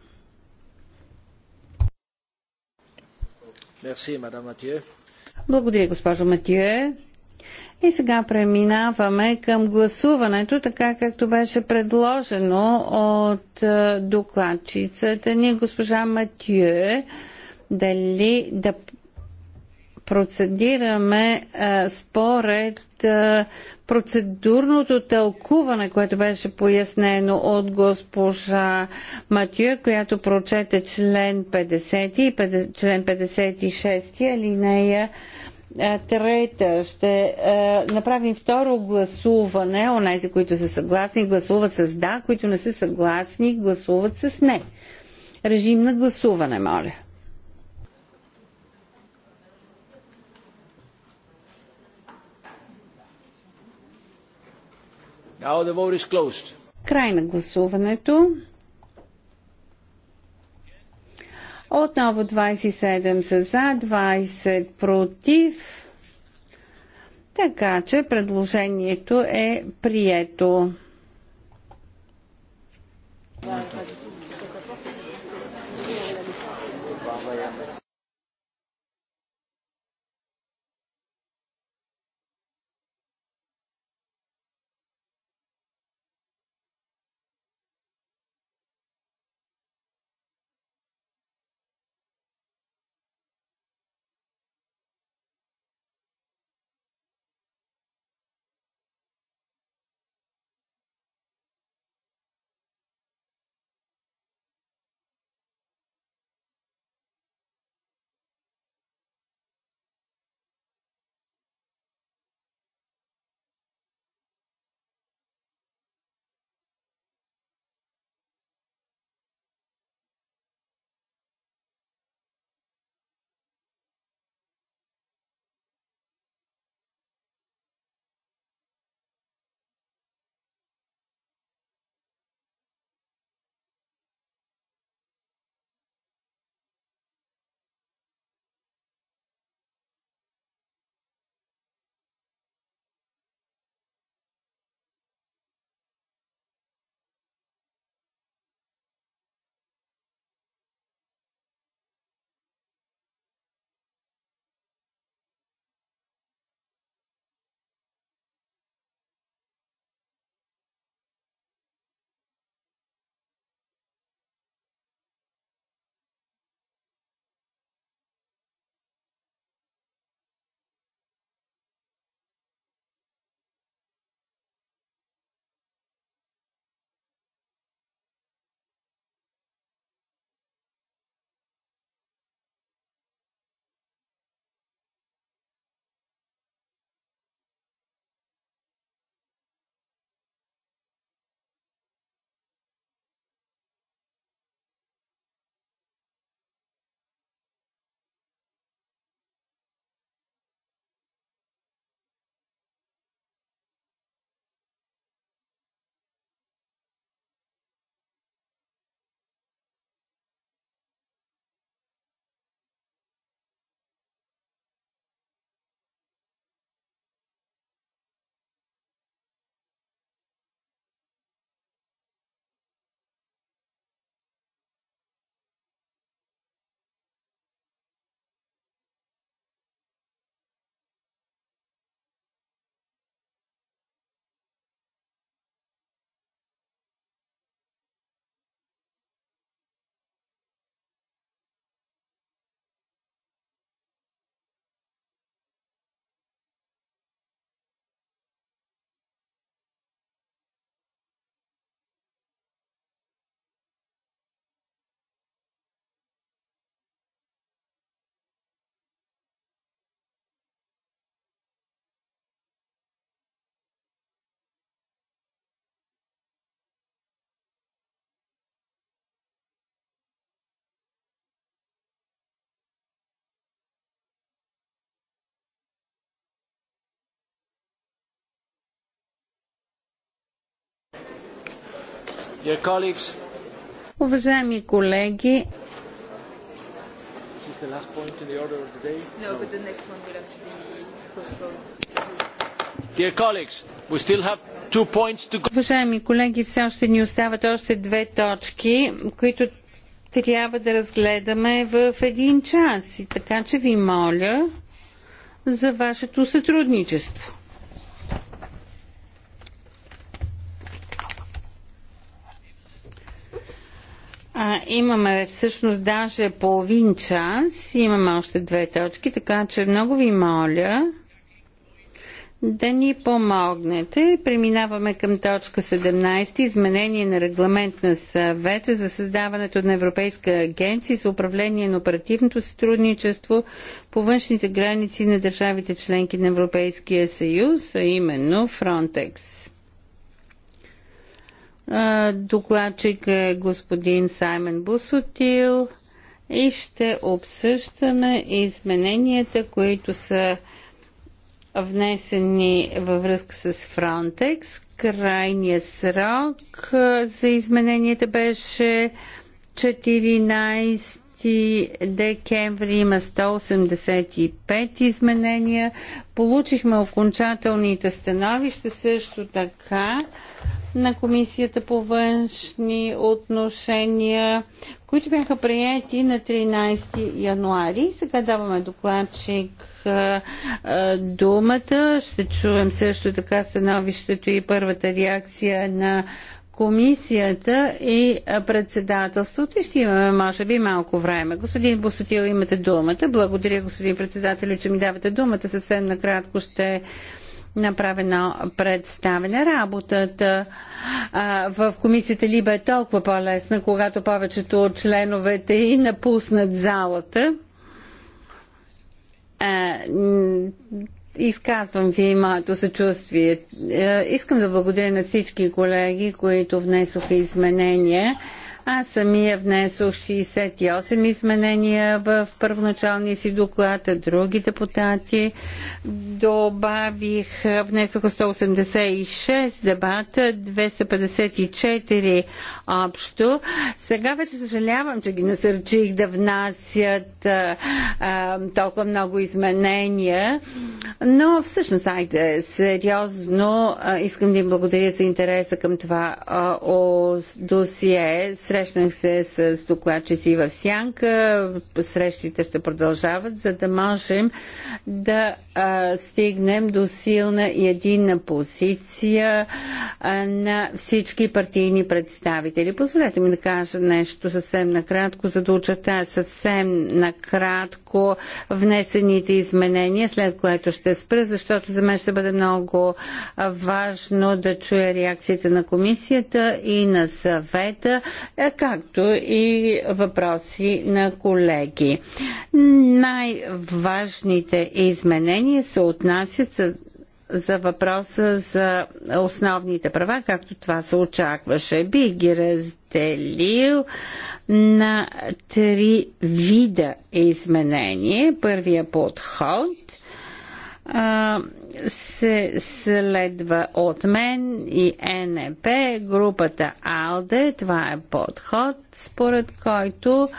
S3: Благодаря, госпожо Матие. И сега преминаваме към гласуването, така както беше предложено от докладчицата ни госпожа Матие. Дали да процедираме а, според а, процедурното тълкуване, което беше пояснено от госпожа Матюя, която прочете член 50 и член 56 алинея Трета, ще направим второ гласуване. Онези, които са съгласни, гласуват с да, които не са съгласни, гласуват с не. Режим на гласуване, моля.
S2: Now the vote is closed.
S3: Край на гласуването. Отново 27 са за, 20 против. Така че предложението е прието.
S2: Уважаеми
S3: колеги, Уважаеми колеги, все още ни остават още две точки, които трябва да разгледаме в един час. И така че ви моля за вашето сътрудничество. А, имаме всъщност даже половин час, имаме още две точки, така че много ви моля да ни помогнете. Преминаваме към точка 17. Изменение на регламент на съвета за създаването на Европейска агенция за управление на оперативното сътрудничество по външните граници на държавите членки на Европейския съюз, а именно Фронтекс. Докладчик е господин Саймон Бусотил и ще обсъждаме измененията, които са внесени във връзка с Frontex. Крайният срок за измененията беше 14 декември има 185 изменения. Получихме окончателните становища също така на Комисията по външни отношения, които бяха прияти на 13 януари. Сега даваме докладчик думата. Ще чуем също така становището и първата реакция на комисията и председателството и ще имаме, може би, малко време. Господин Босотил, имате думата. Благодаря, господин председател, че ми давате думата. Съвсем накратко ще направено представене. Работата а, в комисията Либа е толкова по-лесна, когато повечето от членовете и напуснат залата. А, изказвам ви моето съчувствие. Искам да благодаря на всички колеги, които внесоха изменения. Аз самия внесох 68 изменения в първоначалния си доклад, а други депутати добавих, внесоха 186 дебата, 254 общо. Сега вече съжалявам, че ги насърчих да внасят а, а, толкова много изменения, но всъщност, айде, сериозно а, искам да им благодаря за интереса към това а, о, досие. Срещнах се с докладчици в Сянка. Срещите ще продължават, за да можем да а, стигнем до силна и единна позиция а, на всички партийни представители. Позволете ми да кажа нещо съвсем накратко, за да очертая съвсем накратко внесените изменения, след което ще спра, защото за мен ще бъде много важно да чуя реакцията на комисията и на съвета. Е, както и въпроси на колеги. Най-важните изменения се отнасят с за въпроса за основните права, както това се очакваше. Бих ги разделил на три вида изменения. Първия подход – се следва от мен и НП, групата АЛДЕ. Това е подход, според който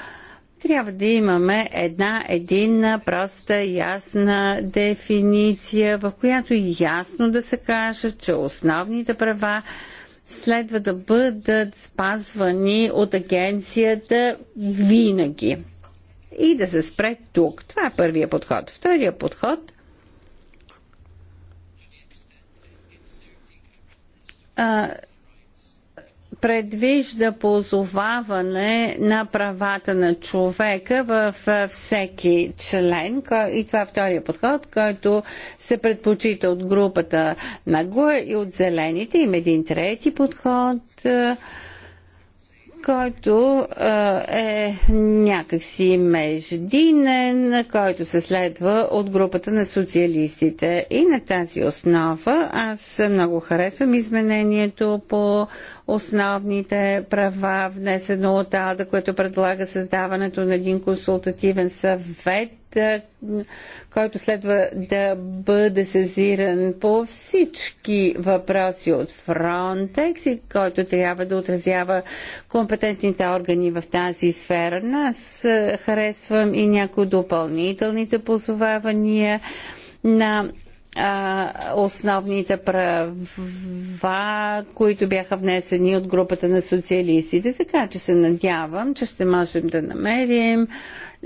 S3: трябва да имаме една единна, проста, ясна дефиниция, в която ясно да се каже, че основните права следва да бъдат спазвани от агенцията винаги. И да се спре тук. Това е първия подход. Втория подход – предвижда позоваване на правата на човека в всеки член. И това е втория подход, който се предпочита от групата на ГУЕ и от зелените. Има един трети подход, който е някакси междинен, който се следва от групата на социалистите. И на тази основа аз много харесвам изменението по основните права, внесено от АДА, което предлага създаването на един консултативен съвет който следва да бъде сезиран по всички въпроси от Frontex и който трябва да отразява компетентните органи в тази сфера. Аз е, харесвам и някои допълнителните позовавания на основните права, които бяха внесени от групата на социалистите. Така че се надявам, че ще можем да намерим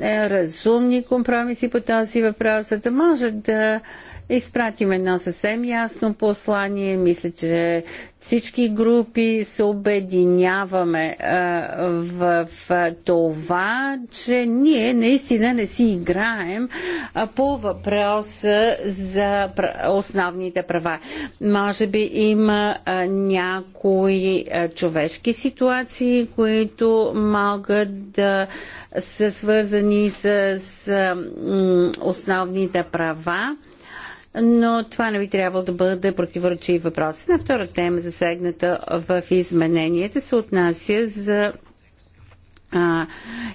S3: е, разумни компромиси по този въпрос, за да може да изпратим едно съвсем ясно послание. Мисля, че всички групи се обединяваме в това, че ние наистина не си играем по въпроса за основните права. Може би има някои човешки ситуации, които могат да са свързани с основните права но това не би трябвало да бъде противоречив въпрос. На втора тема, засегната в измененията, се отнася за а,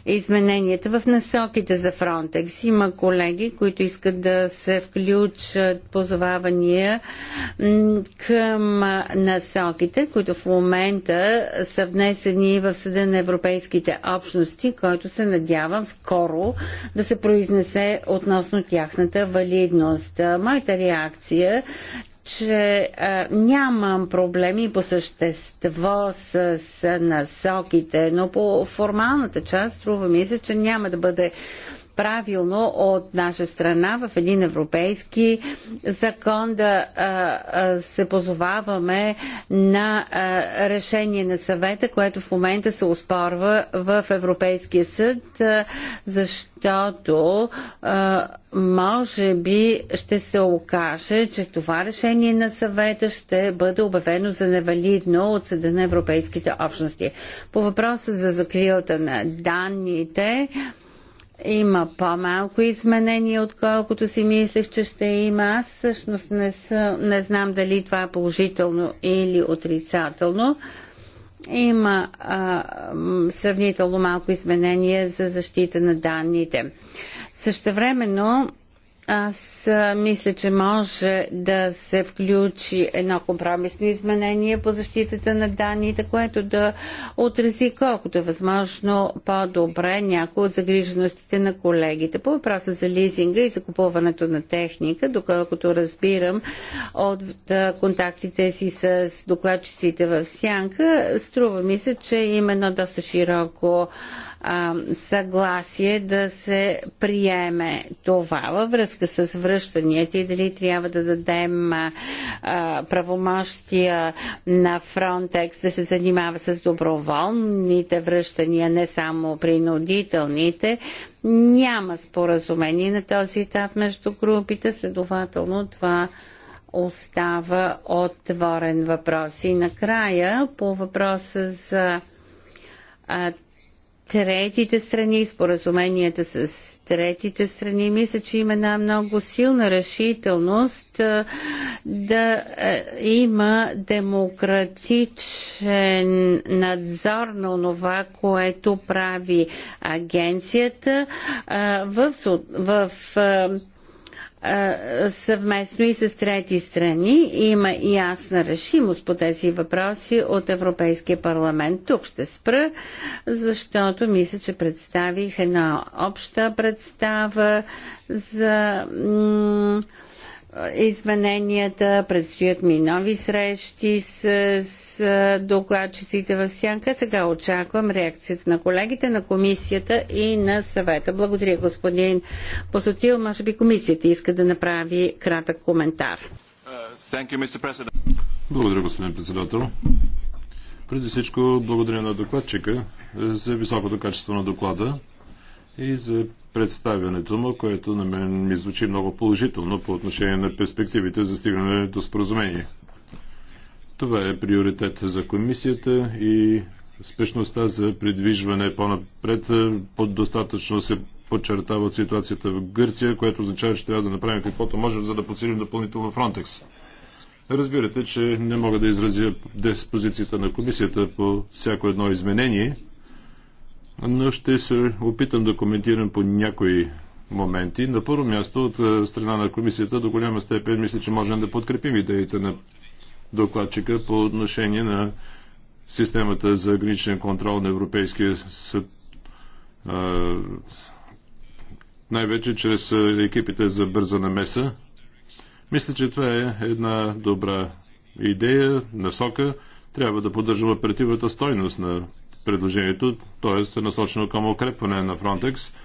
S3: измененията в насоките за Фронтекс. Има колеги, които искат да се включат позовавания към насоките, които в момента са внесени в Съда на Европейските общности, който се надявам скоро да се произнесе относно тяхната валидност. Моята реакция че а, нямам проблеми по същество с, с насоките, но по формалната част струва ми се, че няма да бъде правилно от наша страна в един европейски закон да се позоваваме на решение на съвета, което в момента се успорва в Европейския съд, защото може би ще се окаже, че това решение на съвета ще бъде обявено за невалидно от Съда на Европейските общности. По въпроса за закрилата на данните, има по-малко изменения, отколкото си мислех, че ще има. Аз всъщност не, съ, не знам дали това е положително или отрицателно. Има а, сравнително малко изменения за защита на данните. Същевременно аз мисля, че може да се включи едно компромисно изменение по защитата на данните, което да отрази колкото е възможно по-добре някои от загриженостите на колегите. По въпроса за лизинга и закупуването на техника, доколкото разбирам от контактите си с докладчиците в Сянка, струва ми се, че има едно доста широко а, съгласие да се приеме това във връзка с връщанията и дали трябва да дадем а, правомощия на Фронтекс да се занимава с доброволните връщания, не само принудителните. Няма споразумение на този етап между групите, следователно това остава отворен въпрос. И накрая по въпроса за третите страни, споразуменията с третите страни. Мисля, че има една много силна решителност да има демократичен надзор на това, което прави агенцията в, в съвместно и с трети страни. Има ясна решимост по тези въпроси от Европейския парламент. Тук ще спра, защото мисля, че представих една обща представа за измененията, предстоят ми нови срещи с, с докладчиците в Сянка. Сега очаквам реакцията на колегите, на комисията и на съвета. Благодаря, господин Посотил. Може би комисията иска да направи кратък коментар.
S1: You, благодаря, господин председател. Преди всичко, благодаря на докладчика за високото качество на доклада и за представянето му, което на мен ми звучи много положително по отношение на перспективите за стигане до споразумение. Това е приоритет за комисията и спешността за придвижване по-напред е, под достатъчно се подчертава от ситуацията в Гърция, което означава, че трябва да направим каквото можем, за да подсилим допълнително Фронтекс. Разбирате, че не мога да изразя диспозицията на комисията по всяко едно изменение, но ще се опитам да коментирам по някои моменти. На първо място, от е, страна на комисията, до голяма степен мисля, че можем да подкрепим идеите на докладчика по отношение на системата за граничен контрол на Европейския съд. Е, най-вече чрез е, екипите за бърза намеса. Мисля, че това е една добра идея, насока. Трябва да поддържаме оперативната стойност на предложението, т.е. Е насочено към укрепване на Frontex.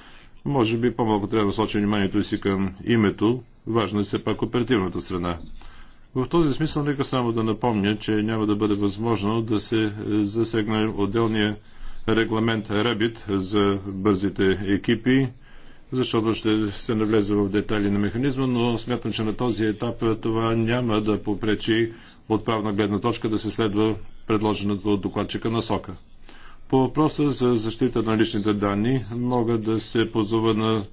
S1: Може би по-малко трябва да насочим вниманието си към името. Важно е все пак оперативната страна. В този смисъл нека само да напомня, че няма да бъде възможно да се засегне отделния регламент Rabbit за бързите екипи, защото ще се навлезе в детайли на механизма, но смятам, че на този етап това няма да попречи от правна гледна точка да се следва предложената от докладчика насока. По въпроса за защита на личните данни мога да се позова на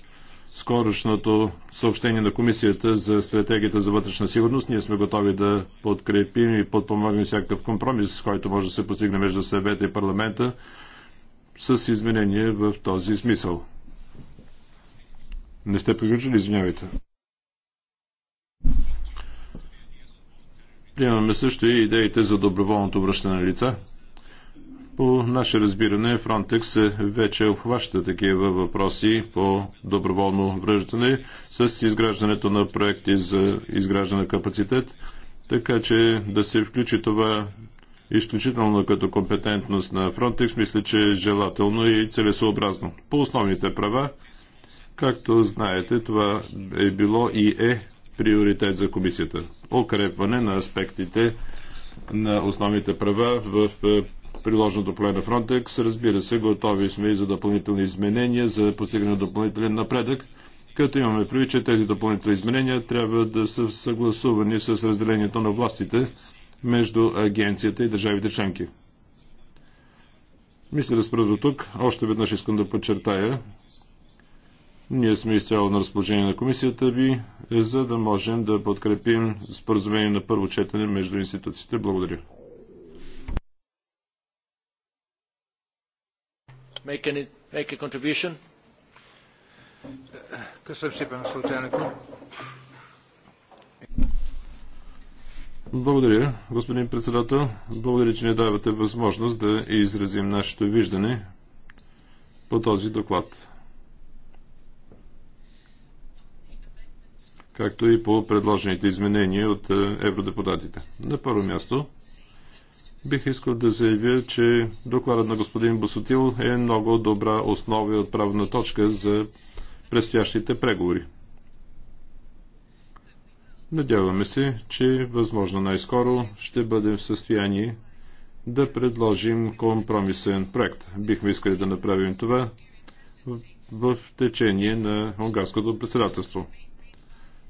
S1: скорошното съобщение на комисията за стратегията за вътрешна сигурност. Ние сме готови да подкрепим и подпомогнем всякакъв компромис, с който може да се постигне между съвета и парламента с изменение в този смисъл. Не сте приключили, извинявайте. Приемаме също и идеите за доброволното връщане на лица – по наше разбиране, Фронтекс вече обхваща такива въпроси по доброволно връждане с изграждането на проекти за изграждане на капацитет, така че да се включи това изключително като компетентност на Фронтекс, мисля, че е желателно и целесообразно. По основните права, както знаете, това е било и е приоритет за комисията. Укрепване на аспектите на основните права в приложното поле на Frontex. Разбира се, готови сме и за допълнителни изменения, за постигане на допълнителен напредък, като имаме прави, че тези допълнителни изменения трябва да са съгласувани с разделението на властите между агенцията и държавите членки. Мисля да спра до тук. Още веднъж искам да подчертая. Ние сме изцяло на разположение на комисията ви, за да можем да подкрепим споразумение на първо четене между институциите. Благодаря.
S2: make, any, make a contribution? Köszönöm szépen a szót, elnök úr.
S1: Благодаря, господин председател. Благодаря, че ни давате възможност да изразим нашето виждане по този доклад. Както и по предложените изменения от е, евродепутатите. На първо място, Бих искал да заявя, че докладът на господин Босотил е много добра основа и отправна точка за предстоящите преговори. Надяваме се, че възможно най-скоро ще бъдем в състояние да предложим компромисен проект. Бихме искали да направим това в течение на унгарското председателство.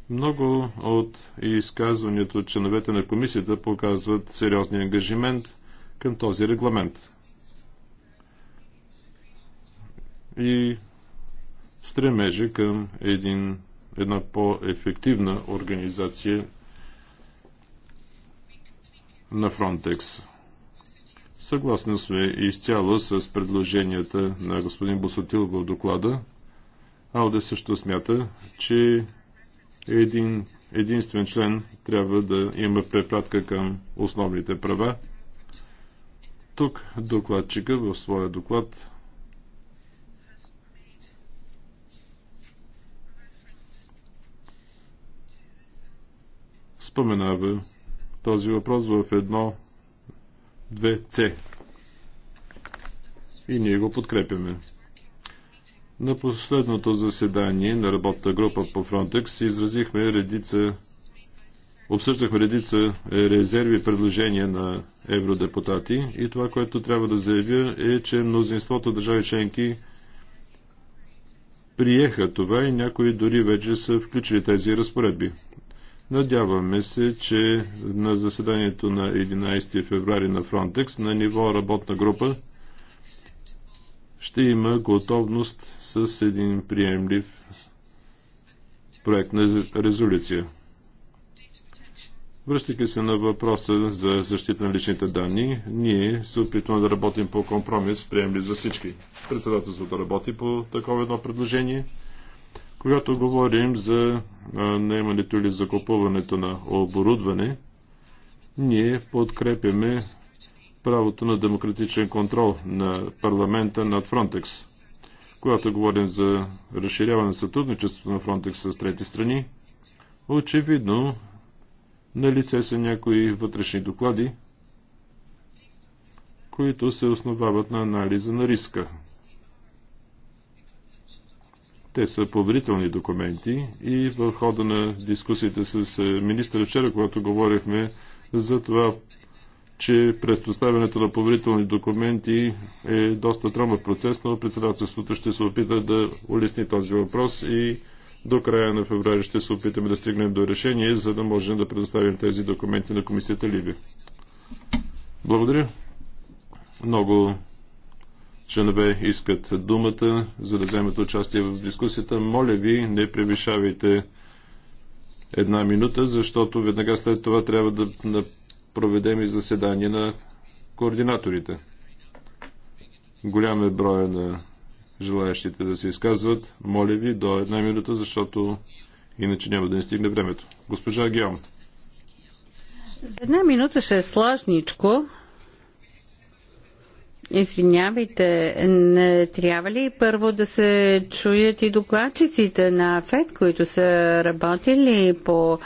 S1: Много от изказването от членовете на комисията показват сериозния ангажимент към този регламент. И стремежи към един, една по-ефективна организация на Фронтекс. Съгласни сме изцяло с предложенията на господин Босотил в доклада. Алде също смята, че един единствен член трябва да има препратка към основните права. Тук докладчика в своя доклад споменава този въпрос в едно 2C. И ние го подкрепяме. На последното заседание на работната група по Frontex изразихме редица обсъждахме редица резерви и предложения на евродепутати и това, което трябва да заявя е, че мнозинството държави членки приеха това и някои дори вече са включили тези разпоредби. Надяваме се, че на заседанието на 11 феврари на Frontex на ниво работна група ще има готовност с един приемлив проект на резолюция. Връщайки се на въпроса за защита на личните данни, ние се опитваме да работим по компромис, приемлив за всички. Председателството работи по такова едно предложение. Когато говорим за наемането или закупуването на оборудване, ние подкрепяме правото на демократичен контрол на парламента над Фронтекс. Когато говорим за разширяване на сътрудничеството на Фронтекс с трети страни, очевидно на лице са някои вътрешни доклади, които се основават на анализа на риска. Те са поверителни документи и в хода на дискусията с е, министра вчера, когато говорихме за това че предоставянето на поверителни документи е доста тромав процес, но председателството ще се опита да улесни този въпрос и до края на феврари ще се опитаме да стигнем до решение, за да можем да предоставим тези документи на комисията Либи. Благодаря. Много членове искат думата, за да вземат участие в дискусията. Моля ви, не превишавайте една минута, защото веднага след това трябва да проведем и заседание на координаторите. Голям е броя на желаящите да се изказват. Моля ви до една минута, защото иначе няма да не стигне времето. Госпожа Геом.
S3: За една минута ще е сложничко. Извинявайте, не трябва ли първо да се чуят и докладчиците на ФЕД, които са работили по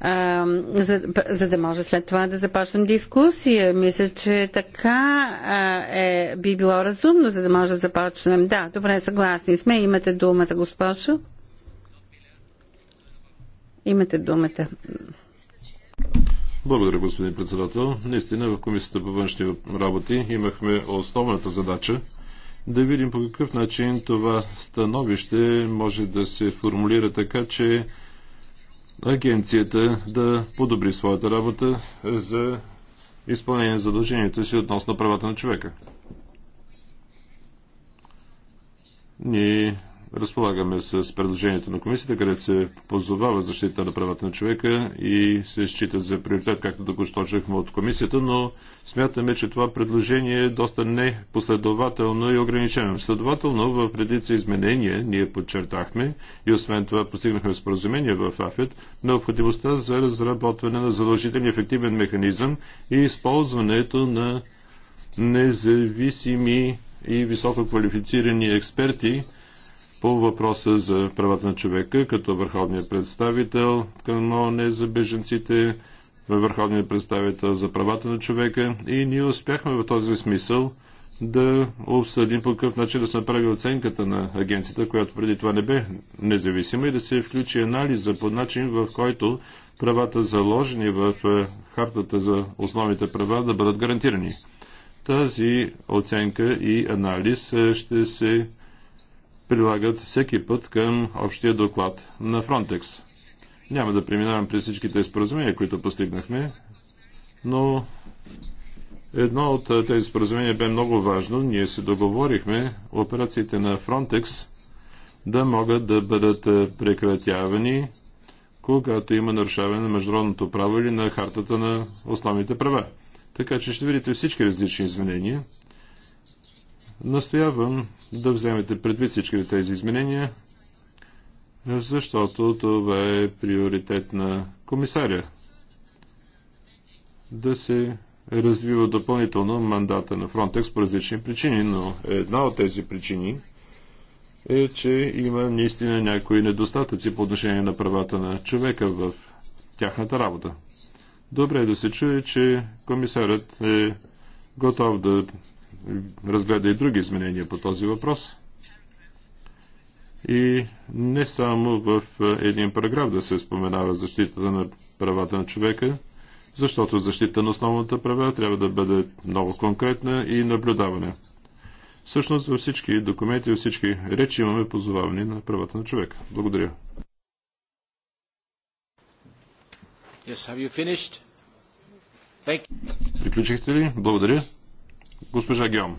S3: а, за, за да може след това да започнем дискусия. Мисля, че така а, е, би било разумно, за да може да започнем. Да, добре, съгласни сме. Имате думата, госпожо. Имате думата.
S1: Благодаря, господин председател. Наистина в Комисията по външни работи имахме основната задача да видим по какъв начин това становище може да се формулира така, че агенцията да подобри своята работа за изпълнение на задълженията си относно правата на човека. Ние разполагаме с предложението на комисията, където се позовава защита на правата на човека и се счита за приоритет, както току-що чухме от комисията, но смятаме, че това предложение е доста непоследователно и ограничено. Следователно, в редица изменения ние подчертахме и освен това постигнахме споразумение в АФЕД необходимостта за разработване на задължителен ефективен механизъм и използването на независими и висококвалифицирани експерти, по въпроса за правата на човека, като върховният представител към не за беженците, върховният представител за правата на човека и ние успяхме в този смисъл да обсъдим по какъв начин да се направи оценката на агенцията, която преди това не бе независима и да се включи анализа по начин, в който правата заложени в е, хартата за основните права да бъдат гарантирани. Тази оценка и анализ е, ще се прилагат всеки път към общия доклад на Фронтекс. Няма да преминавам през всичките споразумения, които постигнахме, но едно от тези споразумения бе много важно. Ние се договорихме операциите на Фронтекс да могат да бъдат прекратявани, когато има нарушаване на международното право или на хартата на основните права. Така че ще видите всички различни изменения – Настоявам да вземете предвид всички тези изменения, защото това е приоритет на комисаря да се развива допълнително мандата на Фронтекс по различни причини, но една от тези причини е, че има наистина някои недостатъци по отношение на правата на човека в тяхната работа. Добре е да се чуе, че комисарът е готов да разгледа и други изменения по този въпрос. И не само в един параграф да се споменава защитата на правата на човека, защото защита на основната права трябва да бъде много конкретна и наблюдаване. Всъщност във всички документи, във всички речи имаме позоваване на правата на човека. Благодаря.
S2: Yes, have you finished? Thank
S1: you. Приключихте ли? Благодаря. Госпожа Геом.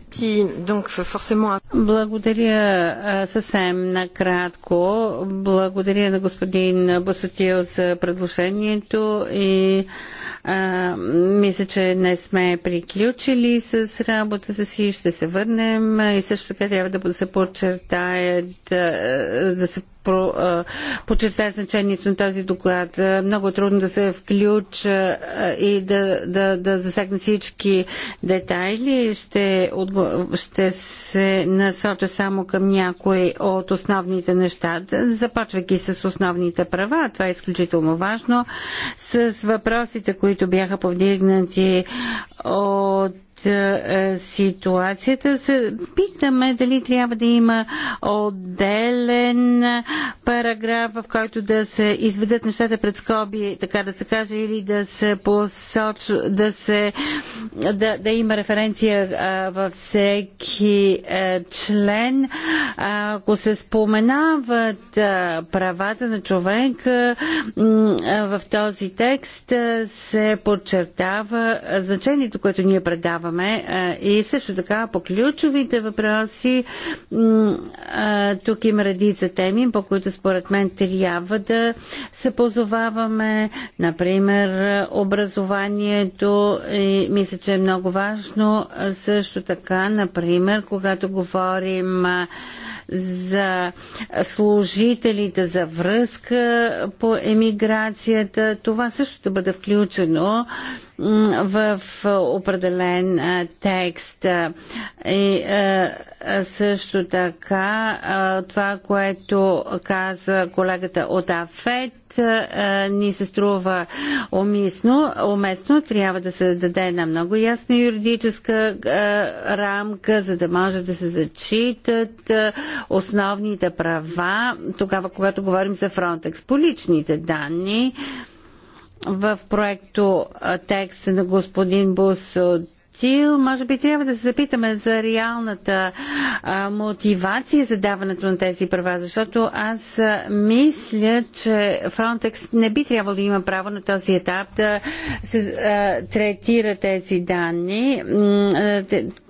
S3: Благодаря съвсем накратко. Благодаря на господин Босотил за предложението и а, мисля, че не сме приключили с работата си. Ще се върнем и също така трябва да се подчертаят, да се про, значението на този доклад. Много е трудно да се включа и да, да, да засегна всички детайли. Ще, ще се насоча само към някои от основните неща, започвайки с основните права. Това е изключително важно. С въпросите, които бяха повдигнати от е, ситуацията, се питаме дали трябва да има отделен параграф, в който да се изведат нещата пред скоби, така да се каже, или да се посоч, да се да, да има референция във всеки е, член. ако се споменават е, правата на човека в този текст, се подчертава значението, което ние предаваме внимаваме е, и също така по ключовите въпроси. Е, тук има редица теми, по които според мен трябва да се позоваваме. Например, образованието. И мисля, че е много важно е, също така, например, когато говорим за служителите за връзка по емиграцията. Това също да бъде включено в определен текст. И също така това, което каза колегата от Афет, ни се струва умисно, уместно, трябва да се даде една много ясна юридическа рамка, за да може да се зачитат основните права, тогава когато говорим за Frontex. По личните данни, в проекто текст на господин Бусо Тил, може би трябва да се запитаме за реалната а, мотивация за даването на тези права, защото аз а, мисля, че Frontex не би трябвало да има право на този етап да се а, третира тези данни.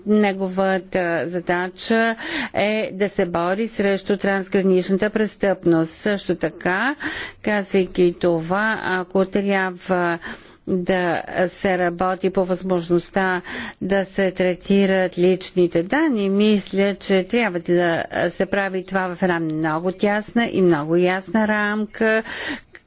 S3: Неговата задача е да се бори срещу трансграничната престъпност. Също така, казвайки това, ако трябва да се работи по възможността да се третират личните данни. Мисля, че трябва да се прави това в една много тясна и много ясна рамка,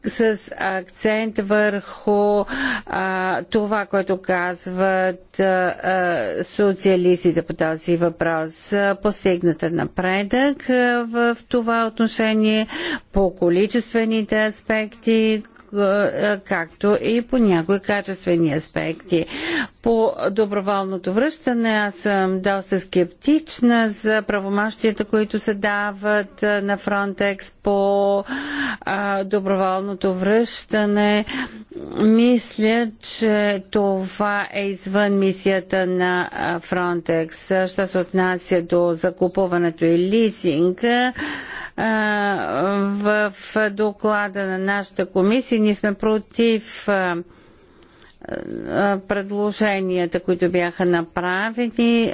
S3: с акцент върху а, това, което казват а, социалистите по този въпрос. Постигната е напредък а, в това отношение по количествените аспекти, е, както и по някои качествени аспекти. По доброволното връщане аз съм доста скептична за правомащията, които се дават е, на Фронтекс по е, доброволното връщане. Мисля, че това е извън мисията на Фронтекс. Що се отнася до закупуването и лизинга, в доклада на нашата комисия. Ние сме против предложенията, които бяха направени.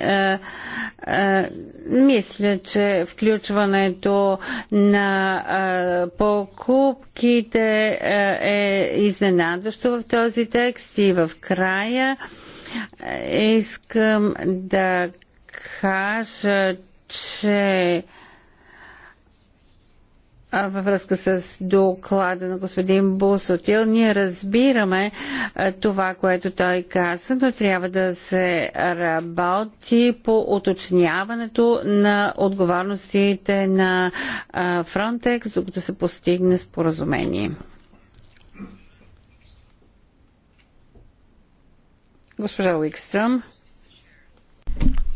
S3: Мисля, че включването на покупките е изненадващо в този текст и в края. Искам да кажа, че във връзка с доклада на господин Бусотил. Ние разбираме това, което той казва, но трябва да се работи по уточняването на отговорностите на Фронтекс, докато се постигне споразумение. Госпожа Уикстрам.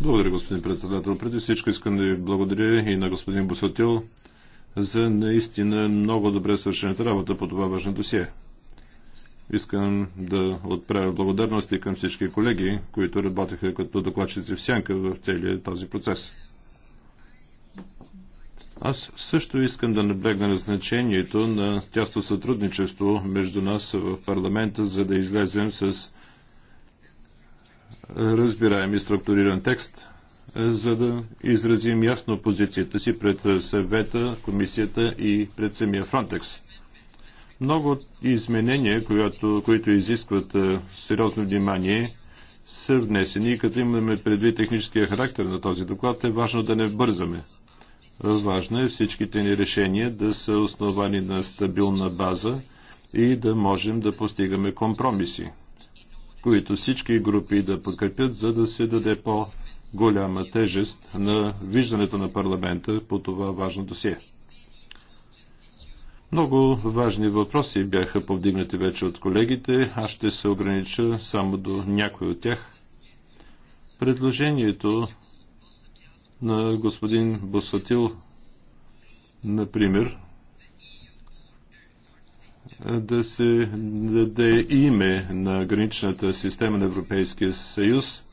S1: Благодаря, господин председател. Преди всичко искам да ви благодаря и на господин Бусотил за наистина много добре свършената работа по това важно досие. Искам да отправя благодарности към всички колеги, които работеха като докладчици в сянка в целия този процес. Аз също искам да наблегна на значението на тясно сътрудничество между нас в парламента, за да излезем с разбираем и структуриран текст, за да изразим ясно позицията си пред съвета, комисията и пред самия Фронтекс. Много изменения, които, които изискват сериозно внимание, са внесени и като имаме предвид техническия характер на този доклад, е важно да не бързаме. Важно е всичките ни решения да са основани на стабилна база и да можем да постигаме компромиси, които всички групи да подкрепят, за да се даде по голяма тежест на виждането на парламента по това важно досие. Много важни въпроси бяха повдигнати вече от колегите. Аз ще се огранича само до някой от тях. Предложението на господин Босатил, например, да се даде име на граничната система на Европейския съюз –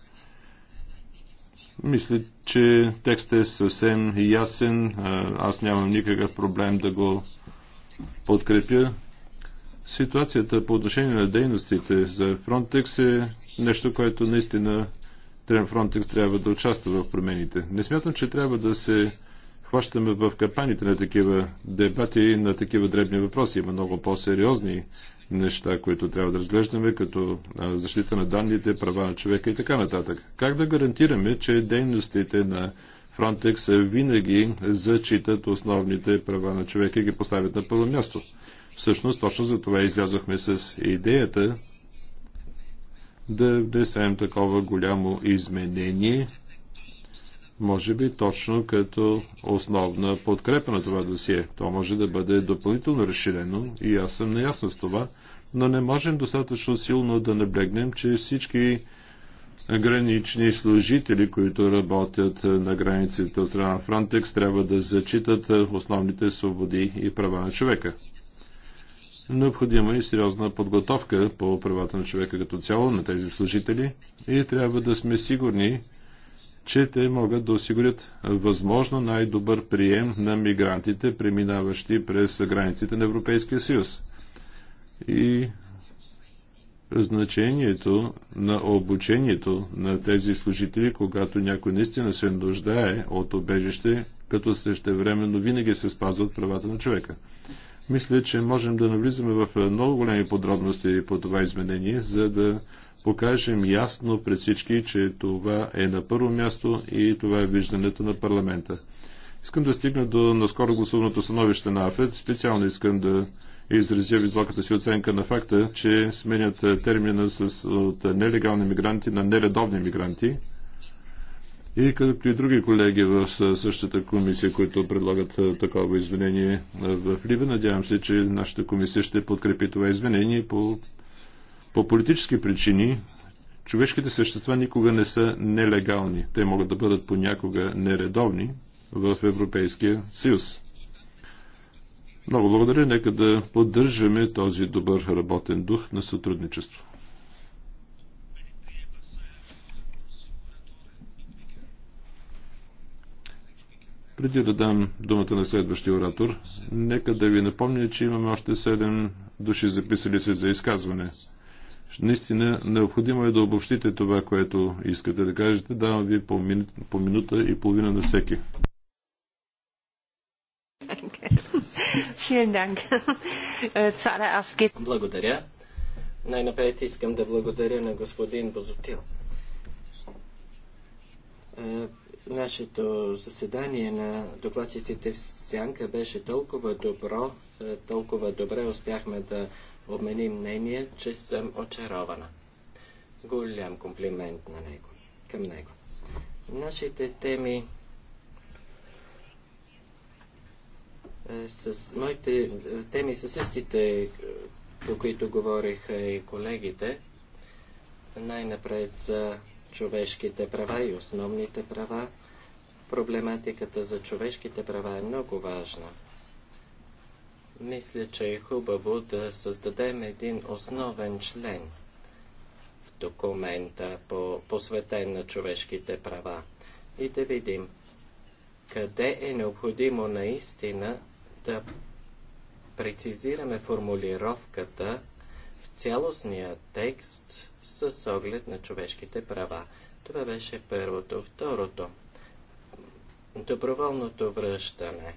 S1: мисля, че текстът е съвсем ясен. Аз нямам никакъв проблем да го подкрепя. Ситуацията по отношение на дейностите за Frontex е нещо, което наистина Фронтекс трябва да участва в промените. Не смятам, че трябва да се хващаме в капаните на такива дебати и на такива дребни въпроси. Има много по-сериозни неща, които трябва да разглеждаме, като защита на данните, права на човека и така нататък. Как да гарантираме, че дейностите на Frontex винаги зачитат основните права на човека и ги поставят на първо място? Всъщност, точно за това излязохме с идеята да внесем такова голямо изменение може би точно като основна подкрепа на това досие. То може да бъде допълнително разширено и аз съм наясно с това, но не можем достатъчно силно да наблегнем, че всички гранични служители, които работят на границите от страна Фронтекс, трябва да зачитат основните свободи и права на човека. Необходима е сериозна подготовка по правата на човека като цяло на тези служители и трябва да сме сигурни, че те могат да осигурят възможно най-добър прием на мигрантите, преминаващи през границите на Европейския съюз. И значението на обучението на тези служители, когато някой наистина се нуждае от обежище, като същевременно винаги се спазват правата на човека. Мисля, че можем да навлизаме в много големи подробности по това изменение, за да покажем ясно пред всички, че това е на първо място и това е виждането на парламента. Искам да стигна до наскоро гласуваното становище на АФЕД. Специално искам да изразя високата си оценка на факта, че сменят термина с, от нелегални мигранти на нередовни мигранти. И както и други колеги в същата комисия, които предлагат такова изменение в Либе, надявам се, че нашата комисия ще подкрепи това изменение по по политически причини човешките същества никога не са нелегални. Те могат да бъдат понякога нередовни в Европейския съюз. Много благодаря. Нека да поддържаме този добър работен дух на сътрудничество. Преди да дам думата на следващия оратор, нека да ви напомня, че имаме още 7 души записали се за изказване. Наистина необходимо е да обобщите това, което искате да кажете. Давам ви по, мину, по минута и половина на всеки.
S3: Äh, благодаря.
S2: Най-напред искам да благодаря на господин Бозотил. Е, нашето заседание на докладчиците в Сянка беше толкова добро, е, толкова добре успяхме да обмени мнение, че съм очарована. Голям комплимент на него, към него. Нашите теми е, с моите е, теми са същите, е, по които говориха и колегите. Най-напред са човешките права и основните права. Проблематиката за човешките права е много важна. Мисля, че е хубаво да създадем един основен член в документа, по, посветен на човешките права и да видим къде е необходимо наистина да прецизираме формулировката в цялостния текст с оглед на човешките права. Това беше първото. Второто. Доброволното връщане.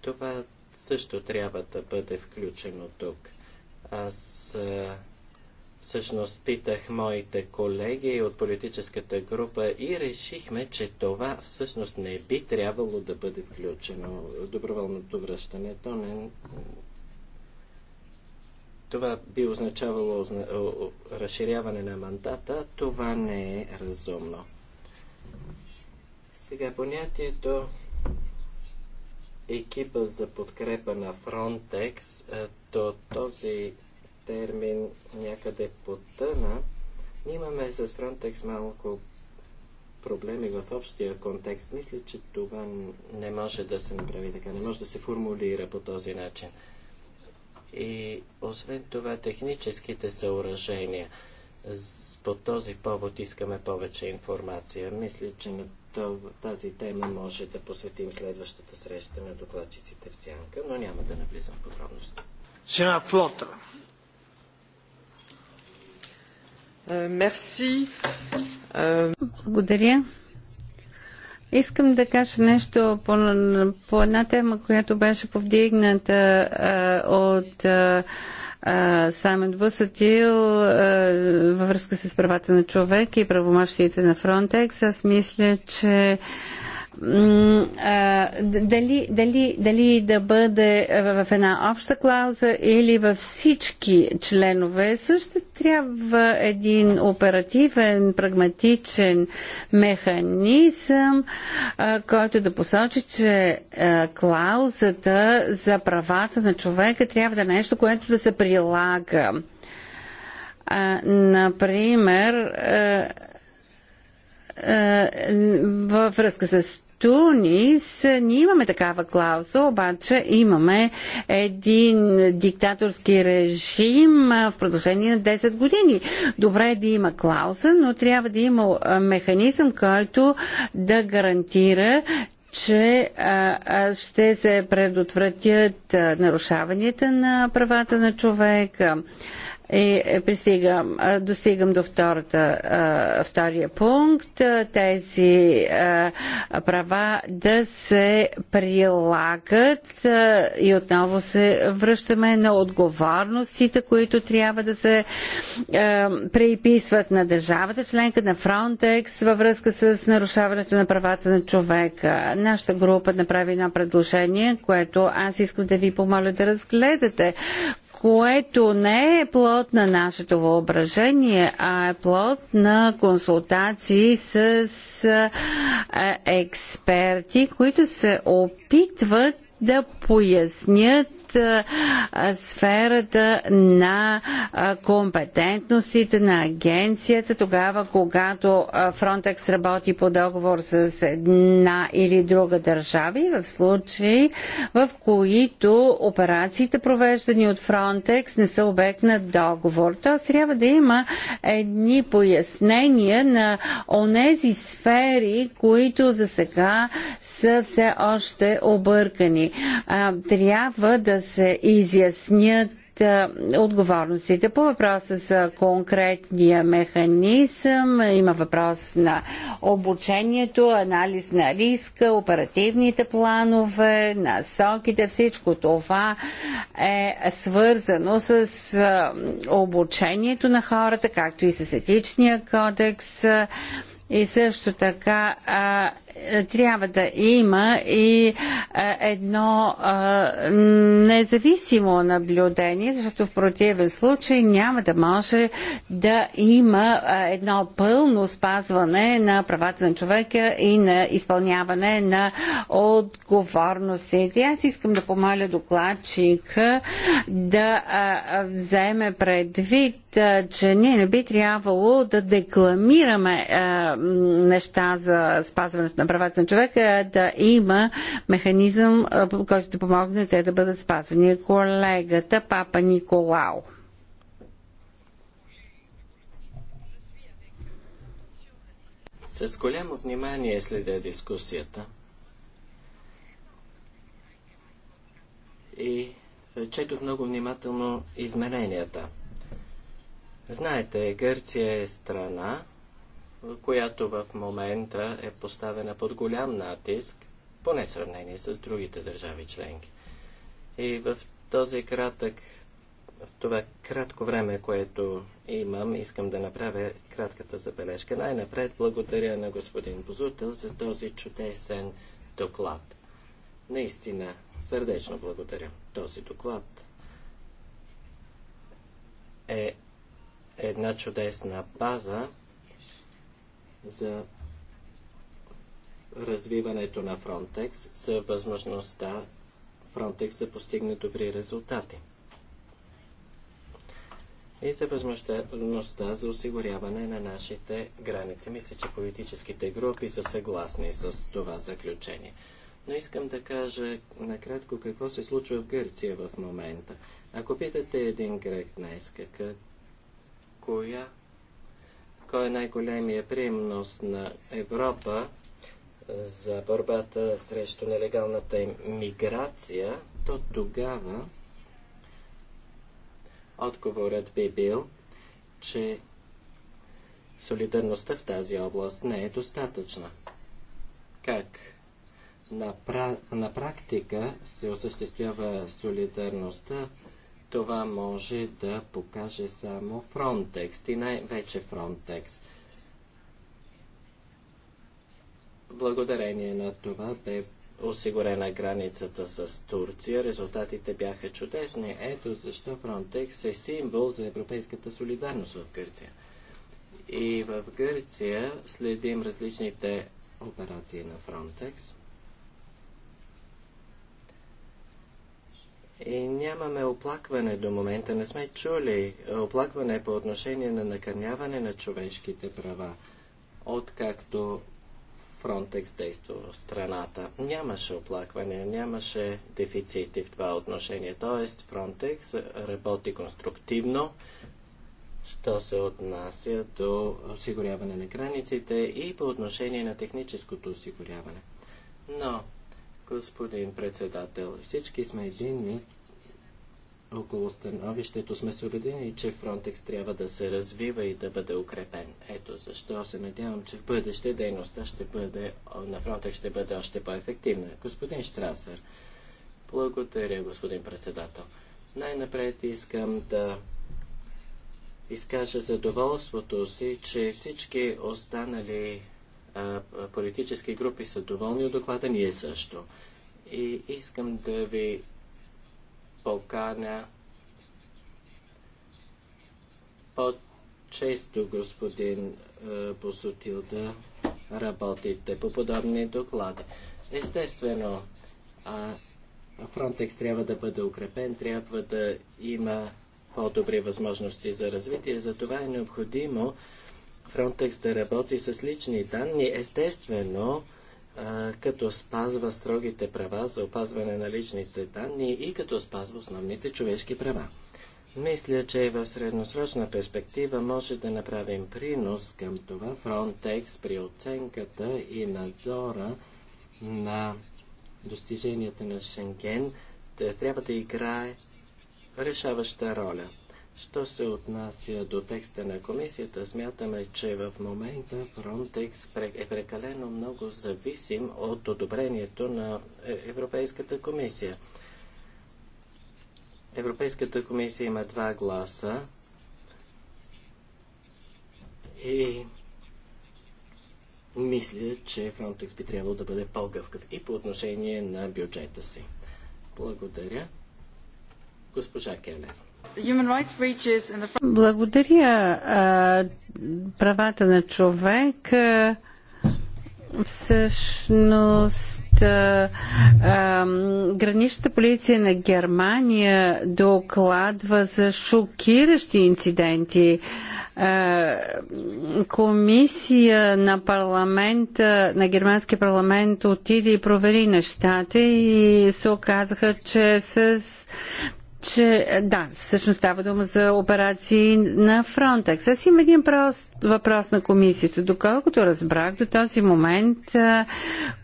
S2: Това също трябва да бъде включено тук. Аз всъщност питах моите колеги от политическата група и решихме, че това всъщност не би трябвало да бъде включено. Доброволното връщане, то не... Това би означавало разширяване на мандата, това не е разумно. Сега понятието екипа за подкрепа на Frontex, е, то този термин някъде потъна. Ние имаме с Frontex малко проблеми в общия контекст. Мисля, че това не може да се направи така, не може да се формулира по този начин. И освен това, техническите съоръжения. По този повод искаме повече информация. Мисля, че на тази тема може да посветим следващата среща на докладчиците в Сянка, но няма да навлизам в подробности. Сенат Флотра.
S3: Е, мерси. Е, Благодаря. Искам да кажа нещо по, по една тема, която беше повдигната а, е, от а, Саймон Бусотил във връзка с правата на човек и правомощите на Фронтекс. Аз мисля, че дали, дали, дали да бъде в една обща клауза или във всички членове, също трябва един оперативен, прагматичен механизъм, който да посочи, че клаузата за правата на човека трябва да е нещо, което да се прилага. Например, във връзка с Тунис ние имаме такава клауза, обаче имаме един диктаторски режим в продължение на 10 години. Добре е да има клауза, но трябва да има механизъм, който да гарантира, че а, а, ще се предотвратят а, нарушаванията на правата на човека. А, и е, пристигам, достигам до втората, втория пункт. Тези права да се прилагат и отново се връщаме на отговорностите, които трябва да се преписват на държавата членка, на Фронтекс във връзка с нарушаването на правата на човека. Нашата група направи едно предложение, което аз искам да ви помоля да разгледате което не е плод на нашето въображение, а е плод на консултации с експерти, които се опитват да пояснят сферата на компетентностите на агенцията, тогава когато Фронтекс работи по договор с една или друга държава и в случаи, в които операциите, провеждани от Фронтекс, не са обект на договор. Тоест трябва да има едни пояснения на онези сфери, които за сега са все още объркани. Трябва да да се изяснят отговорностите. По въпроса за конкретния механизъм има въпрос на обучението, анализ на риска, оперативните планове, насоките, всичко това е свързано с обучението на хората, както и с етичния кодекс. И също така е, трябва да има и е, едно е, независимо наблюдение, защото в противен случай няма да може да има едно пълно спазване на правата на човека и на изпълняване на отговорностите. Аз искам да помоля докладчика да вземе предвид че ние не би трябвало да декламираме неща за спазването на правата на човека, а да има механизъм, който да помогне те да бъдат спазени. Колегата Папа Николао.
S2: С голямо внимание следя дискусията. И е, четох много внимателно измененията. Знаете, Гърция е страна, която в момента е поставена под голям натиск, поне в сравнение с другите държави членки. И в този кратък, в това кратко време, което имам, искам да направя кратката забележка. Най-напред благодаря на господин Бозутел за този чудесен доклад. Наистина, сърдечно благодаря. Този доклад е една чудесна база, за развиването на Frontex, за възможността Frontex да постигне добри резултати и за възможността за осигуряване на нашите граници. Мисля, че политическите групи са съгласни с това заключение. Но искам да кажа накратко какво се случва в Гърция в момента. Ако питате един грек днес, какъв, коя кой е най-големия приемност на Европа за борбата срещу нелегалната миграция, то тогава отговорът би бил, че солидарността в тази област не е достатъчна. Как? На, пра... на практика се осъществява солидарността това може да покаже само Frontex и най-вече Frontex. Благодарение на това бе осигурена границата с Турция. Резултатите бяха чудесни. Ето защо Frontex е символ за европейската солидарност в Гърция. И в Гърция следим различните операции на Frontex. И нямаме оплакване до момента, не сме чули оплакване по отношение на накърняване на човешките права, откакто Фронтекс действа в страната. Нямаше оплакване, нямаше дефицити в това отношение. Тоест Фронтекс работи конструктивно, що се отнася до осигуряване на границите и по отношение на техническото осигуряване. Но господин председател. Всички сме единни около становището сме съгодени, че Фронтекс трябва да се развива и да бъде укрепен. Ето защо се надявам, че в бъдеще дейността ще бъде, на Фронтекс ще бъде още по-ефективна. Господин Штрасър, благодаря, господин председател. Най-напред искам да изкажа задоволството си, че всички останали политически групи са доволни от доклада, ние също. И искам да ви поканя по-често, господин Босотил, да работите по подобни доклади. Естествено, а, Фронтекс трябва да бъде укрепен, трябва да има по-добри възможности за развитие. Затова е необходимо Frontex да работи с лични данни, естествено, а, като спазва строгите права за опазване на личните данни и като спазва основните човешки права. Мисля, че в средносрочна перспектива може да направим принос към това Frontex при оценката и надзора на достиженията на Шенген трябва да играе решаваща роля. Що се отнася до текста на комисията, смятаме, че в момента Frontex е прекалено много зависим от одобрението на е, Европейската комисия. Европейската комисия има два гласа и мисля, че Frontex би трябвало да бъде по-гъвкав и по отношение на бюджета си. Благодаря. Госпожа Келер.
S3: Благодаря. Правата на човек всъщност граничната полиция на Германия докладва за шокиращи инциденти. Комисия на парламента, на германския парламент отиде и провери нещата и се оказаха, че с че е, да, всъщност става дума за операции на Frontex. Аз имам един прост въпрос на комисията. Доколкото разбрах до този момент, е,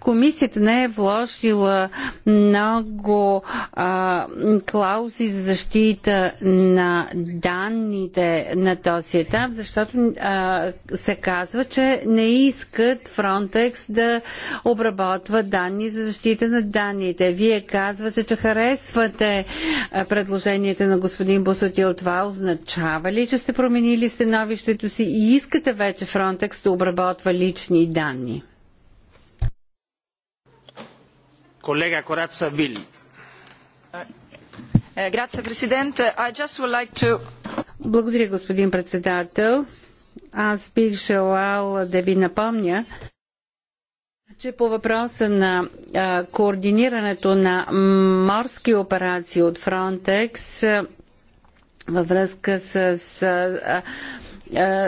S3: комисията не е вложила много а, клаузи за защита на данните на този етап, защото а, се казва, че не искат Frontex да обработва данни за защита на данните. Вие казвате, че харесвате а, предложенията на господин Босотил. Това означава ли, че сте променили становището си и искате вече Фронтекс да обработва лични данни? Колега Кораца Вил. Е, Благодаря, господин председател. Аз бих желал да ви напомня, че по въпроса на а, координирането на морски операции от Фронтекс във връзка с, А, а,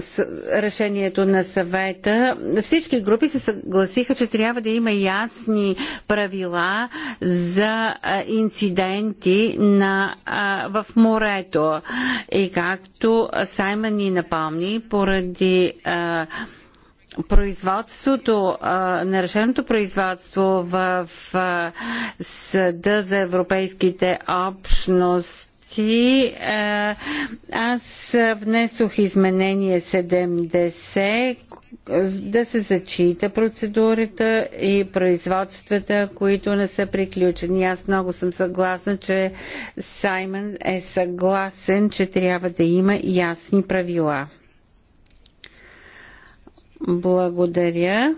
S3: с решението на съвета, всички групи се съгласиха, че трябва да има ясни правила за инциденти на, в морето. И както Саймън ни напомни, поради производството, нарешеното производство в Съда за европейските общности Аз внесох изменение 70 да се зачита процедурата и производствата, които не са приключени. Аз много съм съгласна, че Саймън е съгласен, че трябва да има ясни правила. Благодаря.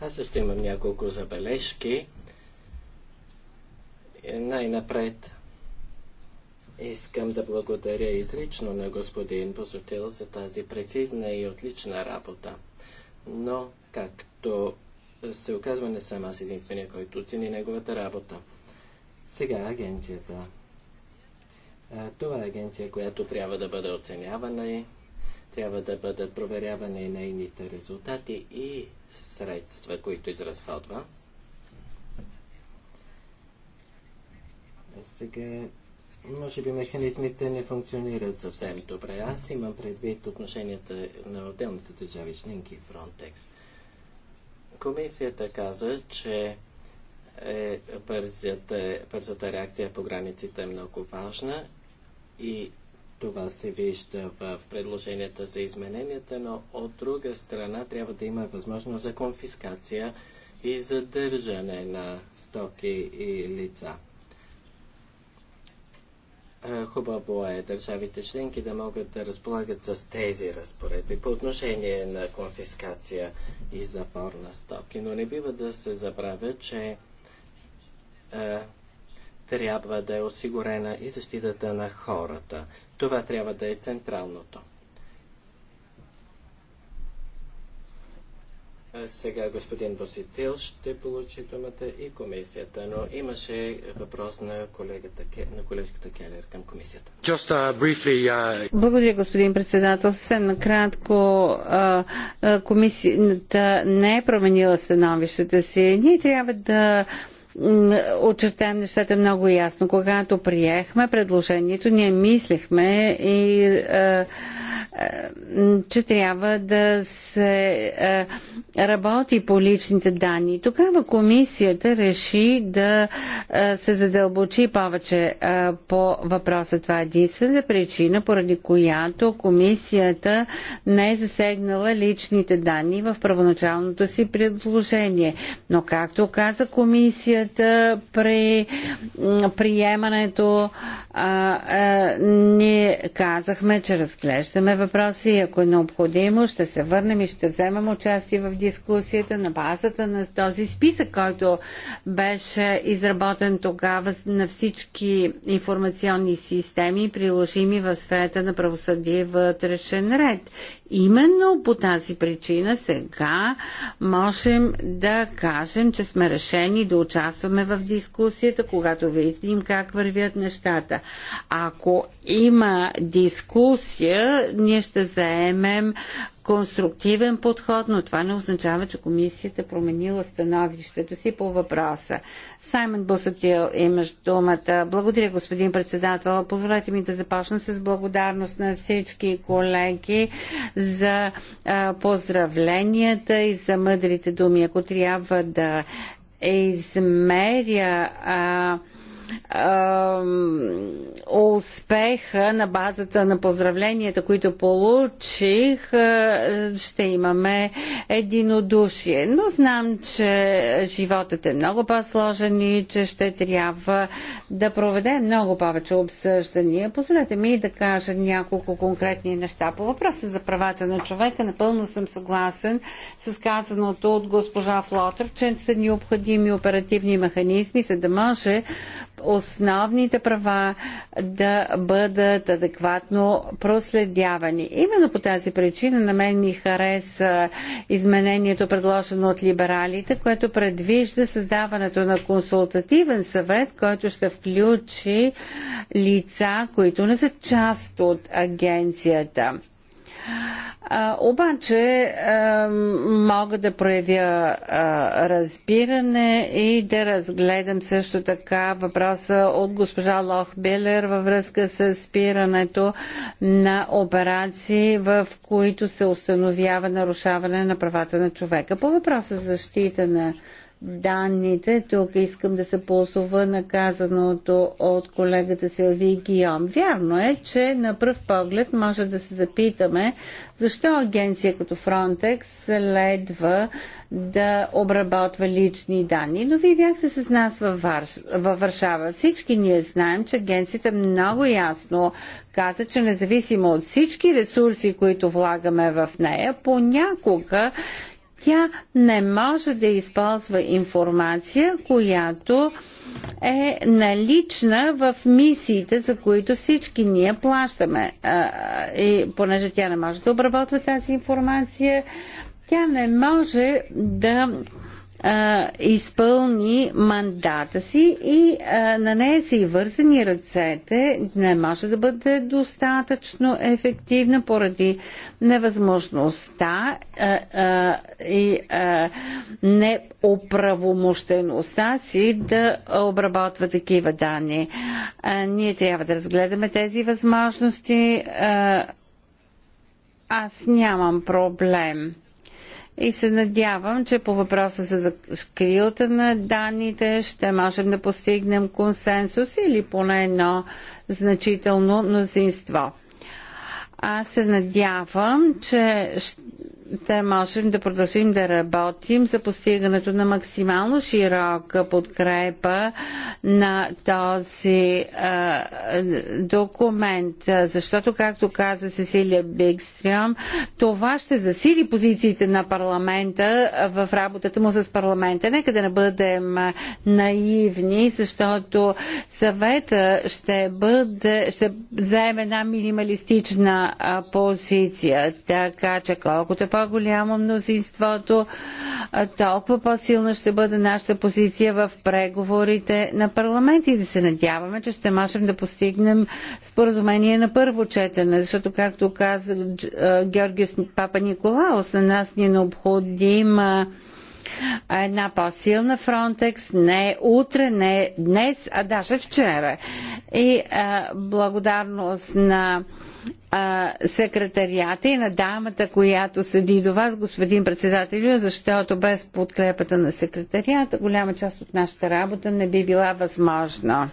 S2: Аз също имам няколко забележки. Най-напред искам да благодаря изрично на господин Бозотил за тази прецизна и отлична работа. Но, както се оказва, не съм аз единствения, който цени неговата работа. Сега агенцията. Това е агенция, която трябва да бъде оценявана и трябва да бъдат проверявани нейните резултати и средства, които изразходва. Сега, може би механизмите не функционират съвсем добре. Аз имам предвид отношенията на отделните държави членки в Frontex. Комисията каза, че е бързата, бързата реакция по границите е много важна и това се вижда в предложенията за измененията, но от друга страна трябва да има възможност за конфискация и задържане на стоки и лица. Хубаво е държавите членки да могат да разполагат с тези разпоредби по отношение на конфискация и запор на стоки, но не бива да се забравя, че трябва да е осигурена и защитата на хората. Това трябва да е централното. Сега господин Боситил ще получи думата и комисията, но имаше въпрос на, колегата, на колежката Келер към комисията. Just, uh, briefly, uh...
S3: Благодаря, господин председател. Съвсем накратко, uh, комисията не е променила становищата си. Ние трябва да очертаем нещата много ясно. Когато приехме предложението, ние мислехме и че трябва да се работи по личните данни. Тогава комисията реши да се задълбочи повече по въпроса. Това е единствената причина, поради която комисията не е засегнала личните данни в първоначалното си предложение. Но както каза комисията, комисията при приемането а, а, ние казахме, че разглеждаме въпроси и ако е необходимо ще се върнем и ще вземем участие в дискусията на базата на този списък, който беше изработен тогава на всички информационни системи, приложими в сферата на правосъдие вътрешен ред. Именно по тази причина сега можем да кажем, че сме решени да участваме участваме в дискусията, когато видим как вървят нещата. Ако има дискусия, ние ще заемем конструктивен подход, но това не означава, че комисията е променила становището си по въпроса. Саймон Босотил имаш думата. Благодаря, господин председател. Позволете ми да започна с благодарност на всички колеги за а, поздравленията и за мъдрите думи. Ако трябва да е измеря а, успеха на базата на поздравленията, които получих, ще имаме единодушие. Но знам, че животът е много по-сложен и че ще трябва да проведе много повече обсъждания. Позволете ми да кажа няколко конкретни неща. По въпроса за правата на човека напълно съм съгласен с казаното от госпожа Флотър, че са необходими оперативни механизми, за да може основните права да бъдат адекватно проследявани. Именно по тази причина на мен ми хареса изменението предложено от либералите, което предвижда създаването на консултативен съвет, който ще включи лица, които не са част от агенцията. А, обаче а, мога да проявя а, разбиране и да разгледам също така въпроса от госпожа Лохбилер във връзка с спирането на операции, в които се установява нарушаване на правата на човека. По въпроса за защита на данните. Тук искам да се ползува на казаното от колегата Силви Гион. Вярно е, че на пръв поглед може да се запитаме защо агенция като Frontex следва да обработва лични данни. Но вие бяхте с нас във, Варш... във Варшава. Всички ние знаем, че агенцията много ясно каза, че независимо от всички ресурси, които влагаме в нея, понякога тя не може да използва информация, която е налична в мисиите, за които всички ние плащаме. И понеже тя не може да обработва тази информация, тя не може да а, изпълни мандата си и а, на нея са и вързани ръцете, не може да бъде достатъчно ефективна поради невъзможността а, а, и а, неоправомощеността си да обработва такива данни. А, ние трябва да разгледаме тези възможности. А, аз нямам проблем и се надявам, че по въпроса за закрилата на данните ще можем да постигнем консенсус или поне едно значително мнозинство. Аз се надявам, че ще да можем да продължим да работим за постигането на максимално широка подкрепа на този а, документ. Защото, както каза Сесилия Бигстрюм, това ще засили позициите на парламента в работата му с парламента. Нека да не бъдем наивни, защото съвета ще, бъде, ще заеме една минималистична позиция. Така че колкото е по по-голямо мнозинството, толкова по-силна ще бъде нашата позиция в преговорите на парламент и да се надяваме, че ще можем да постигнем споразумение на първо четене, защото, както каза Георгия Папа Николаус, на нас ни е необходима една по-силна Фронтекс, не утре, не днес, а даже вчера. И а, благодарност на секретарията и на дамата, която седи до вас, господин председател, защото без подкрепата на секретарията голяма част от нашата работа не би била възможна.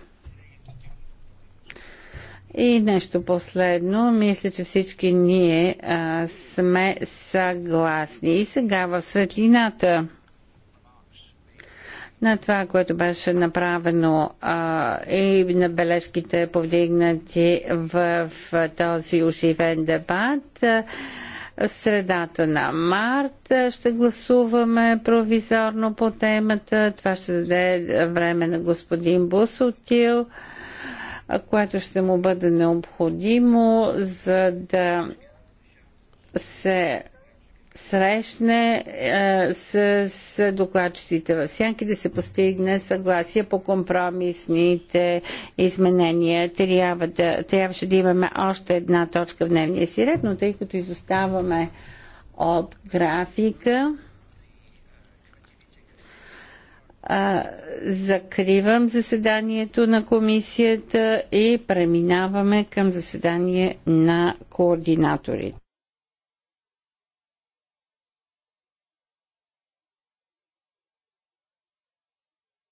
S3: И нещо последно, мисля, че всички ние а, сме съгласни. И сега в светлината на това, което беше направено а, и на бележките повдигнати в, в този оживен дебат. в средата на март ще гласуваме провизорно по темата. Това ще даде време на господин Бусотил, което ще му бъде необходимо, за да се срещне е, с, с докладчиците в сянки да се постигне съгласие по компромисните изменения. Трябва да, трябваше да имаме още една точка в дневния си ред, но тъй като изоставаме от графика, а, закривам заседанието на комисията и преминаваме към заседание на координаторите.